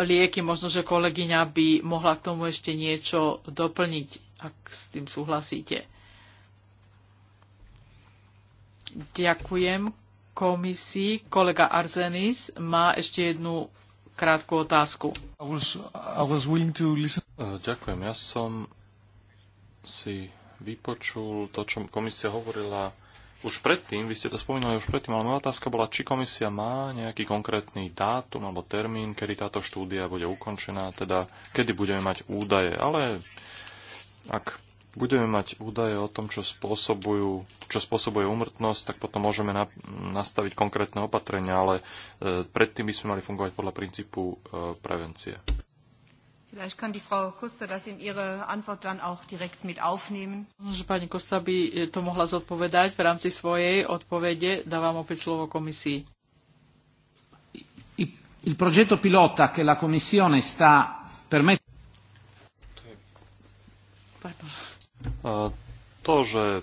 lieky. Možno, že kolegyňa by mohla k tomu ešte niečo doplniť, ak s tým súhlasíte. Ďakujem komisii. Kolega Arzenis má ešte jednu krátku otázku. E, ďakujem. Ja som si vypočul to, čo komisia hovorila už predtým, vy ste to spomínali už predtým, ale moja otázka bola, či komisia má nejaký konkrétny dátum alebo termín, kedy táto štúdia bude ukončená, teda kedy budeme mať údaje. Ale ak budeme mať údaje o tom, čo, spôsobujú, čo spôsobuje umrtnosť, tak potom môžeme na, nastaviť konkrétne opatrenia, ale e, predtým by sme mali fungovať podľa princípu e, prevencie. Vielleicht kann die Frau Kuster das in ihre Antwort dann auch direkt mit aufnehmen. Že pani Kosta by e, to mohla zodpovedať v rámci svojej odpovede. Dávam opäť slovo komisii. Il progetto pilota che la Commissione sta permettendo... E, to, že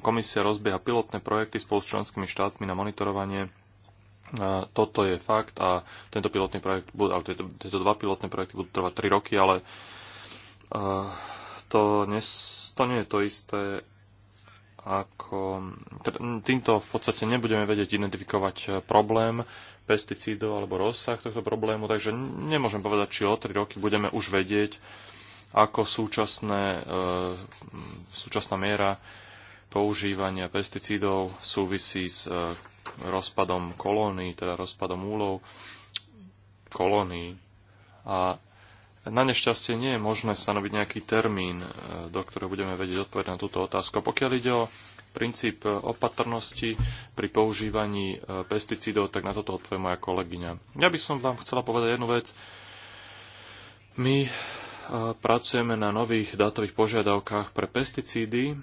komisia rozbieha pilotné projekty spolu s členskými štátmi na monitorovanie e, toto je fakt a tento pilotný projekt, ale tieto, tieto dva pilotné projekty budú trvať 3 roky, ale e, to, nes, to nie je to isté ako... Týmto v podstate nebudeme vedieť identifikovať problém pesticídov alebo rozsah tohto problému, takže nemôžem povedať, či o 3 roky budeme už vedieť, ako súčasné, e, súčasná miera používania pesticídov súvisí s e, rozpadom kolónií, teda rozpadom úlov kolónií. A na nešťastie nie je možné stanoviť nejaký termín, e, do ktorého budeme vedieť odpovedať na túto otázku. Pokiaľ ide o princíp opatrnosti pri používaní pesticídov, tak na toto odpovie moja kolegyňa. Ja by som vám chcela povedať jednu vec. My pracujeme na nových dátových požiadavkách pre pesticídy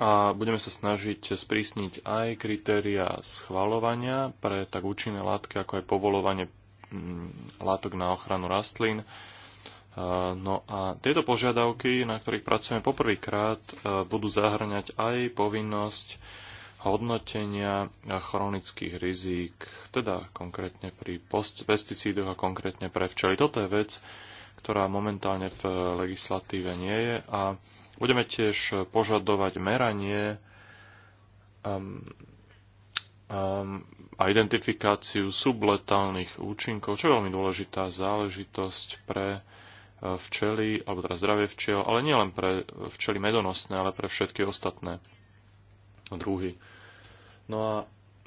a budeme sa snažiť sprísniť aj kritéria schvalovania pre tak účinné látky, ako aj povolovanie mm, látok na ochranu rastlín. No a tieto požiadavky, na ktorých pracujeme poprvýkrát, budú zahrňať aj povinnosť hodnotenia chronických rizík, teda konkrétne pri pesticídoch a konkrétne pre včely. Toto je vec, ktorá momentálne v legislatíve nie je a budeme tiež požadovať meranie um, um, a identifikáciu subletálnych účinkov, čo je veľmi dôležitá záležitosť pre uh, včely, alebo teda zdravie včiel, ale nielen pre včely medonosné, ale pre všetky ostatné druhy. No a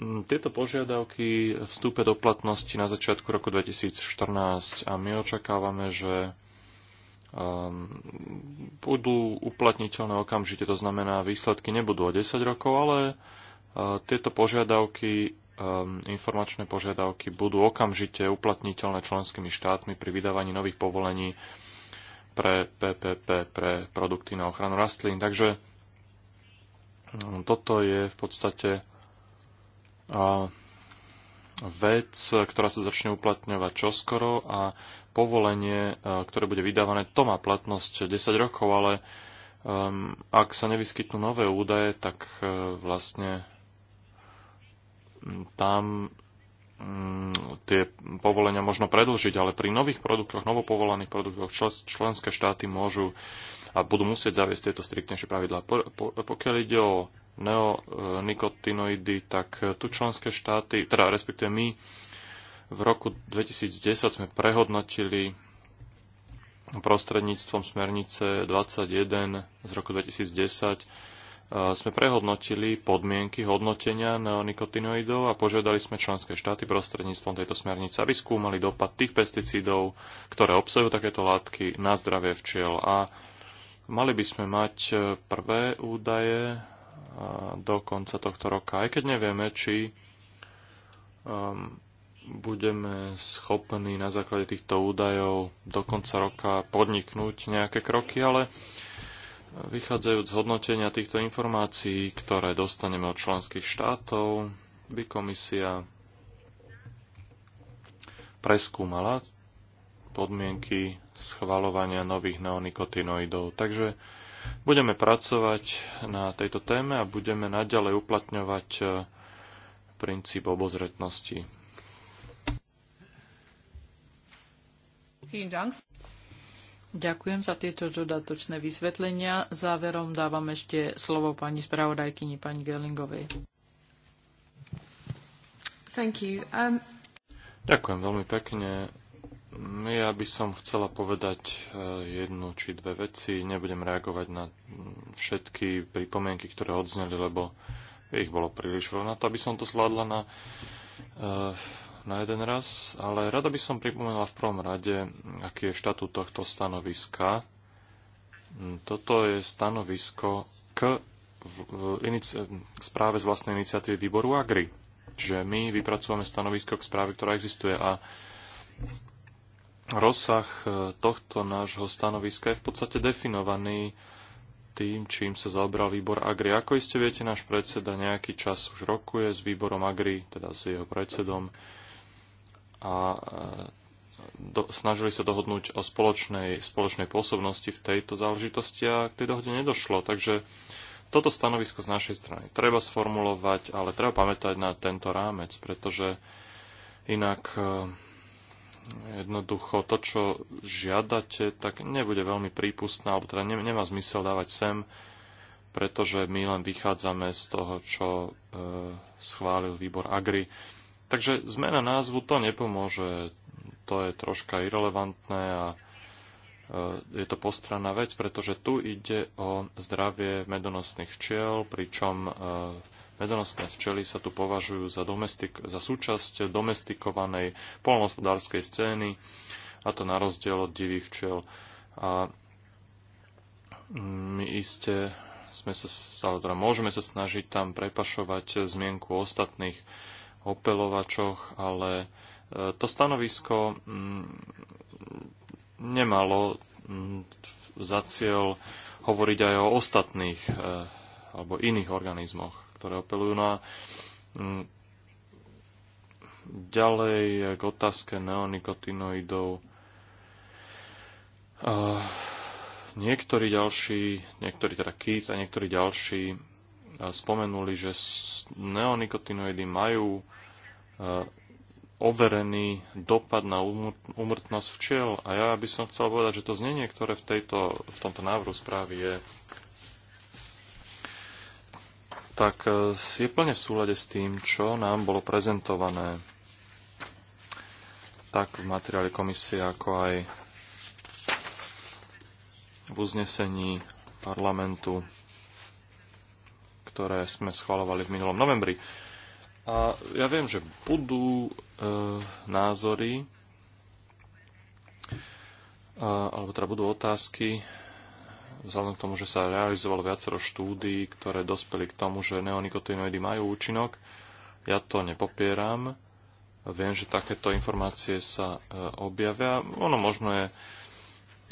mm, tieto požiadavky vstúpe do platnosti na začiatku roku 2014 a my očakávame, že um, budú uplatniteľné okamžite, to znamená, výsledky nebudú o 10 rokov, ale uh, tieto požiadavky, um, informačné požiadavky budú okamžite uplatniteľné členskými štátmi pri vydávaní nových povolení pre PPP, pre produkty na ochranu rastlín. Takže um, toto je v podstate vec, ktorá sa začne uplatňovať čoskoro a povolenie, e, ktoré bude vydávané, to má platnosť 10 rokov, ale um, ak sa nevyskytnú nové údaje, tak uh, vlastne tam tie povolenia možno predlžiť, ale pri nových produktoch, novopovolaných produktoch členské štáty môžu a budú musieť zaviesť tieto striktnejšie pravidlá. Po, po, pokiaľ ide o neonikotinoidy, tak tu členské štáty, teda respektíve my, v roku 2010 sme prehodnotili prostredníctvom smernice 21 z roku 2010 sme prehodnotili podmienky hodnotenia neonikotinoidov a požiadali sme členské štáty prostredníctvom tejto smernice, aby skúmali dopad tých pesticídov, ktoré obsahujú takéto látky na zdravie včiel. A mali by sme mať e, prvé údaje do konca tohto roka. Aj keď nevieme, či um, budeme schopní na základe týchto údajov do konca roka podniknúť nejaké kroky, ale vychádzajúc z hodnotenia týchto informácií, ktoré dostaneme od členských štátov, by komisia preskúmala podmienky schvalovania nových neonikotinoidov. Takže Budeme pracovať na tejto téme a budeme naďalej uplatňovať e, princíp obozretnosti. Ďakujem za tieto dodatočné vysvetlenia. Záverom dávam ešte slovo pani spravodajkyni, pani Gerlingovej. Um... Ďakujem veľmi pekne. Ja by som chcela povedať e, jednu či dve veci. Nebudem reagovať na všetky pripomienky, ktoré odzneli, lebo ich bolo príliš veľa na to, aby som to zvládla na, e, na jeden raz. Ale rada by som pripomenula v prvom rade, aký je štatút tohto stanoviska. Hm, toto je stanovisko k, k správe z vlastnej iniciatívy výboru Agri. Čiže my vypracujeme stanovisko k správe, ktorá existuje a rozsah e, tohto nášho stanoviska je v podstate definovaný tým, čím sa zaobral výbor Agri. Ako iste viete, náš predseda nejaký čas už rokuje s výborom Agri, teda s jeho predsedom a e, do, snažili sa dohodnúť o spoločnej, spoločnej pôsobnosti v tejto záležitosti a k tej dohode nedošlo. Takže toto stanovisko z našej strany treba sformulovať, ale treba pamätať na tento rámec, pretože inak e, jednoducho to, čo žiadate, tak nebude veľmi prípustná, alebo teda nemá zmysel dávať sem, pretože my len vychádzame z toho, čo e, schválil výbor Agri. Takže zmena názvu to nepomôže, to je troška irrelevantné a e, je to postranná vec, pretože tu ide o zdravie medonosných včiel, pričom e, Medonosné včely sa tu považujú za, domestik- za súčasť domestikovanej polnospodárskej scény, a to na rozdiel od divých včel. A my iste sme sa, ale teda môžeme sa snažiť tam prepašovať zmienku o ostatných opelovačoch, ale e, to stanovisko mm, nemalo mm, za cieľ hovoriť aj o ostatných e, alebo iných organizmoch ktoré opelujú. No a mm, ďalej k otázke neonikotinoidov. niektorí ďalší, niektorí teda Keith a niektorí ďalší spomenuli, že neonikotinoidy majú overený dopad na umrtnosť včiel. A ja by som chcel povedať, že to znenie, ktoré v, tejto, v tomto návrhu správy je, tak je plne v súlade s tým, čo nám bolo prezentované tak v materiáli komisie, ako aj v uznesení parlamentu, ktoré sme schvalovali v minulom novembri. A ja viem, že budú e, názory, e, alebo teda budú otázky, vzhľadom k tomu, že sa realizovalo viacero štúdí, ktoré dospeli k tomu, že neonikotinoidy majú účinok. Ja to nepopieram. Viem, že takéto informácie sa e, objavia. Ono možno je,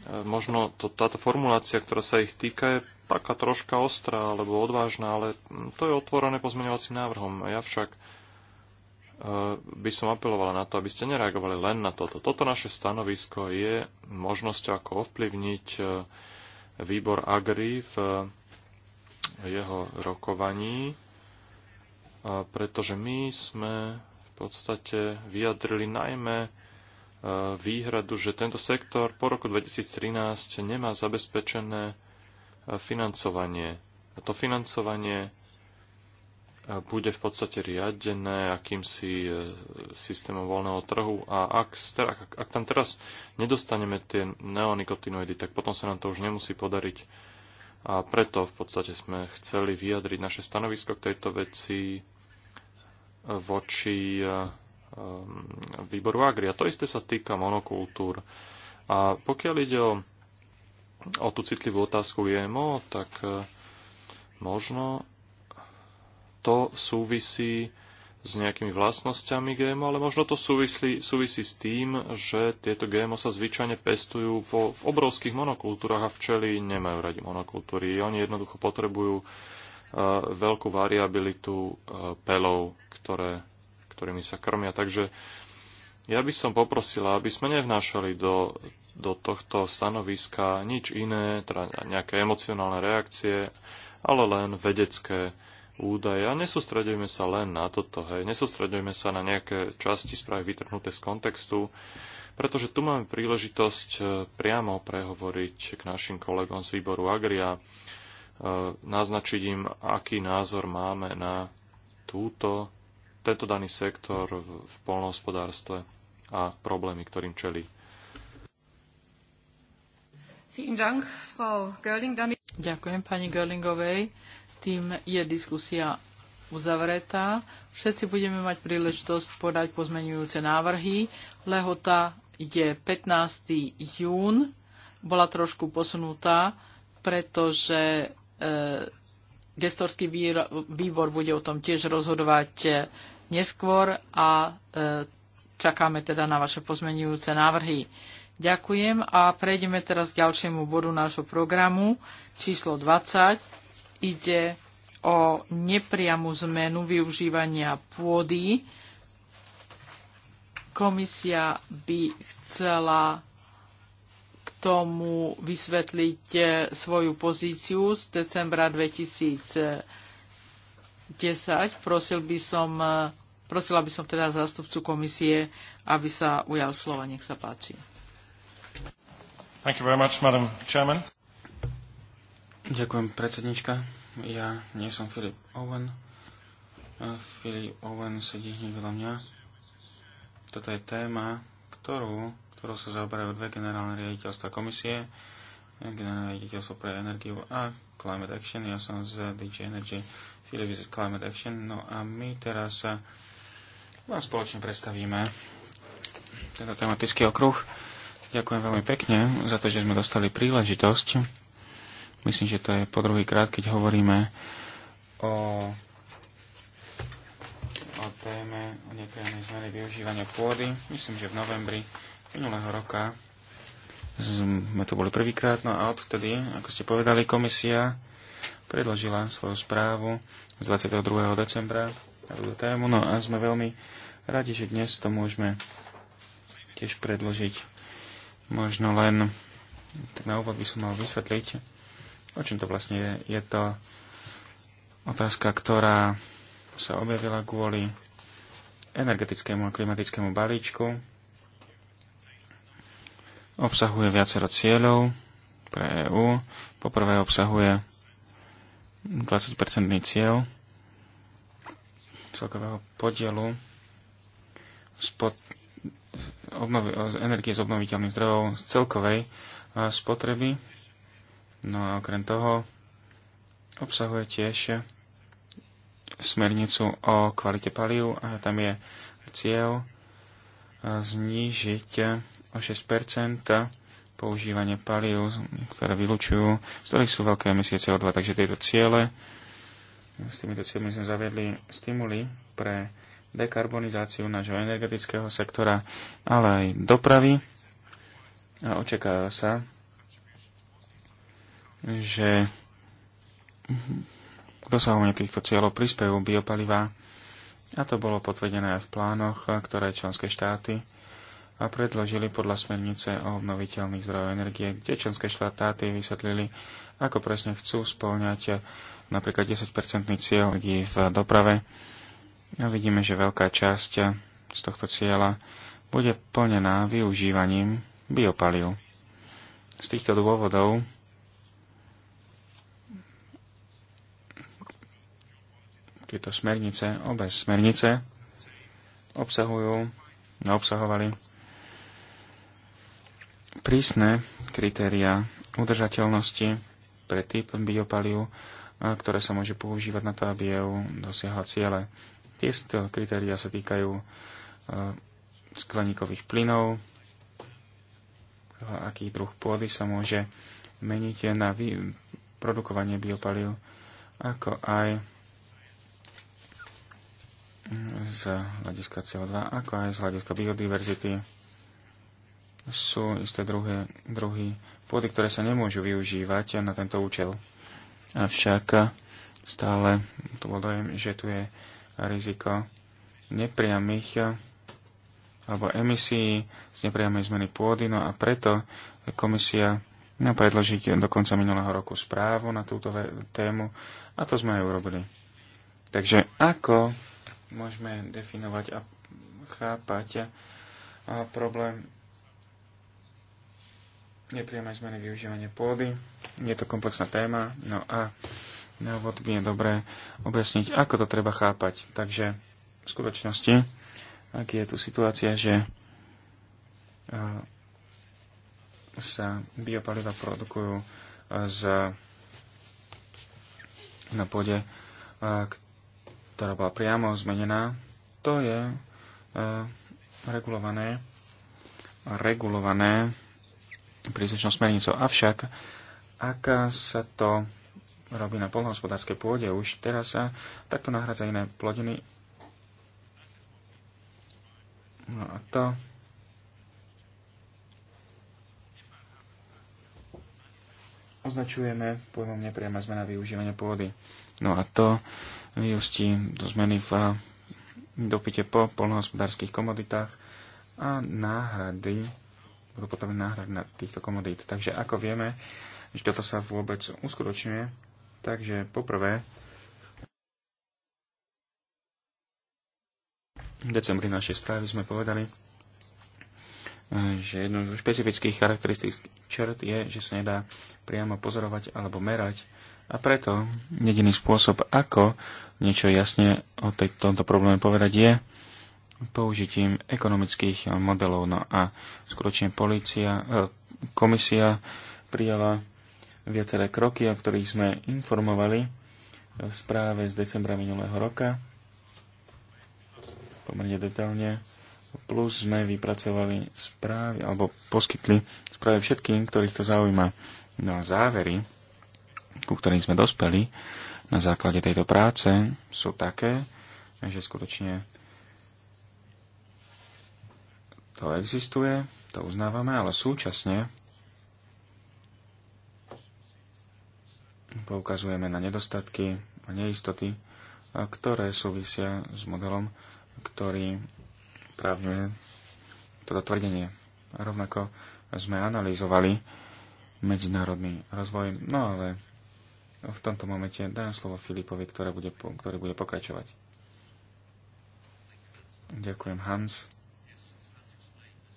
e, možno to, táto formulácia, ktorá sa ich týka, je taká troška ostrá alebo odvážna, ale mm, to je otvorené pozmeňovacím návrhom. Ja však e, by som apelovala na to, aby ste nereagovali len na toto. Toto naše stanovisko je možnosť, ako ovplyvniť výbor Agri v e, jeho rokovaní, e, pretože my sme v podstate vyjadrili najmä e, výhradu, že tento sektor po roku 2013 nemá zabezpečené financovanie. A to financovanie bude v podstate riadené akýmsi e, systémom voľného trhu a ak, ak, ak tam teraz nedostaneme tie neonikotinoidy, tak potom sa nám to už nemusí podariť. A preto v podstate sme chceli vyjadriť naše stanovisko k tejto veci e, voči e, výboru Agri. A to isté sa týka monokultúr. A pokiaľ ide o, o tú citlivú otázku JMO, tak možno to súvisí s nejakými vlastnosťami GMO, ale možno to súvisí, súvisí s tým, že tieto GMO sa zvyčajne pestujú vo, v obrovských monokultúrach a včely nemajú radi monokultúry. Oni jednoducho potrebujú uh, veľkú variabilitu uh, pelov, ktoré, ktorými sa krmia. Takže ja by som poprosila, aby sme nevnášali do, do tohto stanoviska nič iné, teda nejaké emocionálne reakcie, ale len vedecké uh, údaje. A nesústredujme sa len na toto, hej. Nesústredujme sa na nejaké časti správy vytrhnuté z kontextu, pretože tu máme príležitosť e, priamo prehovoriť k našim kolegom z výboru Agria, e, naznačiť im, aký názor máme na túto, tento daný sektor v polnohospodárstve a problémy, ktorým čelí. Ďakujem pani Görlingovej. Tým je diskusia uzavretá. Všetci budeme mať príležitosť podať pozmenujúce návrhy. Lehota je 15. jún. Bola trošku posunutá, pretože e, gestorský výbor bude o tom tiež rozhodovať e, neskôr a e, čakáme teda na vaše pozmenujúce návrhy. Ďakujem a prejdeme teraz k ďalšiemu bodu nášho programu, číslo 20 ide o nepriamu zmenu využívania pôdy. Komisia by chcela k tomu vysvetliť eh, svoju pozíciu z decembra 2010. Prosil by som, eh, prosila by som teda zástupcu komisie, aby sa ujal slova. Nech sa páči. Thank you very much, Madam Chairman. Ďakujem, predsednička. Ja nie som Filip Owen. Filip Owen sedí hneď vedľa mňa. Toto je téma, ktorú, ktorú sa zaoberajú dve generálne riaditeľstva komisie. Generálne riaditeľstvo pre energiu a Climate Action. Ja som z DJ Energy, Filip z Climate Action. No a my teraz sa vám spoločne predstavíme tento tematický okruh. Ďakujem veľmi pekne za to, že sme dostali príležitosť Myslím, že to je po druhý krát, keď hovoríme o, o téme o nepriamej zmene využívania pôdy. Myslím, že v novembri minulého roka sme to boli prvýkrát, no a odtedy, ako ste povedali, komisia predložila svoju správu z 22. decembra na túto tému, no a sme veľmi radi, že dnes to môžeme tiež predložiť možno len tak na úvod by som mal vysvetliť, O čom to vlastne je? Je to otázka, ktorá sa objavila kvôli energetickému a klimatickému balíčku. Obsahuje viacero cieľov pre EÚ. Poprvé obsahuje 20-percentný cieľ celkového podielu spod, obnovi, energie z obnoviteľných zdrojov z celkovej spotreby No a okrem toho obsahuje tiež smernicu o kvalite palív a tam je cieľ e, znížiť o 6 používanie palív, ktoré vylučujú, z ktorých sú veľké emisie CO2. Takže tieto ciele, s týmito cieľmi sme zaviedli stimuly pre dekarbonizáciu nášho energetického sektora, ale aj dopravy. A očakáva sa, že k dosahovaniu týchto cieľov prispejú biopalivá a to bolo potvrdené aj v plánoch, ktoré členské štáty a predložili podľa smernice o obnoviteľných zdrojoch energie, kde členské štáty vysvetlili, ako presne chcú spĺňať napríklad 10-percentný cieľ ľudí v doprave. A vidíme, že veľká časť z tohto cieľa bude plnená využívaním biopaliu. Z týchto dôvodov tieto smernice, obe smernice obsahujú, obsahovali prísne kritéria udržateľnosti pre typ biopaliu, ktoré sa môže používať na to, aby EU dosiahla ciele. Tieto kritéria sa týkajú skleníkových plynov, aký druh pôdy sa môže meniť na produkovanie biopaliu, ako aj z hľadiska CO2, ako aj z hľadiska biodiverzity, sú isté druhé, druhy pôdy, ktoré sa nemôžu využívať na tento účel. Avšak stále tu bol dojem, že tu je riziko nepriamých alebo emisí z nepriamej zmeny pôdy, no a preto komisia na predložiť do konca minulého roku správu na túto tému a to sme aj urobili. Takže ako môžeme definovať a chápať a problém nepriamej zmeny využívania pôdy. Je to komplexná téma, no a na úvod by je dobré objasniť, ako to treba chápať. Takže v skutočnosti, ak je tu situácia, že sa biopaliva produkujú z, na pôde, ktorá bola priamo zmenená, to je e, regulované, regulované príslušnou smernicou. Avšak, ak sa to robí na polnohospodárskej pôde už teraz sa takto nahradza iné plodiny. No a to označujeme pojmom nepriama zmena využívania pôdy. No a to vyústi do zmeny v dopite po polnohospodárských komoditách a náhrady, budú potom náhrady na týchto komodít. Takže ako vieme, že toto sa vôbec uskutočňuje, takže poprvé v decembri našej správy sme povedali, že jednou zo špecifických charakteristických čert je, že sa nedá priamo pozorovať alebo merať a preto jediný spôsob, ako niečo jasne o tej, tomto probléme povedať, je použitím ekonomických modelov. No a skutočne policia, e, komisia prijala viaceré kroky, o ktorých sme informovali v správe z decembra minulého roka pomerne detailne. Plus sme vypracovali správy, alebo poskytli správy všetkým, ktorých to zaujíma. No a závery ku ktorým sme dospeli na základe tejto práce, sú také, že skutočne to existuje, to uznávame, ale súčasne poukazujeme na nedostatky a neistoty, ktoré súvisia s modelom, ktorý právňuje toto tvrdenie. Rovnako sme analyzovali medzinárodný rozvoj, no ale v tomto momente dám slovo Filipovi, ktoré bude, ktorý bude pokračovať. Ďakujem, Hans.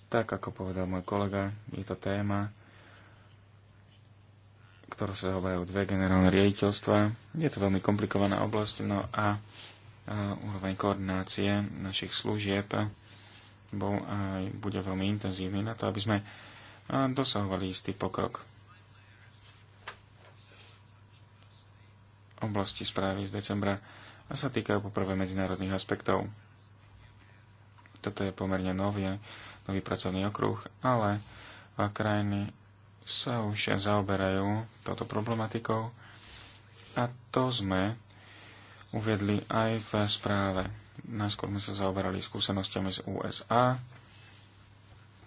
Tak, ako povedal môj kolega, je to téma, ktorú sa hovajú dve generálne riaditeľstva. Je to veľmi komplikovaná oblasť, no a, a úroveň koordinácie našich služieb bol a, bude veľmi intenzívny na to, aby sme dosahovali istý pokrok oblasti správy z decembra a sa týkajú poprvé medzinárodných aspektov. Toto je pomerne novie, nový pracovný okruh, ale krajiny sa už zaoberajú touto problematikou a to sme uviedli aj v správe. Najskôr sme sa zaoberali skúsenostiami z USA,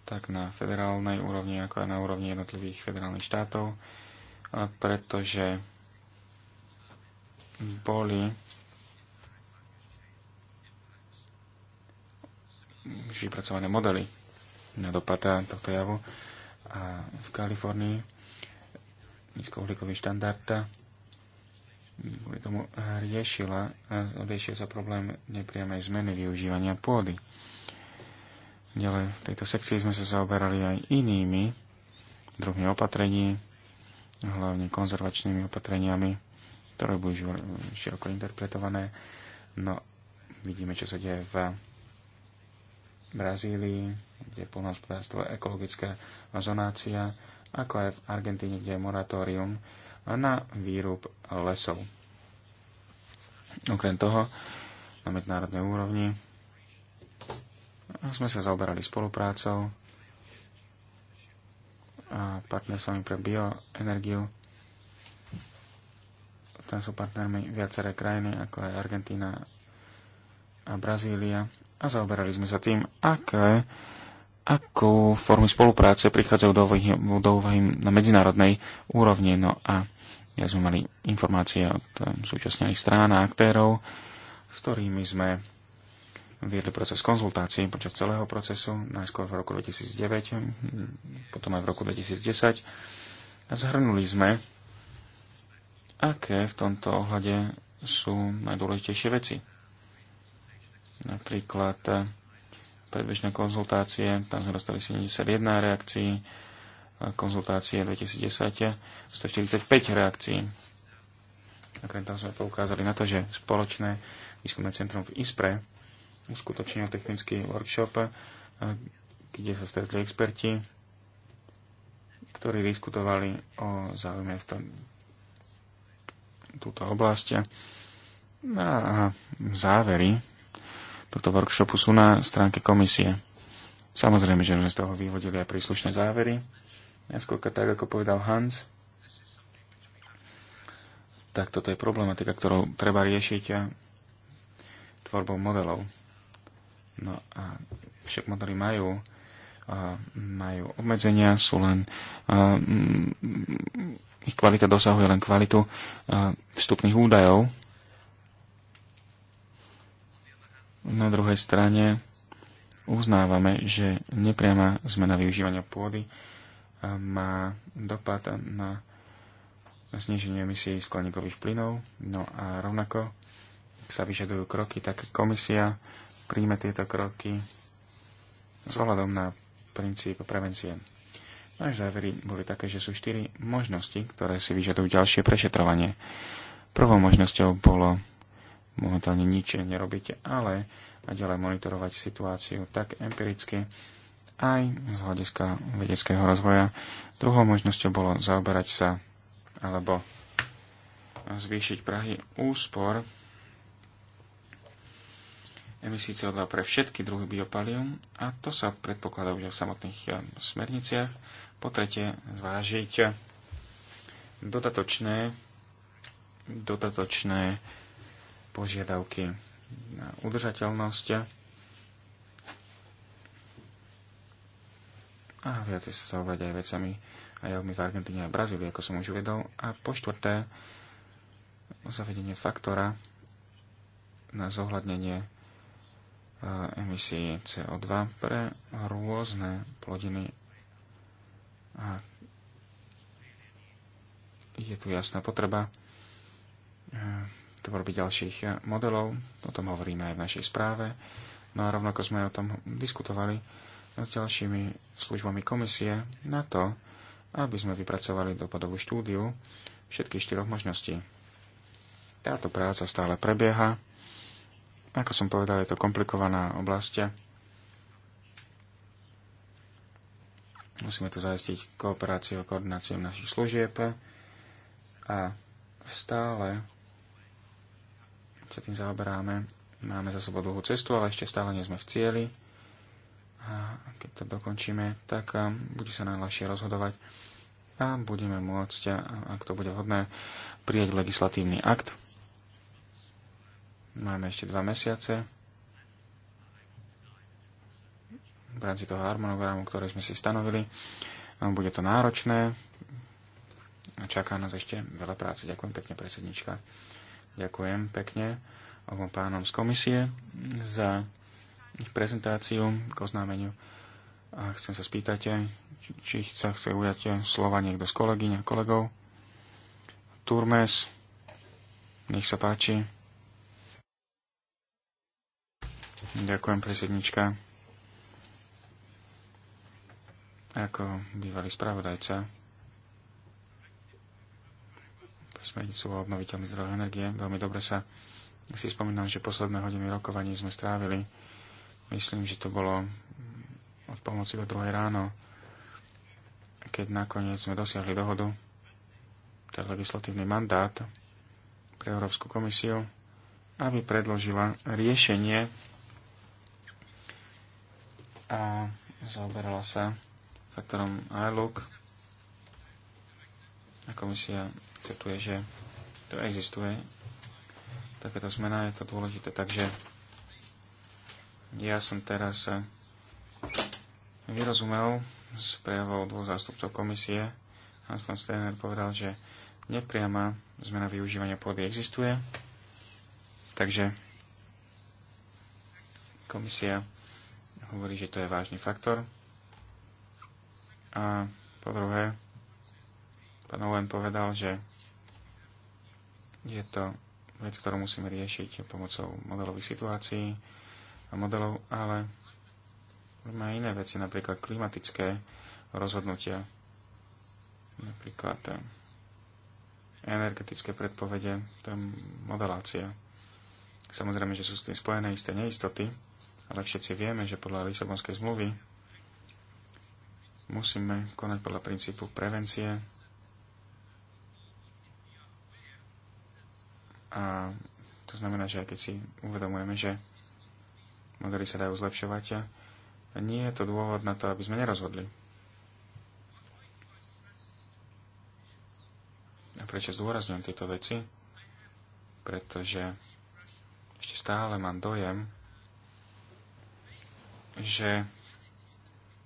tak na federálnej úrovni, ako aj na úrovni jednotlivých federálnych štátov, pretože boli už vypracované modely na dopad tohto javu a v Kalifornii nízkouhlíkový štandard kvôli tomu riešila, riešil sa problém nepriamej zmeny využívania pôdy. Ďalej, v tejto sekcii sme sa zaoberali aj inými druhmi opatrení, hlavne konzervačnými opatreniami, ktoré budú široko interpretované. No, vidíme, čo sa deje v Brazílii, kde je plnohospodárstvo ekologická zonácia, ako aj v Argentíne, kde je moratórium na výrub lesov. Okrem toho, na medzinárodnej úrovni sme sa zaoberali spoluprácou a partnerstvami pre bioenergiu tam sú partnermi viaceré krajiny, ako aj Argentína a Brazília. A zaoberali sme sa tým, aké, akú formy spolupráce prichádzajú do úvahy, do úvahy na medzinárodnej úrovni. No a ja sme mali informácie od um, súčasnených strán a aktérov, s ktorými sme viedli proces konzultácií počas celého procesu, najskôr v roku 2009, potom aj v roku 2010. A zhrnuli sme aké v tomto ohľade sú najdôležitejšie veci. Napríklad eh, predbežné konzultácie, tam sme dostali 71 reakcií, konzultácie 2010, 145 eh, reakcií. Okrem tam sme poukázali na to, že spoločné výskumné centrum v ISPRE uskutočnil technický workshop, eh, kde sa stretli experti, ktorí diskutovali o záujme v tom túto oblasť. No a závery tohto workshopu sú na stránke komisie. Samozrejme, že sme z toho vyvodili aj príslušné závery. Neskôr, tak ako povedal Hans, tak toto je problematika, ktorú treba riešiť a tvorbou modelov. No a však modely majú, majú obmedzenia, sú len ich kvalita dosahuje len kvalitu eh, vstupných údajov. Na druhej strane uznávame, že nepriama zmena využívania pôdy eh, má dopad na zniženie emisí skleníkových plynov. No a rovnako, ak sa vyžadujú kroky, tak komisia príjme tieto kroky s ohľadom na princíp prevencie. Náš závery boli také, že sú štyri možnosti, ktoré si vyžadujú ďalšie prešetrovanie. Prvou možnosťou bolo momentálne nič nerobiť, ale a ďalej monitorovať situáciu tak empiricky, aj z hľadiska vedeckého rozvoja. Druhou možnosťou bolo zaoberať sa alebo zvýšiť prahy úspor emisí CO2 pre všetky druhy biopalium a to sa predpokladá už v samotných eh, smerniciach po tretie zvážiť dodatočné, dodatočné požiadavky na udržateľnosť a viac sa zaobrať aj vecami aj javmi v Argentíne a Brazílii, ako som už uvedol. A po štvrté, zavedenie faktora na zohľadnenie e, emisí CO2 pre rôzne plodiny a je tu jasná potreba e, tvorby ďalších e, modelov, o tom hovoríme aj v našej správe. No a rovnako sme o tom diskutovali s ďalšími službami komisie na to, aby sme vypracovali dopadovú štúdiu všetkých štyroch možností. Táto práca stále prebieha. Ako som povedal, je to komplikovaná oblasť Musíme tu zajistiť kooperáciu a koordináciu našich služieb a stále sa tým zaoberáme. Máme za sebou dlhú cestu, ale ešte stále nie sme v cieli. A keď to dokončíme, tak bude sa najľahšie rozhodovať a budeme môcť, ak to bude hodné, prijať legislatívny akt. Máme ešte dva mesiace v rámci toho harmonogramu, ktoré sme si stanovili. Bude to náročné a čaká nás ešte veľa práce. Ďakujem pekne, predsednička. Ďakujem pekne obom pánom z komisie za ich prezentáciu k oznámeniu. A chcem sa spýtať, či sa chce ujať slova niekto z kolegyň a kolegov. Turmes, nech sa páči. Ďakujem, predsednička ako bývalý spravodajca pre smernicu o obnoviteľných zdrojoch energie. Veľmi dobre sa si spomínam, že posledné hodiny rokovaní sme strávili. Myslím, že to bolo od pomoci do druhej ráno, keď nakoniec sme dosiahli dohodu, ten legislatívny mandát pre Európsku komisiu, aby predložila riešenie a zaoberala sa faktorom Ilook A komisia akceptuje, že to existuje. Takéto zmena je to dôležité. Takže ja som teraz vyrozumel z prejavou dvoch zástupcov komisie. Hans von Steiner povedal, že nepriama zmena využívania pôdy existuje. Takže komisia hovorí, že to je vážny faktor. A po druhé, pán Owen povedal, že je to vec, ktorú musíme riešiť pomocou modelových situácií a modelov, ale máme aj iné veci, napríklad klimatické rozhodnutia, napríklad eh, energetické predpovede, to je modelácia. Samozrejme, že sú s tým spojené isté neistoty, ale všetci vieme, že podľa Lisabonskej zmluvy Musíme konať podľa princípu prevencie a to znamená, že aj keď si uvedomujeme, že modely sa dajú zlepšovať, a nie je to dôvod na to, aby sme nerozhodli. A prečo zdôrazňujem tieto veci? Pretože ešte stále mám dojem, že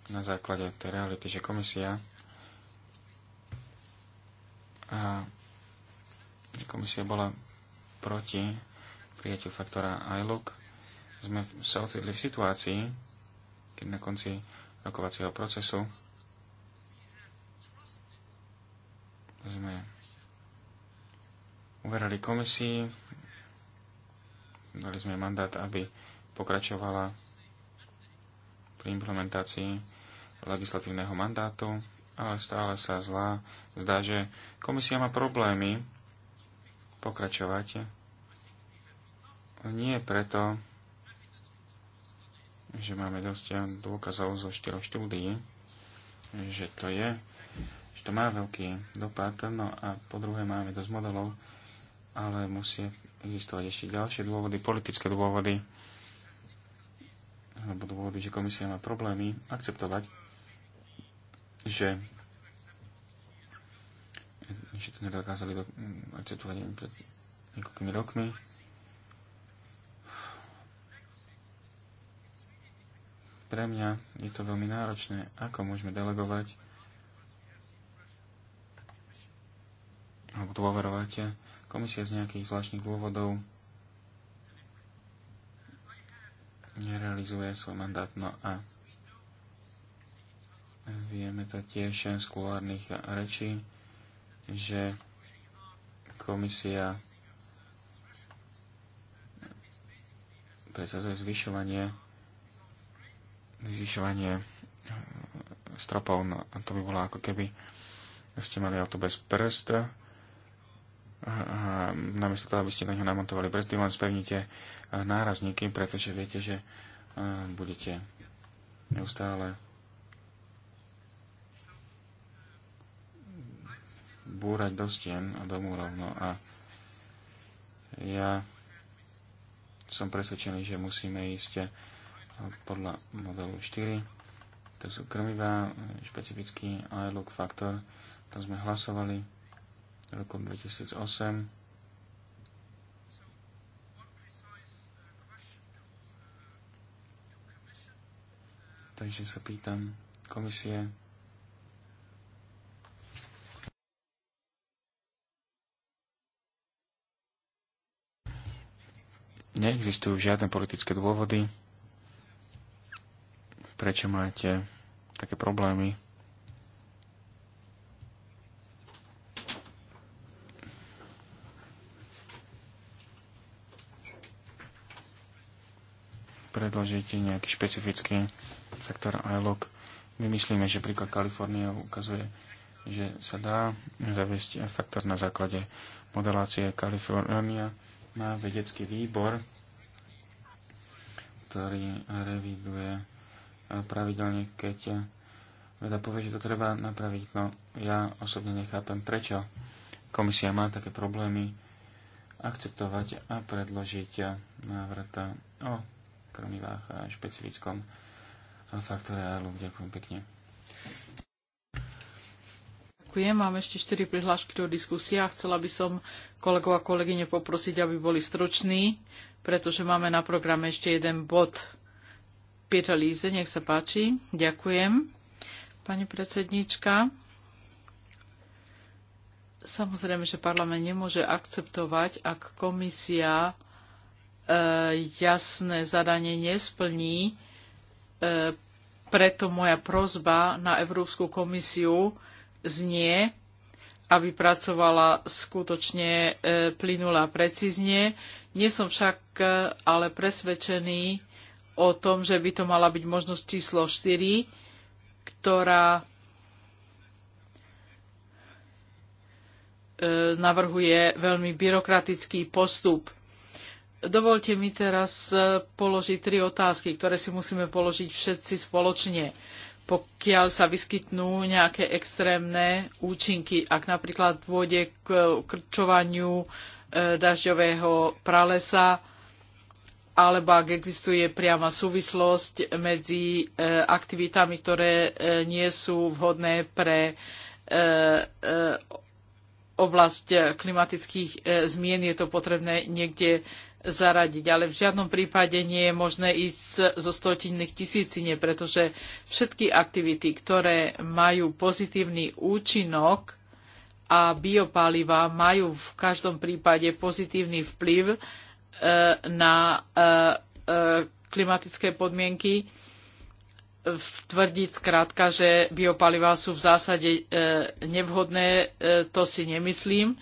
na základe tej reality, že komisia a že komisia bola proti prijatiu faktora ILUC, sme sa ocitli v situácii, keď na konci rokovacieho procesu sme uverali komisii, dali sme mandát, aby pokračovala pri implementácii legislatívneho mandátu, ale stále sa zlá. Zdá, že komisia má problémy pokračovať. Nie preto, že máme dosť dôkazov zo štyroch štúdií, že to je, že to má veľký dopad, no a po druhé máme dosť modelov, ale musí existovať ešte ďalšie dôvody, politické dôvody, alebo dôvody, že komisia má problémy akceptovať, že že to nedokázali do, akceptovať neviem, pred niekoľkými rokmi. Pre mňa je to veľmi náročné, ako môžeme delegovať alebo dôverovať komisia z nejakých zvláštnych dôvodov nerealizuje svoj mandát. No a vieme to tiež z kulárnych rečí, že komisia presadzuje zvyšovanie zvyšovanie eh, stropov, no, to by bolo ako keby ste mali auto bez prst, a namiesto toho, aby ste na ňo namontovali brzdy, len spevnite nárazníky, pretože viete, že budete neustále búrať do stien a domu rovno. a ja som presvedčený, že musíme ísť podľa modelu 4. To sú krmivá, špecifický look faktor. Tam sme hlasovali rokom 2008. Takže sa pýtam komisie, neexistujú žiadne politické dôvody, prečo máte také problémy predložiť nejaký špecifický faktor ILOC. My myslíme, že príklad Kalifornie ukazuje, že sa dá zaviesť faktor na základe modelácie Kalifornia. Má vedecký výbor, ktorý reviduje pravidelne, keď veda povie, že to treba napraviť. No ja osobne nechápem, prečo komisia má také problémy akceptovať a predložiť návrat o krmivách a špecifickom faktore ALU. Ďakujem pekne. Ďakujem. Mám ešte 4 prihlášky do diskusie a chcela by som kolegov a kolegyne poprosiť, aby boli struční, pretože máme na programe ešte jeden bod. Pieta Líze, nech sa páči. Ďakujem. Pani predsednička, samozrejme, že parlament nemôže akceptovať, ak komisia E, jasné zadanie nesplní. E, preto moja prozba na Európsku komisiu znie, aby pracovala skutočne e, plynula a precízne. Nie som však ale presvedčený o tom, že by to mala byť možnosť číslo 4, ktorá navrhuje veľmi byrokratický postup. Dovolte mi teraz e, položiť tri otázky, ktoré si musíme položiť všetci spoločne, pokiaľ sa vyskytnú nejaké extrémne účinky, ak napríklad dôjde k krčovaniu e, dažďového pralesa, alebo ak existuje priama súvislosť medzi e, aktivitami, ktoré nie sú vhodné pre oblasť klimatických zmien. Je to potrebné niekde zaradiť, ale v žiadnom prípade nie je možné ísť zo stotinných tisícine, pretože všetky aktivity, ktoré majú pozitívny účinok a biopáliva majú v každom prípade pozitívny vplyv e, na e, e, klimatické podmienky, tvrdiť skrátka, že biopaliva sú v zásade nevhodné, to si nemyslím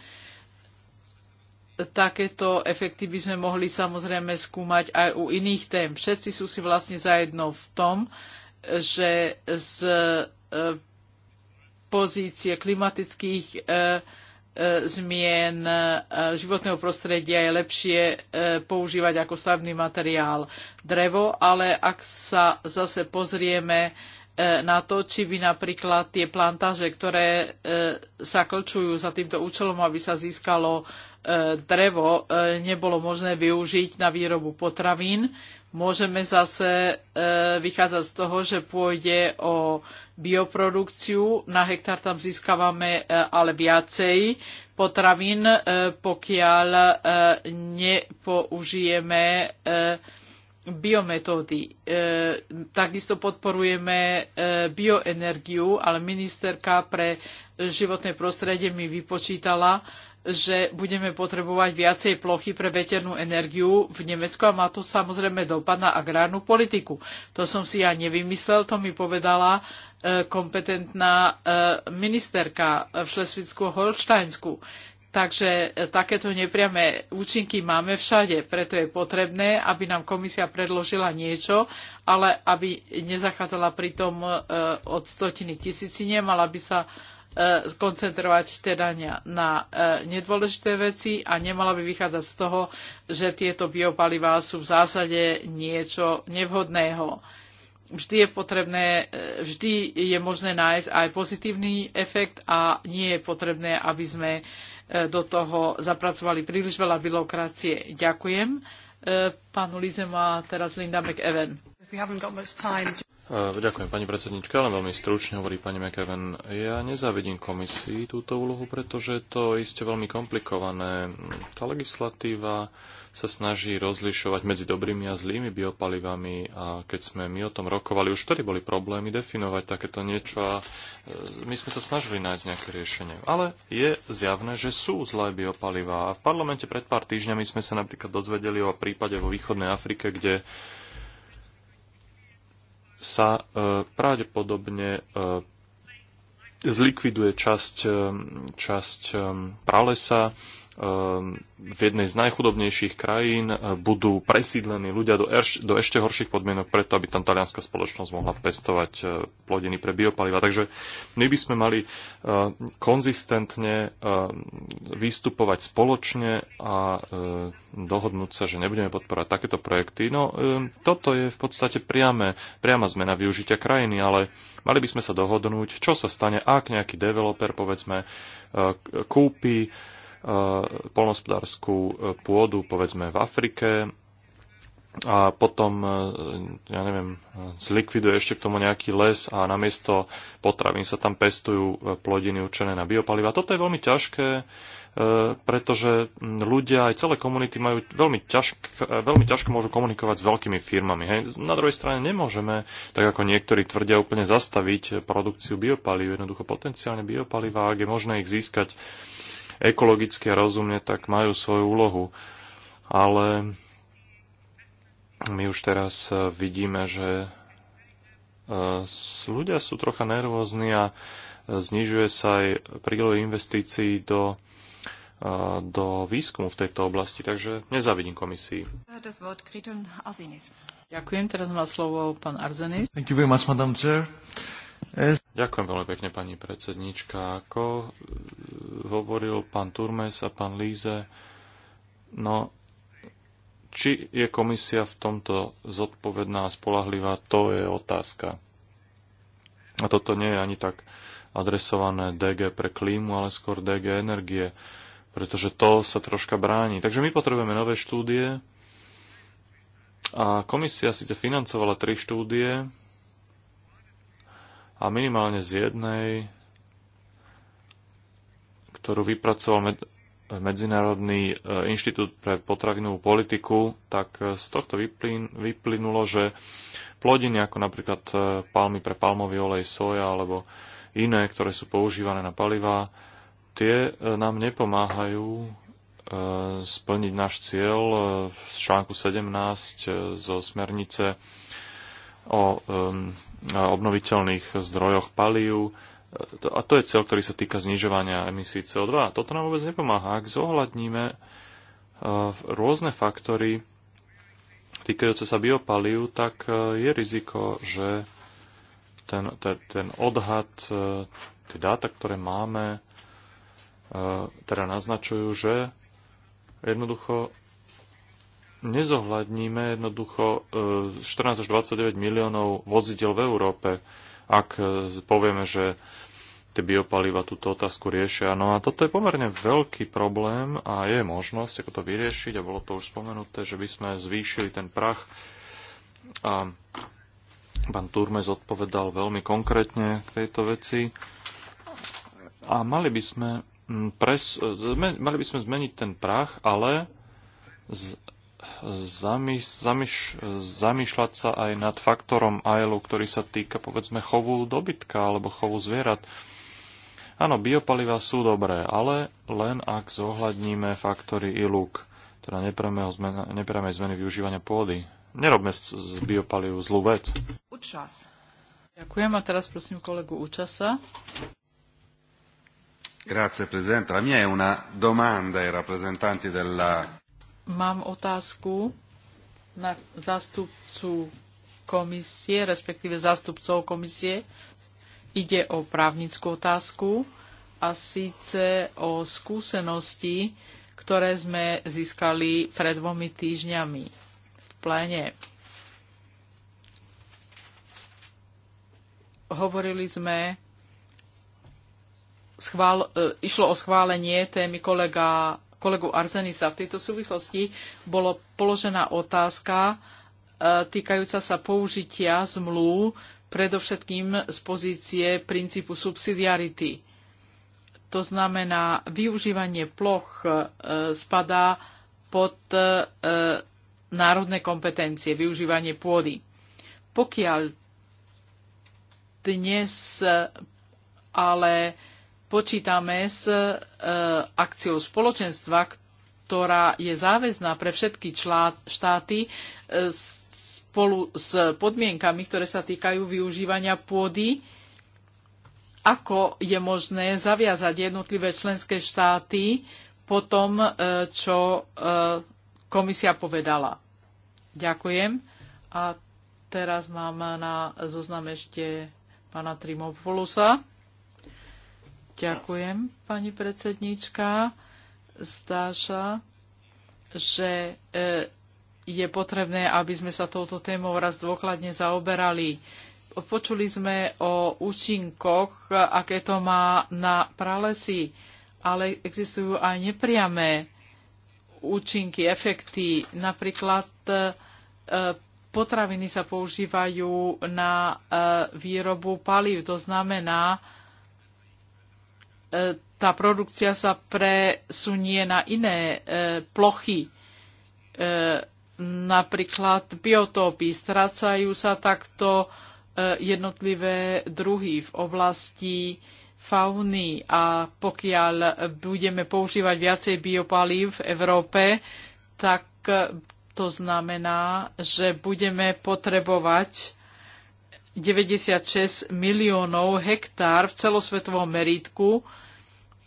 takéto efekty by sme mohli samozrejme skúmať aj u iných tém. Všetci sú si vlastne zajedno v tom, že z e, pozície klimatických e, e, zmien životného prostredia je lepšie používať ako stavný materiál drevo, ale ak sa zase pozrieme na to, či by napríklad tie plantáže, ktoré sa klčujú za týmto účelom, aby sa získalo E, drevo e, nebolo možné využiť na výrobu potravín. Môžeme zase e, vychádzať z toho, že pôjde o bioprodukciu. Na hektár tam získavame ale viacej potravín, pokiaľ nepoužijeme biometódy. Takisto podporujeme bioenergiu, ale ministerka pre životné prostredie mi vypočítala, že budeme potrebovať viacej plochy pre veternú energiu v Nemecku a má to samozrejme dopad na agrárnu politiku. To som si ja nevymyslel, to mi povedala e, kompetentná e, ministerka v Šlesvicku-Holštajnsku. Takže e, takéto nepriame účinky máme všade, preto je potrebné, aby nám komisia predložila niečo, ale aby nezachádzala pritom od stotiny tisícine, mala by sa E, skoncentrovať teda na e, nedôležité veci a nemala by vychádzať z toho, že tieto biopalivá sú v zásade niečo nevhodného. Vždy je potrebné, e, vždy je možné nájsť aj pozitívny efekt a nie je potrebné, aby sme do toho zapracovali príliš veľa byrokracie. Ďakujem. Pánu Lize má teraz Linda McEwen. E, ďakujem, pani predsednička, len veľmi stručne hovorí pani McEwen. Ja nezávidím komisii túto úlohu, pretože to je iste veľmi komplikované. Tá legislatíva sa snaží rozlišovať medzi dobrými a zlými biopalivami a keď sme my o tom rokovali, už vtedy boli problémy definovať takéto niečo a e, my sme sa snažili nájsť nejaké riešenie. Ale je zjavné, že sú zlé biopalivá a v parlamente pred pár týždňami sme sa napríklad dozvedeli o prípade vo východnej Afrike, kde sa e, pravdepodobne e, zlikviduje časť, e, časť pralesa, Ehm, v jednej z najchudobnejších krajín e, budú presídlení ľudia do, erš, do ešte horších podmienok preto, aby tam talianská spoločnosť mohla pestovať e, plodiny pre biopaliva. Takže my by sme mali e, konzistentne vystupovať spoločne a dohodnúť sa, že nebudeme podporovať takéto projekty. No toto je v podstate priame, priama zmena využitia krajiny, ale mali by sme sa dohodnúť, čo sa stane, ak nejaký developer, povedzme, kúpi Eh, polnospodárskú eh, pôdu, povedzme v Afrike, a potom, eh, ja neviem, zlikviduje ešte k tomu nejaký les a namiesto potravín sa tam pestujú plodiny určené na biopaliva. Toto je veľmi ťažké, pretože hm, ľudia aj celé komunity majú veľmi ťažko, veľmi ťažko môžu komunikovať s veľkými firmami. Hej. Na druhej strane nemôžeme, tak ako niektorí tvrdia, úplne zastaviť produkciu biopalív, jednoducho potenciálne biopaliva, ak je možné ich získať ekologicky a rozumne, tak majú svoju úlohu. Ale my už teraz e, vidíme, že e, ľudia sú trocha nervózni a e, znižuje sa aj príliv investícií do, do výskumu v tejto oblasti, takže nezavidím komisii. Ďakujem, teraz má slovo pán Arzenis. Thank you very much, Madam Chair. Ďakujem veľmi pekne, pani predsednička. Ako e, hovoril pán Turmes a pán Líze, no, či je komisia v tomto zodpovedná a spolahlivá, to je otázka. A toto nie je ani tak adresované DG pre klímu, ale skôr DG energie, pretože to sa troška bráni. Takže my potrebujeme nové štúdie a komisia síce financovala tri štúdie, a minimálne z jednej, ktorú vypracoval med, Medzinárodný e, inštitút pre potravinovú politiku, tak e, z tohto vyplín, vyplynulo, že plodiny ako napríklad e, palmy pre palmový olej, soja alebo iné, ktoré sú používané na palivá, tie nám nepomáhajú splniť náš cieľ z článku 17 zo smernice o obnoviteľných zdrojoch palív. A to je cel, ktorý sa týka znižovania emisí CO2. Toto nám vôbec nepomáha. Ak zohľadníme e, rôzne faktory týkajúce sa biopalív, tak e, je riziko, že ten, ten, ten odhad, e, tie dáta, ktoré máme, teda naznačujú, že jednoducho nezohľadníme jednoducho 14 e, až 29 miliónov vozidel v Európe, ak e, povieme, že tie biopaliva túto otázku riešia. No a toto je pomerne veľký problém a je možnosť, ako to vyriešiť, a bolo to už spomenuté, že by sme zvýšili ten prach. A pán Turmes odpovedal veľmi konkrétne k tejto veci. A mali by sme, pres, e, mali by sme zmeniť ten prach, ale z, zamýšľať sa aj nad faktorom ILU, ktorý sa týka povedzme chovu dobytka alebo chovu zvierat. Áno, biopaliva sú dobré, ale len ak zohľadníme faktory ILUK, teda nepriamej zmeny využívania pôdy. Nerobme z biopalív zlú vec. Učas. Ďakujem a teraz prosím kolegu Učasa. Grazie Presidente, la mia è una domanda ai rappresentanti della Mám otázku na zástupcu komisie, respektíve zástupcov komisie. Ide o právnickú otázku a síce o skúsenosti, ktoré sme získali pred dvomi týždňami v pléne. Hovorili sme, schvál, e, išlo o schválenie témy kolega kolegu Arzenisa. V tejto súvislosti bola položená otázka e, týkajúca sa použitia zmluv, predovšetkým z pozície princípu subsidiarity. To znamená, využívanie ploch e, spadá pod e, národné kompetencie, využívanie pôdy. Pokiaľ dnes ale počítame s e, akciou spoločenstva, ktorá je záväzná pre všetky člá, štáty e, spolu s podmienkami, ktoré sa týkajú využívania pôdy, ako je možné zaviazať jednotlivé členské štáty po tom, e, čo e, komisia povedala. Ďakujem. A teraz mám na zoznam ešte pána Trimopoulosa. Ďakujem, pani predsedníčka. Zdá sa, že e, je potrebné, aby sme sa touto témou raz dôkladne zaoberali. Počuli sme o účinkoch, aké to má na pralesy, ale existujú aj nepriamé účinky, efekty. Napríklad e, potraviny sa používajú na e, výrobu palív. To znamená, E, tá produkcia sa presunie na iné e, plochy, e, napríklad biotópy. Strácajú sa takto jednotlivé druhy v oblasti fauny a pokiaľ budeme používať viacej biopalív v Európe, tak to znamená, že budeme potrebovať 96 miliónov hektár v celosvetovom meritku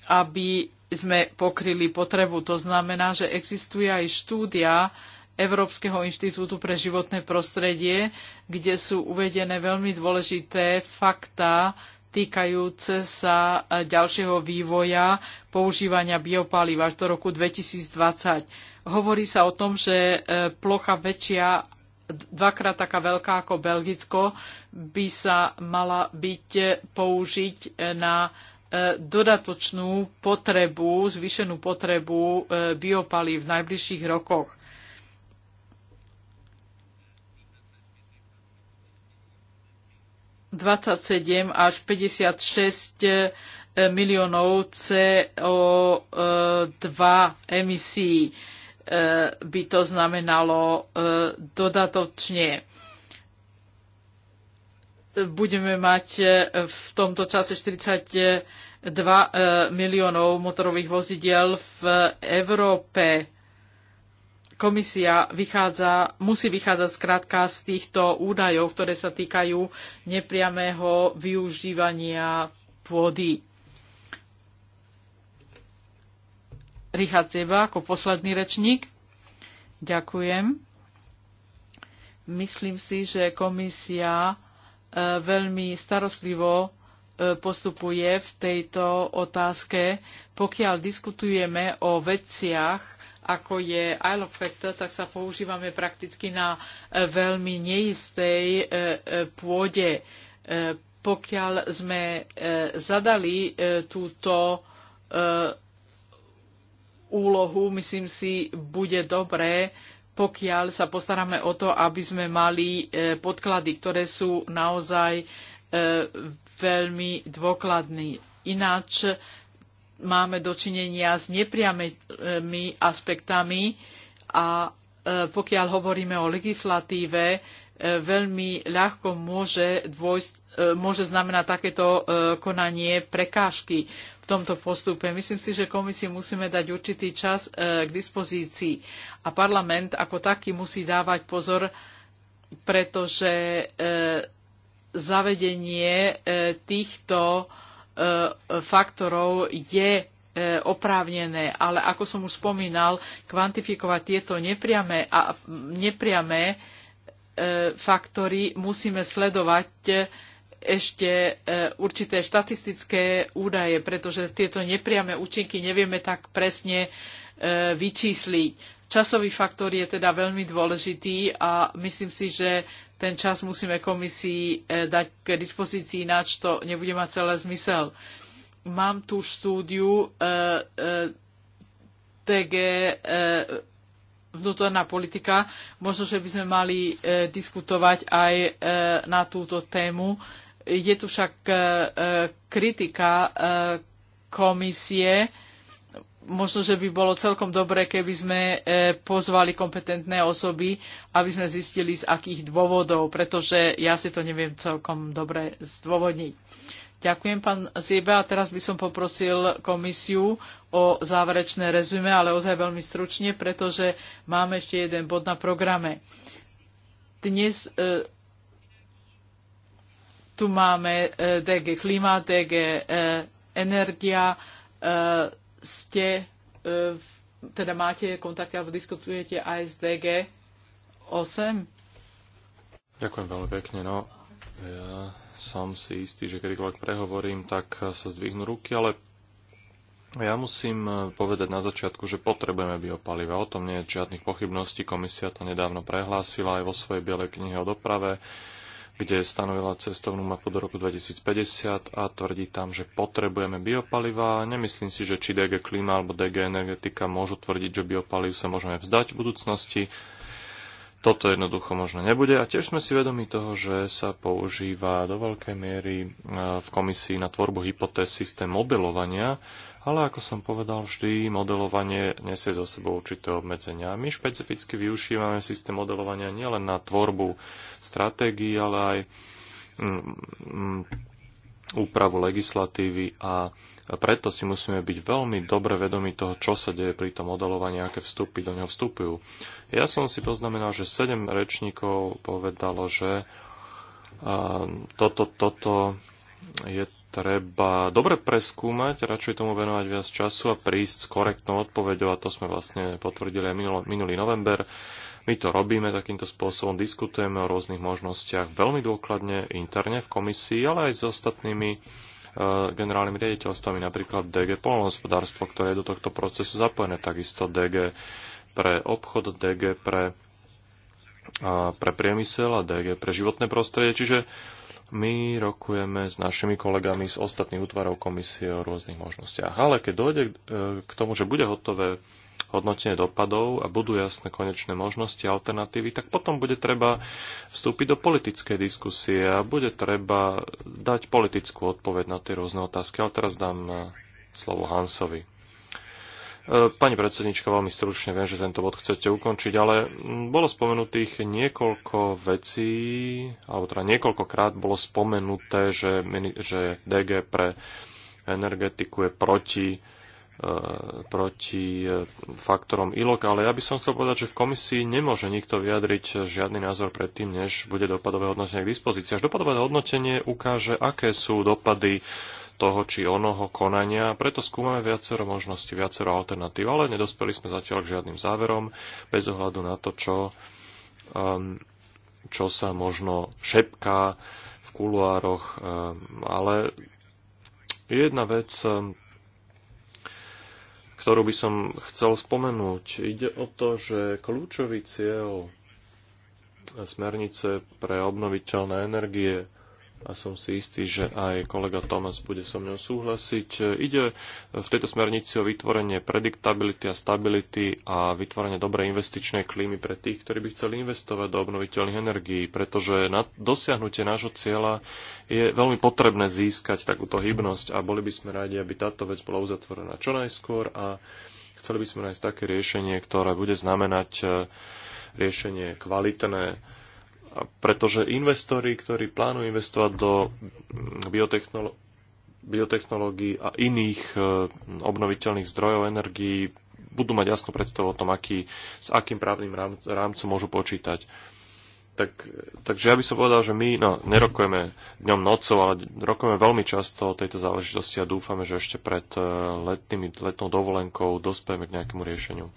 aby sme pokryli potrebu. To znamená, že existuje aj štúdia Európskeho inštitútu pre životné prostredie, kde sú uvedené veľmi dôležité fakta týkajúce sa e, ďalšieho vývoja používania biopalív až do roku 2020. Hovorí sa o tom, že e, plocha väčšia dvakrát taká veľká ako Belgicko by sa mala byť e, použiť na E, dodatočnú potrebu, zvýšenú potrebu e, biopalí v najbližších rokoch. ...27 až 56 e, miliónov CO2 emisí by to znamenalo dodatočne budeme mať e, v tomto čase 42 e, miliónov motorových vozidiel v Európe. Komisia vychádza, musí vychádzať zkrátka z týchto údajov, ktoré sa týkajú nepriamého využívania pôdy. Richard Zeba ako posledný rečník. Ďakujem. Myslím si, že komisia veľmi starostlivo e, postupuje v tejto otázke. Pokiaľ diskutujeme o veciach, ako je Isle of Factor, tak sa používame prakticky na e, veľmi neistej e, pôde. Pokiaľ sme zadali túto úlohu, myslím si, bude dobré pokiaľ sa postaráme o to, aby sme mali e, podklady, ktoré sú naozaj e, veľmi dôkladné, Ináč máme dočinenia s nepriamými aspektami a e, pokiaľ hovoríme o legislatíve, veľmi ľahko môže, dvojsť, môže znamenať takéto konanie prekážky tomto postupe. Myslím si, že komisii musíme dať určitý čas e, k dispozícii a parlament ako taký musí dávať pozor, pretože e, zavedenie e, týchto faktorov je oprávnené, ale ako som už spomínal, kvantifikovať tieto nepriame, a nepriame faktory musíme sledovať ešte e, určité štatistické údaje, pretože tieto nepriame účinky nevieme tak presne e, vyčísliť. Časový faktor je teda veľmi dôležitý a myslím si, že ten čas musíme komisii e, dať k dispozícii, ináč to nebude mať celé zmysel. Mám tu štúdiu TG vnútorná politika. Možno, že by sme mali e, diskutovať aj e, na túto tému. Je tu však e, e, kritika e, komisie. Možno, že by bolo celkom dobré, keby sme pozvali kompetentné osoby, aby sme zistili, z akých dôvodov, pretože ja si to neviem celkom dobre zdôvodniť. Ďakujem, pán Ziebe. A teraz by som poprosil komisiu o záverečné rezume, ale ozaj veľmi stručne, pretože máme ešte jeden bod na programe. Dnes tu máme e, DG Klima, DG e, Energia, e, ste, teda máte kontakty alebo diskutujete aj s DG 8? Ďakujem veľmi pekne. No, ja som si istý, že kedykoľvek prehovorím, tak sa zdvihnú ruky, ale ja musím povedať na začiatku, že potrebujeme biopaliva. O tom nie je žiadnych pochybností. Komisia to nedávno prehlásila aj vo svojej bielej knihe o doprave kde stanovila cestovnú mapu do roku 2050 a tvrdí tam, že potrebujeme biopalivá. Nemyslím si, že či DG klíma alebo DG energetika môžu tvrdiť, že biopalív sa môžeme vzdať v budúcnosti. Toto jednoducho možno nebude. A tiež sme si vedomi toho, že sa používa do veľkej miery e, v komisii na tvorbu hypotéz systém modelovania, ale ako som povedal, vždy modelovanie nesie za sebou určité obmedzenia. My špecificky využívame systém modelovania nielen na tvorbu stratégií, ale aj mm, mm, úpravu legislatívy a preto si musíme byť veľmi dobre vedomi toho, čo sa deje pri tom modelovaní, aké vstupy do neho vstupujú. Ja som si poznamenal, že sedem rečníkov povedalo, že toto, toto je treba dobre preskúmať, radšej tomu venovať viac času a prísť s korektnou odpoveďou, a to sme vlastne potvrdili aj minulý november. My to robíme takýmto spôsobom, diskutujeme o rôznych možnostiach veľmi dôkladne interne v komisii, ale aj s ostatnými e, generálnymi riaditeľstvami, napríklad DG polnohospodárstvo, ktoré je do tohto procesu zapojené, takisto DG pre obchod, DG pre, pre priemysel a DG pre životné prostredie. Čiže my rokujeme s našimi kolegami z ostatných útvarov komisie o rôznych možnostiach. Ale keď dojde e, k tomu, že bude hotové hodnotenie dopadov a budú jasné konečné možnosti, a alternatívy, tak potom bude treba vstúpiť do politickej diskusie a bude treba dať politickú odpoveď na tie rôzne otázky. Ale teraz dám e, slovo Hansovi. Pani predsednička, veľmi stručne viem, že tento bod chcete ukončiť, ale bolo spomenutých niekoľko vecí, alebo teda niekoľkokrát bolo spomenuté, že, že DG pre energetiku je proti e, proti e, faktorom ILOK, ale ja by som chcel povedať, že v komisii nemôže nikto vyjadriť žiadny názor predtým, než bude dopadové hodnotenie k dispozícii. Až dopadové hodnotenie ukáže, aké sú dopady toho či onoho konania. Preto skúmame viacero možností, viacero alternatív, ale nedospeli sme zatiaľ k žiadnym záverom, bez ohľadu na to, čo, um, čo sa možno šepká v kuluároch. Um, ale jedna vec, um, ktorú by som chcel spomenúť, ide o to, že kľúčový cieľ smernice pre obnoviteľné energie a som si istý, že aj kolega Thomas bude so mnou súhlasiť. E, Ide v tejto smernici o vytvorenie prediktability a stability a vytvorenie dobrej investičnej klímy pre tých, ktorí by chceli investovať do obnoviteľných energií, pretože na dosiahnutie nášho cieľa je veľmi potrebné získať takúto hybnosť a boli by sme radi, aby táto vec bola uzatvorená čo najskôr a chceli by sme nájsť také riešenie, ktoré bude znamenať e, riešenie kvalitné pretože investori, ktorí plánujú investovať do mm, biotechnolo- biotechnológií a iných e, obnoviteľných zdrojov energií, budú mať jasnú predstavu o tom, aký, s akým právnym rámcom môžu počítať. Tak, takže ja by som povedal, že my no, nerokujeme dňom nocou, ale rokujeme veľmi často o tejto záležitosti a dúfame, že ešte pred e, letnými, letnou dovolenkou dospejeme k nejakému riešeniu.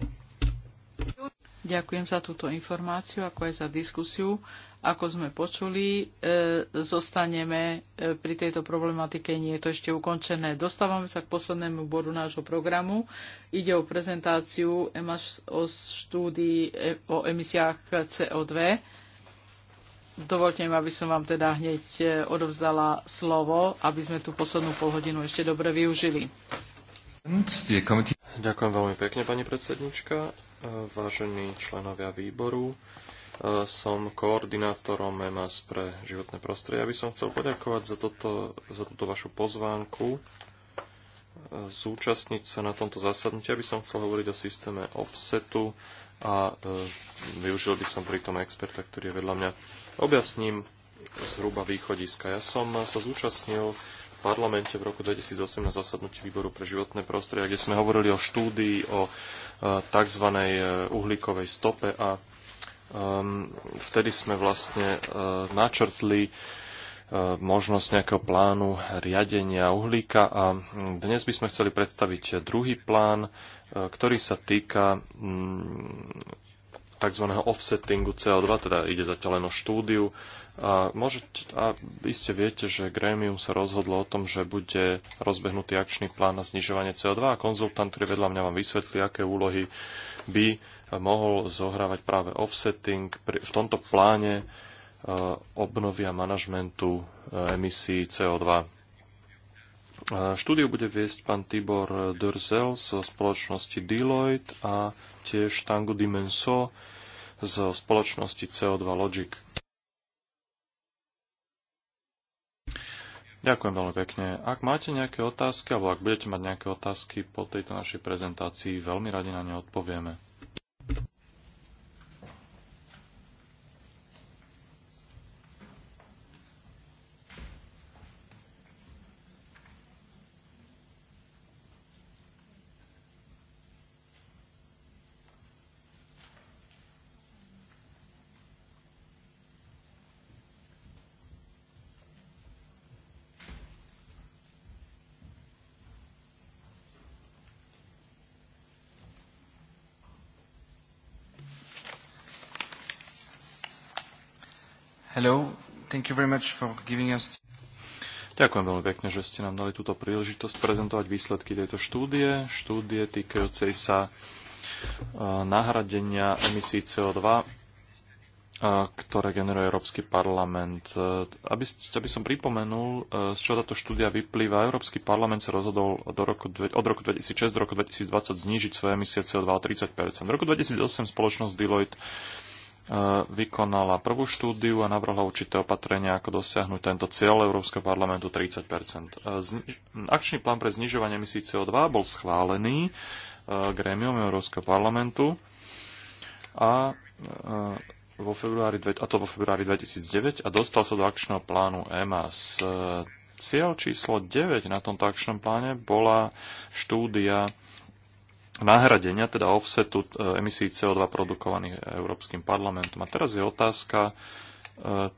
Ďakujem za túto informáciu, ako aj za diskusiu. Ako sme počuli, e, zostaneme e, pri tejto problematike, nie je to ešte ukončené. Dostávame sa k poslednému bodu nášho programu. Ide o prezentáciu o štúdii e, o emisiách CO2. Dovolte mi, aby som vám teda hneď odovzdala slovo, aby sme tú poslednú polhodinu ešte dobre využili. Ďakujem veľmi pekne, pani predsednička, vážení členovia výboru som koordinátorom EMAS pre životné prostredie. Ja by som chcel poďakovať za, toto, za túto vašu pozvánku e, zúčastniť sa na tomto zasadnutí. Ja by som chcel hovoriť o systéme offsetu a e, využil by som pritom experta, ktorý je vedľa mňa. Objasním zhruba východiska. Ja som sa zúčastnil v parlamente v roku 2008 na zasadnutí výboru pre životné prostredie, kde sme hovorili o štúdii o e, tzv. uhlíkovej stope a Ehm, vtedy sme vlastne eh, načrtli eh, možnosť nejakého plánu riadenia uhlíka a hm, dnes by sme chceli predstaviť druhý plán, eh, ktorý sa týka hm, tzv. offsettingu CO2, teda ide zatiaľ len o štúdiu. A, môžete, a ste viete, že Grémium sa rozhodlo o tom, že bude rozbehnutý akčný plán na znižovanie CO2 a konzultant, ktorý vedľa mňa vám vysvetlí, aké úlohy by mohol zohrávať práve offsetting v tomto pláne e, obnovia manažmentu e, emisí CO2. E, štúdiu bude viesť pán Tibor Dörzel zo spoločnosti Deloitte a tiež Tango Dimenso zo spoločnosti CO2 Logic. Ďakujem veľmi pekne. Ak máte nejaké otázky, alebo ak budete mať nejaké otázky po tejto našej prezentácii, veľmi radi na ne odpovieme. Hello. Thank you very much for giving us... Ďakujem veľmi pekne, že ste nám dali túto príležitosť prezentovať výsledky tejto štúdie, štúdie týkajúcej sa e, nahradenia emisí CO2, e, ktoré generuje Európsky parlament. E, aby, aby som pripomenul, z čo táto štúdia vyplýva, Európsky parlament sa rozhodol do roku, od roku 2006 do roku 2020 znížiť svoje emisie CO2 o 30 V roku 2008 spoločnosť Deloitte E, vykonala prvú štúdiu a navrhla určité opatrenia, ako dosiahnuť tento cieľ Európskeho parlamentu 30 e, Akčný plán pre znižovanie emisí CO2 bol schválený e, grémium Európskeho parlamentu a vo februári, a to vo februári 2009 a dostal sa do akčného plánu EMAS. Cieľ číslo 9 na tomto akčnom pláne bola štúdia nahradenia, teda offsetu e, emisí CO2 produkovaných Európskym parlamentom. A teraz je otázka, e,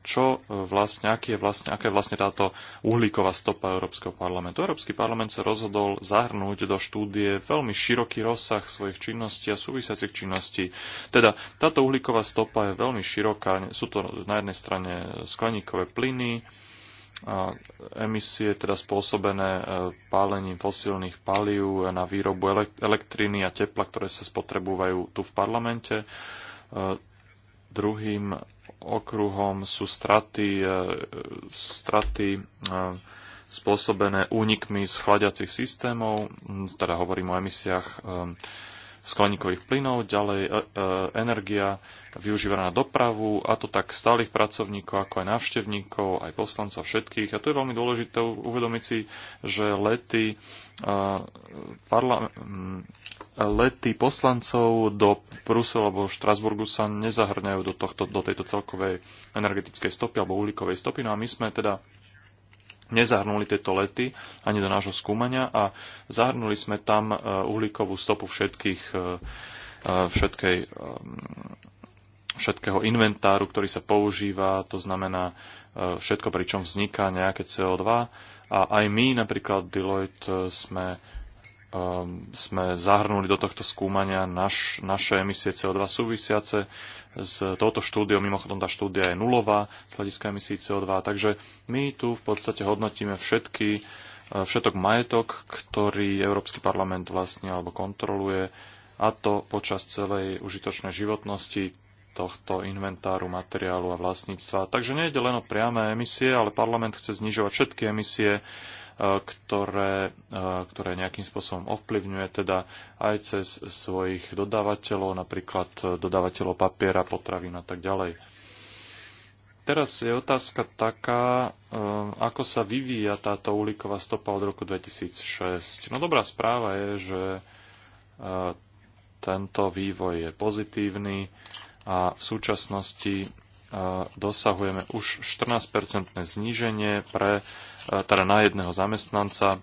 čo e, vlastne, aký je vlastne, aká je vlastne táto uhlíková stopa Európskeho parlamentu. Európsky parlament sa rozhodol zahrnúť do štúdie veľmi široký rozsah svojich činností a súvisiacich činností. Teda táto uhlíková stopa je veľmi široká. Sú to na jednej strane skleníkové plyny, emisie teda spôsobené e, pálením fosílnych palív na výrobu elektriny a tepla, ktoré sa spotrebujú tu v parlamente. E, druhým okruhom sú straty, e, straty spôsobené únikmi z chladiacich systémov, teda hovorím o emisiách skleníkových plynov, ďalej e, e, energia využívaná na dopravu, a to tak stálych pracovníkov, ako aj návštevníkov, aj poslancov všetkých. A to je veľmi dôležité uvedomiť si, že lety, e, parla, mm, lety poslancov do Bruselu alebo Štrasburgu sa nezahrňajú do, tohto, do tejto celkovej energetickej stopy alebo uhlíkovej stopy. No a my sme teda nezahrnuli tieto lety ani do nášho skúmania a zahrnuli sme tam e, uhlíkovú stopu všetkých, e, e, všetkej, všetkého inventáru, ktorý sa používa, to znamená všetko, pri čom vzniká nejaké CO2. A aj my, napríklad Deloitte, sme Ehm, sme zahrnuli do tohto skúmania naš, naše emisie CO2 súvisiace s touto štúdiou. Mimochodom, tá štúdia je nulová z hľadiska emisí CO2, takže my tu v podstate hodnotíme všetky, e, všetok majetok, ktorý Európsky parlament vlastne alebo kontroluje a to počas celej užitočnej životnosti tohto inventáru, materiálu a vlastníctva. Takže nejde len o priame emisie, ale parlament chce znižovať všetky emisie ktoré, eh, ktoré nejakým spôsobom ovplyvňuje teda aj cez svojich dodávateľov, napríklad eh, dodávateľov papiera, potravín a tak ďalej. Teraz je otázka taká, eh, ako sa vyvíja táto uhlíková stopa od roku 2006. No dobrá správa je, že tento vývoj je pozitívny a v súčasnosti dosahujeme už 14-percentné zníženie pre E, teda na jedného zamestnanca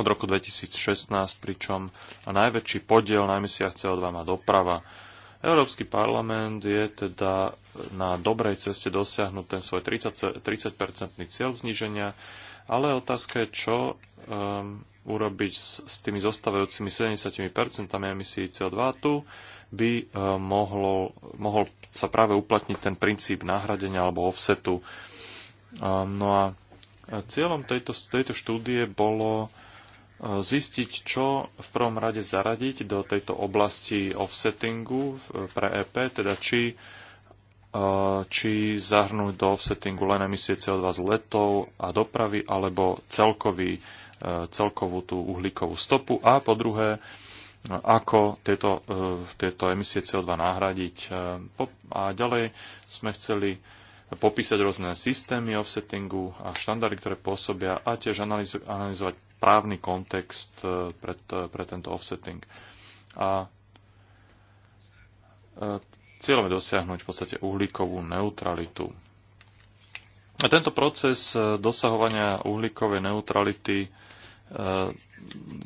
od roku 2016, pričom najväčší podiel na emisiách CO2 má doprava. Európsky parlament je teda na dobrej ceste dosiahnuť ten svoj 30-percentný 30 cieľ zníženia, ale otázka je, čo um, urobiť s, s tými zostávajúcimi 70% emisí CO2. Tu by um, mohlo, mohol sa práve uplatniť ten princíp nahradenia alebo offsetu. Um, no a Cieľom tejto, tejto štúdie bolo e, zistiť, čo v prvom rade zaradiť do tejto oblasti offsettingu pre EP, teda či, e, či zahrnúť do offsettingu len emisie CO2 z letov a dopravy, alebo celkový, e, celkovú tú uhlíkovú stopu. A po druhé, ako tieto, tieto emisie CO2 nahradiť. A ďalej sme chceli popísať rôzne systémy offsettingu a štandardy, ktoré pôsobia a tiež analyzovať právny kontext e, pre, e, pre tento offsetting. A e, cieľom je dosiahnuť v podstate uhlíkovú neutralitu. A tento proces dosahovania uhlíkovej neutrality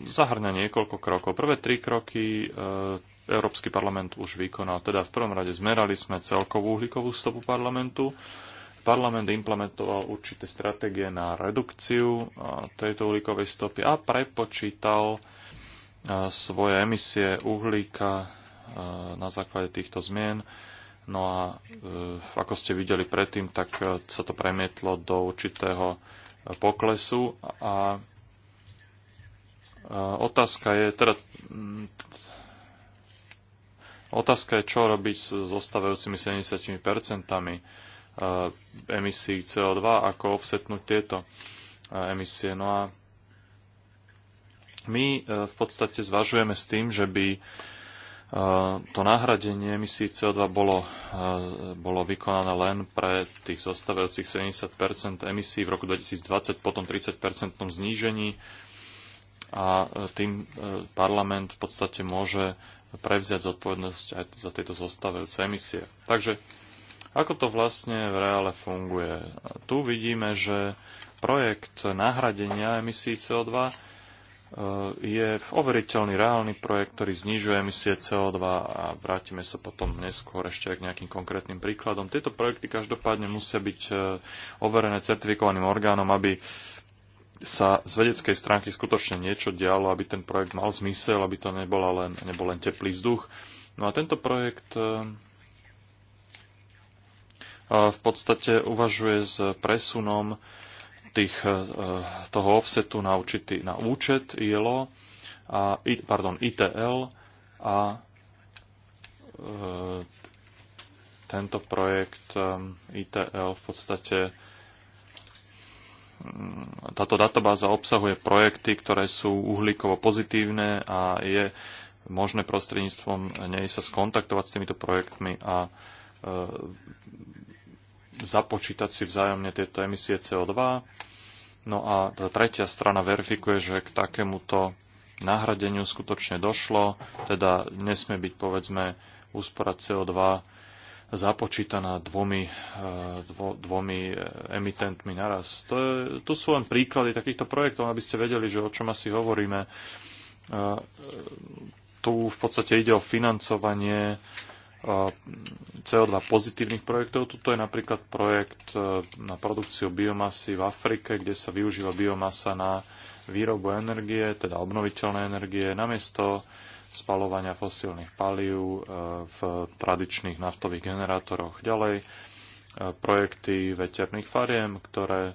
zahrňa niekoľko krokov. Prvé tri kroky Európsky parlament už vykonal. Teda v prvom rade zmerali sme celkovú uhlíkovú stopu parlamentu. Parlament implementoval určité stratégie na redukciu eh, tejto uhlíkovej stopy a prepočítal eh, svoje emisie uhlíka eh, na základe týchto zmien. No a ako ste videli predtým, tak sa to premietlo do určitého poklesu a otázka je, teda Otázka je, čo robiť s zostávajúcimi 70% eh, emisí CO2, ako offsetnúť tieto eh, emisie. No a my eh, v podstate zvažujeme s tým, že by to nahradenie emisí CO2 bolo, bolo vykonané len pre tých zostávajúcich 70 emisí v roku 2020, potom 30 znížení a tým parlament v podstate môže prevziať zodpovednosť aj za tieto zostávajúce emisie. Takže ako to vlastne v reále funguje? Tu vidíme, že projekt nahradenia emisí CO2 e, je overiteľný reálny projekt, ktorý znižuje emisie CO2 a vrátime sa potom neskôr ešte k nejakým konkrétnym príkladom. Tieto projekty každopádne musia byť e, overené certifikovaným orgánom, aby sa z vedeckej stránky skutočne niečo dialo, aby ten projekt mal zmysel, aby to nebola len, nebol len teplý vzduch. No a tento projekt eh, eh, v podstate uvažuje s presunom tých, eh, toho offsetu na, určitý, na účet ILO, a, pardon, ITL a tento projekt ITL v podstate táto databáza obsahuje projekty, ktoré sú uhlíkovo pozitívne a je možné prostredníctvom nej sa skontaktovať s týmito projektmi a e, započítať si vzájomne tieto emisie CO2. No a tá tretia strana verifikuje, že k takémuto nahradeniu skutočne došlo, teda nesmie byť povedzme úspora CO2 započítaná dvomi, eh, dvo, dvomi eh, emitentmi naraz. To, je, to sú len príklady takýchto projektov, aby ste vedeli, že o čom asi hovoríme. Eh, tu v podstate ide o financovanie CO2 pozitívnych projektov. Tuto je napríklad projekt na produkciu biomasy v Afrike, kde sa využíva biomasa na výrobu energie, teda obnoviteľné energie, namiesto spalovania fosílnych palív e, v tradičných naftových generátoroch. Ďalej e, projekty veterných fariem, ktoré e,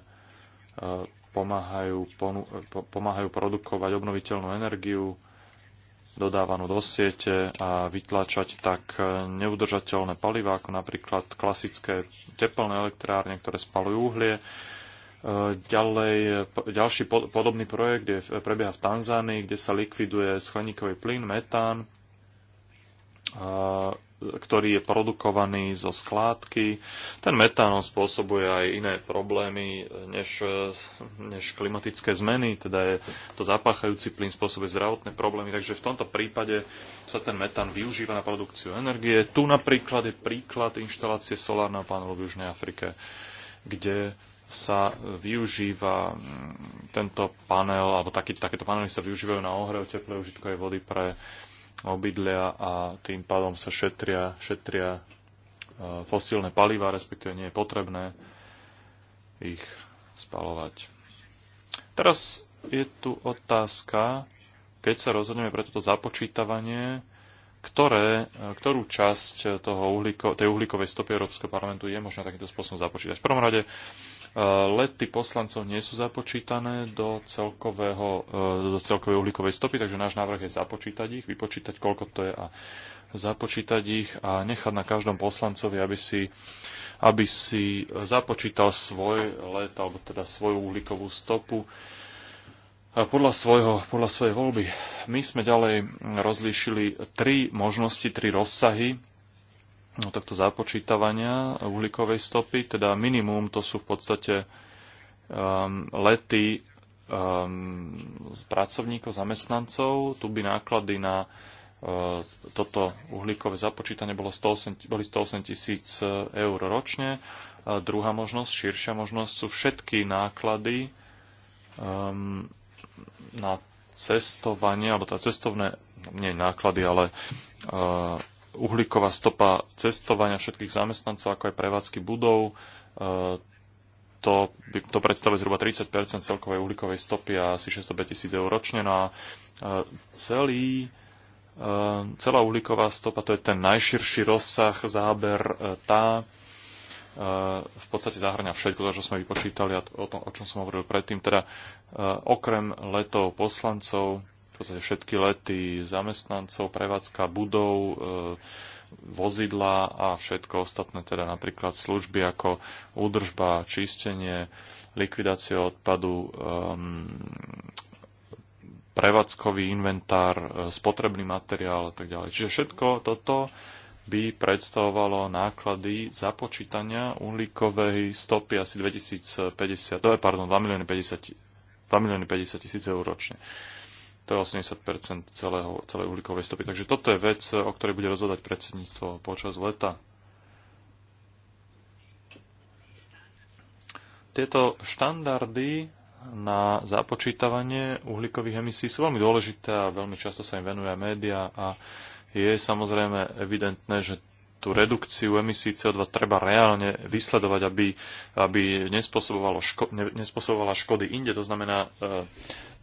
pomáhajú, pomáhajú produkovať obnoviteľnú energiu dodávanú do siete a vytlačať tak neudržateľné palivá, ako napríklad klasické tepelné elektrárne, ktoré spalujú uhlie Ďalej, ďalší podobný projekt je, prebieha v Tanzánii, kde sa likviduje skleníkový plyn, metán, ktorý je produkovaný zo skládky. Ten metán spôsobuje aj iné problémy než, než klimatické zmeny, teda je to zapáchajúci plyn spôsobuje zdravotné problémy, takže v tomto prípade sa ten metán využíva na produkciu energie. Tu napríklad je príklad inštalácie solárneho panelu v Južnej Afrike, kde sa využíva mm, tento panel, alebo taký, takéto panely sa využívajú na ohrev teplej užitkovej vody pre obydlia a tým pádom sa šetria, šetria e, fosílne paliva, respektíve nie je potrebné ich spalovať. Teraz je tu otázka, keď sa rozhodneme pre toto započítavanie, ktoré, e, ktorú časť toho uhlíko, tej uhlíkovej stopy Európskeho parlamentu je možné takýmto spôsobom započítať. V prvom rade E, lety poslancov nie sú započítané do, celkového, e, do celkovej uhlíkovej stopy, takže náš návrh je započítať ich, vypočítať, koľko to je a započítať ich a nechať na každom poslancovi, aby si, aby si započítal svoj let, alebo teda svoju uhlíkovú stopu e, podľa, svojho, podľa svojej voľby. My sme ďalej rozlíšili tri možnosti, tri rozsahy No, tohto započítavania uhlíkovej stopy, teda minimum to sú v podstate um, lety um, z pracovníkov, zamestnancov. Tu by náklady na uh, toto uhlíkové započítanie bolo 108, boli 108 tisíc uh, eur ročne. A druhá možnosť, širšia možnosť sú všetky náklady um, na cestovanie, alebo tá teda cestovné, nie náklady, ale uh, uhlíková stopa cestovania všetkých zamestnancov, ako aj prevádzky budov. E, to, to predstavuje zhruba 30 celkovej uhlíkovej stopy a asi 605 tisíc eur ročne. No a e, celý, e, celá uhlíková stopa, to je ten najširší rozsah, záber, tá v podstate zahrňa všetko to, čo sme vypočítali a o, tom, o čom som hovoril predtým. Teda okrem letov poslancov podstate všetky lety zamestnancov, prevádzka budov, e, vozidla a všetko ostatné, teda napríklad služby ako údržba, čistenie, likvidácia odpadu, ehm, prevádzkový inventár, e, spotrebný materiál a tak ďalej. Čiže všetko toto by predstavovalo náklady započítania uhlíkovej stopy asi 2050, pardon, 2 milióny 50, 50 tisíc eur ročne. Uh, to je 80 vlastne celého, celej uhlíkovej stopy. Takže toto je vec, o ktorej bude rozhodať predsedníctvo počas leta. Tieto štandardy na započítavanie uhlíkových emisí sú veľmi dôležité a veľmi často sa im venuje média a je samozrejme evidentné, že tú redukciu emisí CO2 treba reálne vysledovať, aby, aby nespôsobovala ško- ne, škody inde. To znamená, e,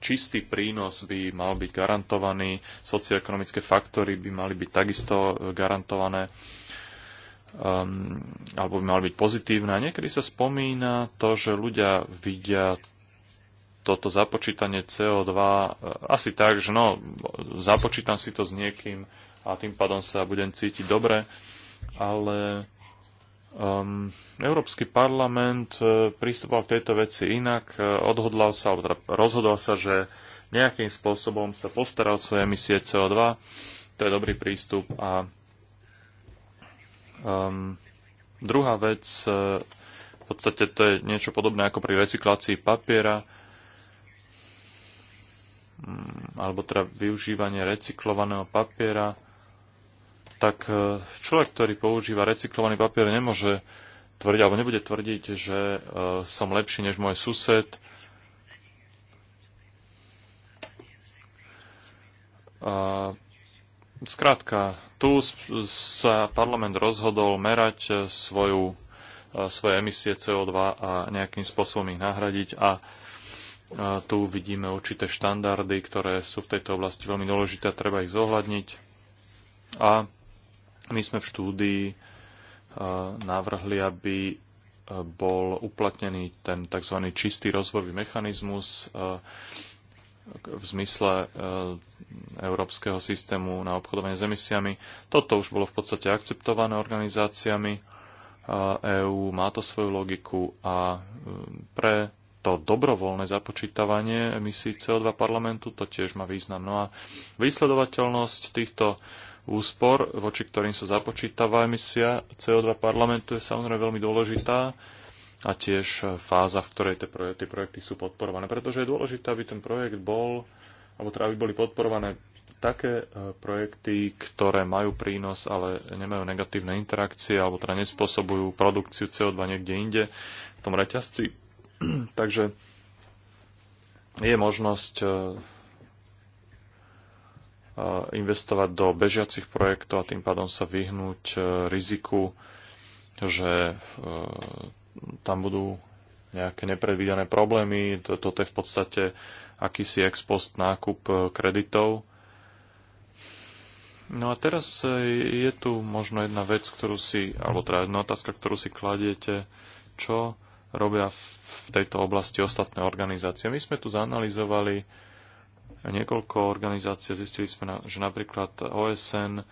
čistý prínos by mal byť garantovaný, socioekonomické faktory by mali byť takisto e, garantované um, alebo by mali byť pozitívne. A niekedy sa spomína to, že ľudia vidia toto započítanie CO2 e, asi tak, že no, započítam si to s niekým a tým pádom sa budem cítiť dobre, ale Um, Európsky parlament uh, k tejto veci inak, uh, odhodlal sa, alebo teda rozhodol sa, že nejakým spôsobom sa postaral svoje emisie CO2. To je dobrý prístup. A um, druhá vec, uh, v podstate to je niečo podobné ako pri recyklácii papiera, um, alebo teda využívanie recyklovaného papiera tak e, človek, ktorý používa recyklovaný papier, nemôže tvrdiť, alebo nebude tvrdiť, že e, som lepší než môj sused. Zkrátka, tu sa parlament rozhodol merať e, svoju, svoje emisie CO2 a nejakým spôsobom ich nahradiť a tu vidíme určité štandardy, ktoré sú v tejto oblasti veľmi dôležité a treba ich zohľadniť. A my sme v štúdii e, navrhli, aby e, bol uplatnený ten tzv. čistý rozvojový mechanizmus e, v zmysle európskeho systému na obchodovanie s emisiami. Toto už bolo v podstate akceptované organizáciami EÚ, má to svoju logiku a pre to dobrovoľné započítavanie emisí CO2 parlamentu to tiež má význam. No a vysledovateľnosť týchto úspor, voči ktorým sa započítava emisia CO2 parlamentu, je samozrejme veľmi dôležitá a tiež fáza, v ktorej tie projekty, tie projekty sú podporované. Pretože je dôležité, aby ten projekt bol, alebo teda aby boli podporované také e, projekty, ktoré majú prínos, ale nemajú negatívne interakcie, alebo teda nespôsobujú produkciu CO2 niekde inde v tom reťazci. Takže je možnosť e, investovať do bežiacich projektov a tým pádom sa vyhnúť e, riziku, že e, tam budú nejaké nepredvídané problémy. Toto je v podstate akýsi ex post nákup e, kreditov. No a teraz je tu možno jedna vec, ktorú si, alebo teda jedna otázka, ktorú si kladiete, čo robia v tejto oblasti ostatné organizácie. My sme tu zanalizovali niekoľko organizácií zistili sme, že napríklad OSN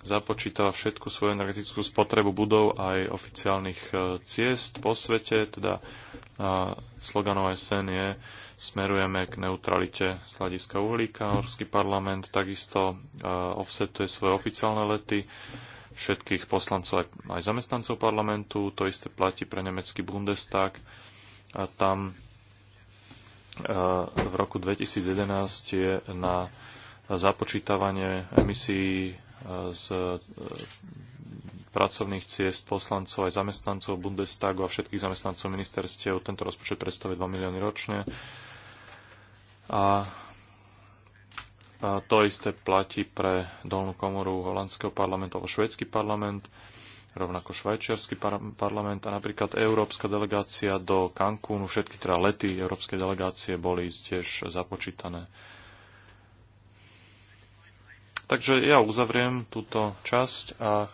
započítala všetku svoju energetickú spotrebu budov aj oficiálnych e, ciest po svete, teda e, slogan OSN je smerujeme k neutralite z hľadiska uhlíka. horský parlament takisto e, offsetuje svoje oficiálne lety všetkých poslancov aj zamestnancov parlamentu. To isté platí pre nemecký Bundestag. A tam v roku 2011 je na započítavanie emisí eh, z eh, pracovných ciest poslancov aj zamestnancov Bundestagu a všetkých zamestnancov ministerstiev. Tento rozpočet predstavuje 2 milióny ročne. A to isté platí pre dolnú komoru holandského parlamentu alebo švédsky parlament rovnako švajčiarsky par- parlament a napríklad európska delegácia do Cancúnu, všetky teda lety európskej delegácie boli tiež započítané. Takže ja uzavriem túto časť a e,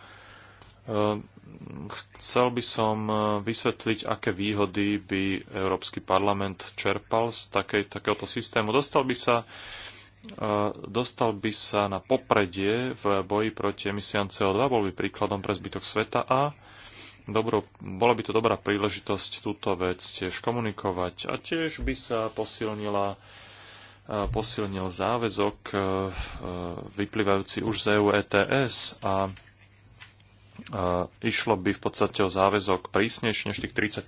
chcel by som e, vysvetliť, aké výhody by Európsky parlament čerpal z takej, takéhoto systému. Dostal by sa dostal by sa na popredie v boji proti emisiám CO2, bol by príkladom pre zbytok sveta a dobro, bola by to dobrá príležitosť túto vec tiež komunikovať a tiež by sa posilnila e, posilnil záväzok e, e, vyplývajúci už z EU ETS a išlo by v podstate o záväzok prísnejšie než tých 30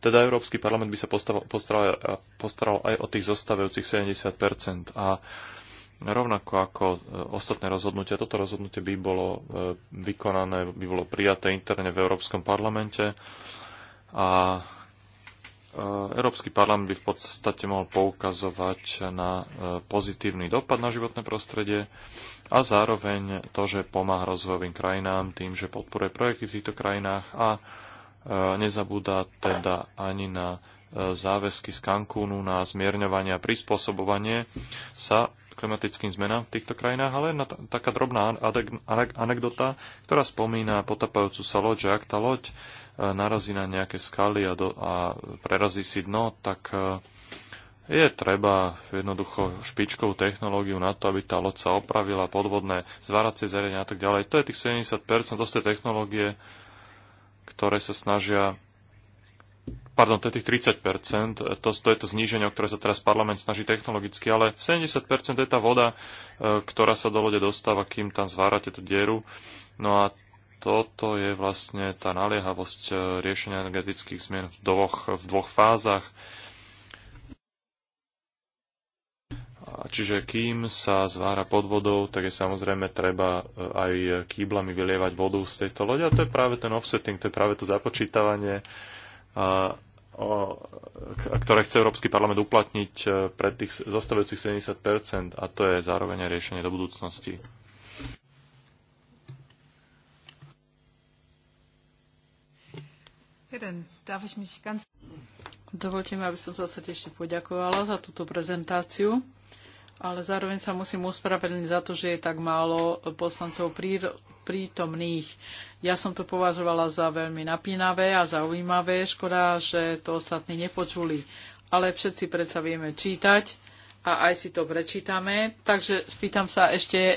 teda Európsky parlament by sa postaral, postaral, postaral aj o tých zostávajúcich 70 a rovnako ako e, ostatné rozhodnutia, toto rozhodnutie by bolo e, vykonané, by bolo prijaté interne v Európskom parlamente a e, Európsky parlament by v podstate mohol poukazovať na pozitívny dopad na životné prostredie a zároveň to, že pomáha rozvojovým krajinám tým, že podporuje projekty v týchto krajinách a e, nezabúda teda ani na e, záväzky z Cancúnu na zmierňovanie a prispôsobovanie sa klimatickým zmenám v týchto krajinách, ale na taká drobná anekdota, ktorá spomína potapajúcu sa loď, že ak tá loď e, narazí na nejaké skaly a, do- a prerazí si dno, tak je treba jednoducho špičkovú technológiu na to, aby tá loď sa opravila, podvodné zváracie zariadenia a tak ďalej. To je tých 70%, to sú tie technológie, ktoré sa snažia pardon, to je tých 30%, to, to je to zníženie, o ktoré sa teraz parlament snaží technologicky, ale 70% to je tá voda, e, ktorá sa do lode dostáva, kým tam zvárate tú dieru. No a toto je vlastne tá naliehavosť e, riešenia energetických zmien v dvoch, v dvoch fázach. Čiže kým sa zvára pod vodou, tak je samozrejme treba e, aj kýblami vylievať vodu z tejto lode. A to je práve ten offsetting, to je práve to započítavanie, ktoré chce Európsky parlament uplatniť e, pred tých zostavujúcich 70 a to je zároveň aj riešenie do budúcnosti. Dovolte mi, aby som sa ešte poďakovala za túto prezentáciu ale zároveň sa musím uspravedlniť za to, že je tak málo poslancov prítomných. Ja som to považovala za veľmi napínavé a zaujímavé. Škoda, že to ostatní nepočuli. Ale všetci predsa vieme čítať a aj si to prečítame. Takže spýtam sa ešte e,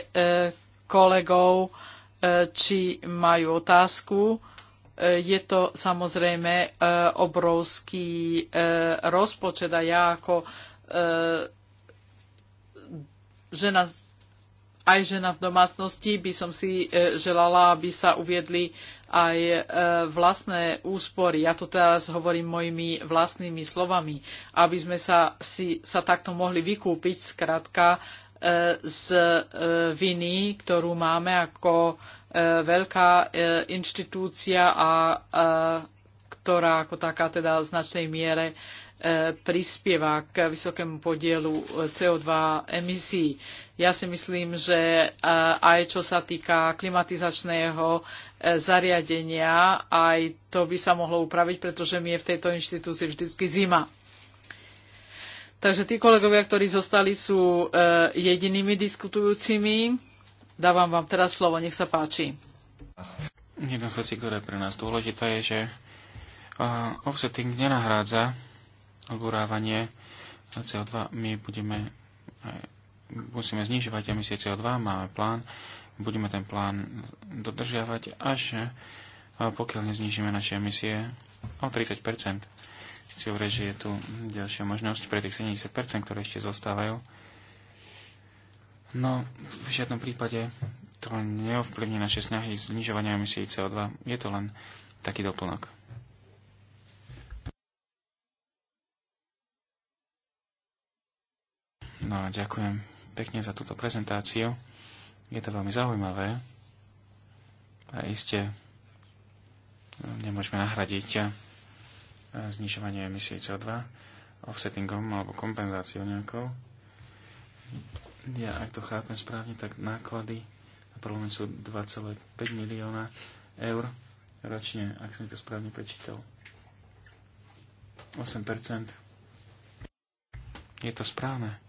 kolegov, e, či majú otázku e, je to samozrejme obrovský rozpočet a ja ako žena, aj žena v domácnosti by som si e, želala, aby sa uviedli aj e, vlastné úspory. Ja to teraz hovorím mojimi vlastnými slovami, aby sme sa, si, sa takto mohli vykúpiť zkrátka e, z viny, ktorú máme ako veľká inštitúcia a ktorá ako taká teda v značnej miere E, prispieva k vysokému podielu e, CO2 emisí. Ja si myslím, že e, aj čo sa týka klimatizačného zariadenia, aj to by sa mohlo upraviť, pretože mi je v tejto inštitúcii vždy zima. Takže tí kolegovia, ktorí zostali, sú jedinými diskutujúcimi. Dávam vám teraz slovo, nech sa páči. Jedna z vecí, ktorá je pre nás dôležitá, je, že offsetting nenahrádza alebo urávanie CO2. My budeme, musíme znižovať emisie CO2, máme plán, budeme ten plán dodržiavať, až e, pokiaľ neznižíme naše emisie o 30 Si hovorí, že je tu ďalšia možnosť pre tých 70 ktoré ešte zostávajú. No, v žiadnom prípade to neovplyvní naše snahy znižovania emisí CO2. Je to len taký doplnok. No, a ďakujem pekne za túto prezentáciu. Je to veľmi zaujímavé. A iste nemôžeme nahradiť eh, znižovanie emisí CO2 offsettingom alebo kompenzáciou nejakou. Ja, ak to chápem správne, tak náklady na prvom sú 2,5 milióna eur ročne, ak som to správne prečítal. 8%. Je to správne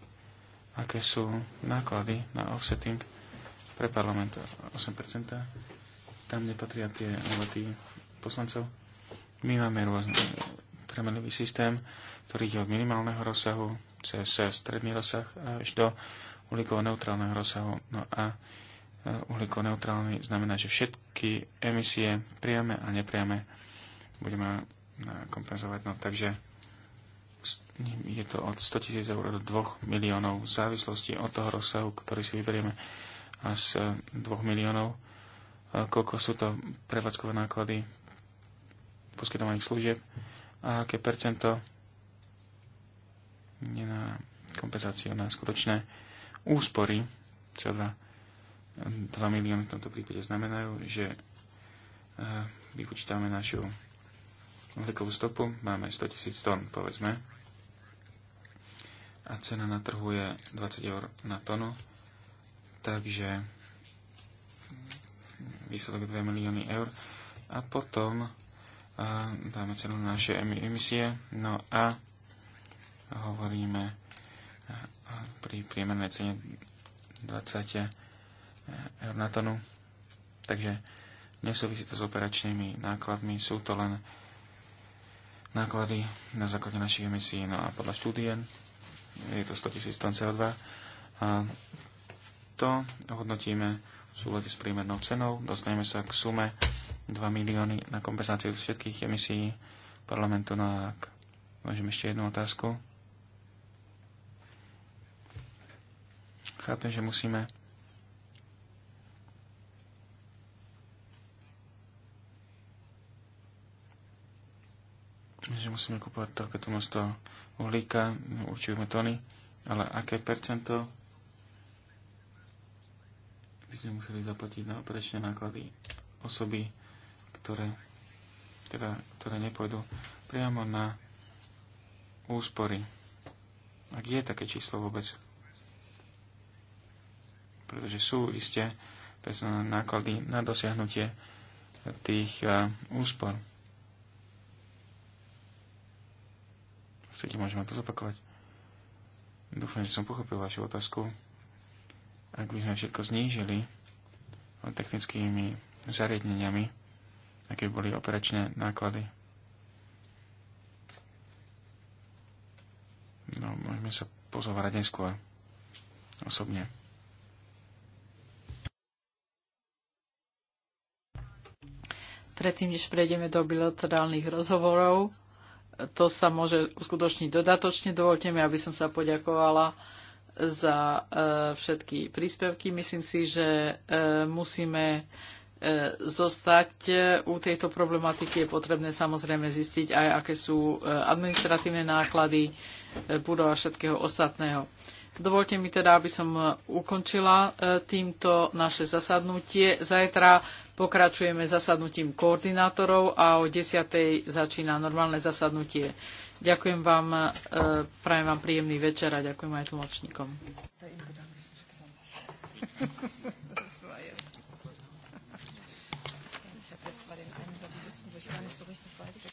aké sú náklady na offsetting pre parlament 8%. Tam nepatria tie lety poslancov. My máme rôzny premenový systém, ktorý ide od minimálneho rozsahu cez stredný rozsah až do uhlíkovo-neutrálneho rozsahu. No a e, uhlíkovo-neutrálny znamená, že všetky emisie priame a nepriame budeme kompenzovať. No takže je to od 100 tisíc eur do 2 miliónov v závislosti od toho rozsahu, ktorý si vyberieme a z 2 eh, miliónov, eh, koľko sú to prevádzkové náklady poskytovaných služieb a aké percento je na kompenzáciu na skutočné úspory CO2. 2 milióny v tomto prípade znamenajú, že eh, vypočítame našu uhlíkovú stopu, máme 100 tisíc tón, povedzme, a cena na trhu je 20 eur na tonu, takže výsledok 2 milióny eur a potom dáme cenu na naše emisie, no a hovoríme pri priemernej cene 20 eur na tonu. Takže nesúvisí to s operačnými nákladmi, sú to len náklady na základe našich emisí. No a podľa štúdien je to 100 000 tón CO2. A to hodnotíme v súlade s priemernou cenou. Dostaneme sa k sume 2 milióny na kompenzáciu všetkých emisí parlamentu. No a ak môžem ešte jednu otázku. Chápem, že musíme že musíme kúpovať takéto množstvo uhlíka, určujeme tony, ale aké percento by sme museli zaplatiť na operačné náklady osoby, ktoré, teda, ktoré nepôjdu priamo na úspory. Ak je také číslo vôbec. Pretože sú isté personálne náklady na dosiahnutie tých eh, úspor. chcete, môžeme to zopakovať. Dúfam, že som pochopil vašu otázku. Ak by sme všetko znížili technickými zariadeniami, aké boli operačné náklady, no, môžeme sa pozovárať neskôr osobne. Predtým, než prejdeme do bilaterálnych rozhovorov, to sa môže uskutočniť dodatočne. Dovolte mi, aby som sa poďakovala za e, všetky príspevky. Myslím si, že e, musíme e, zostať u tejto problematiky. Je potrebné samozrejme zistiť aj, aké sú administratívne náklady budova a všetkého ostatného. Dovolte mi teda, aby som ukončila týmto naše zasadnutie. Zajtra Pokračujeme zasadnutím koordinátorov a o 10.00 začína normálne zasadnutie. Ďakujem vám, e, prajem vám príjemný večer a ďakujem aj tlmočníkom.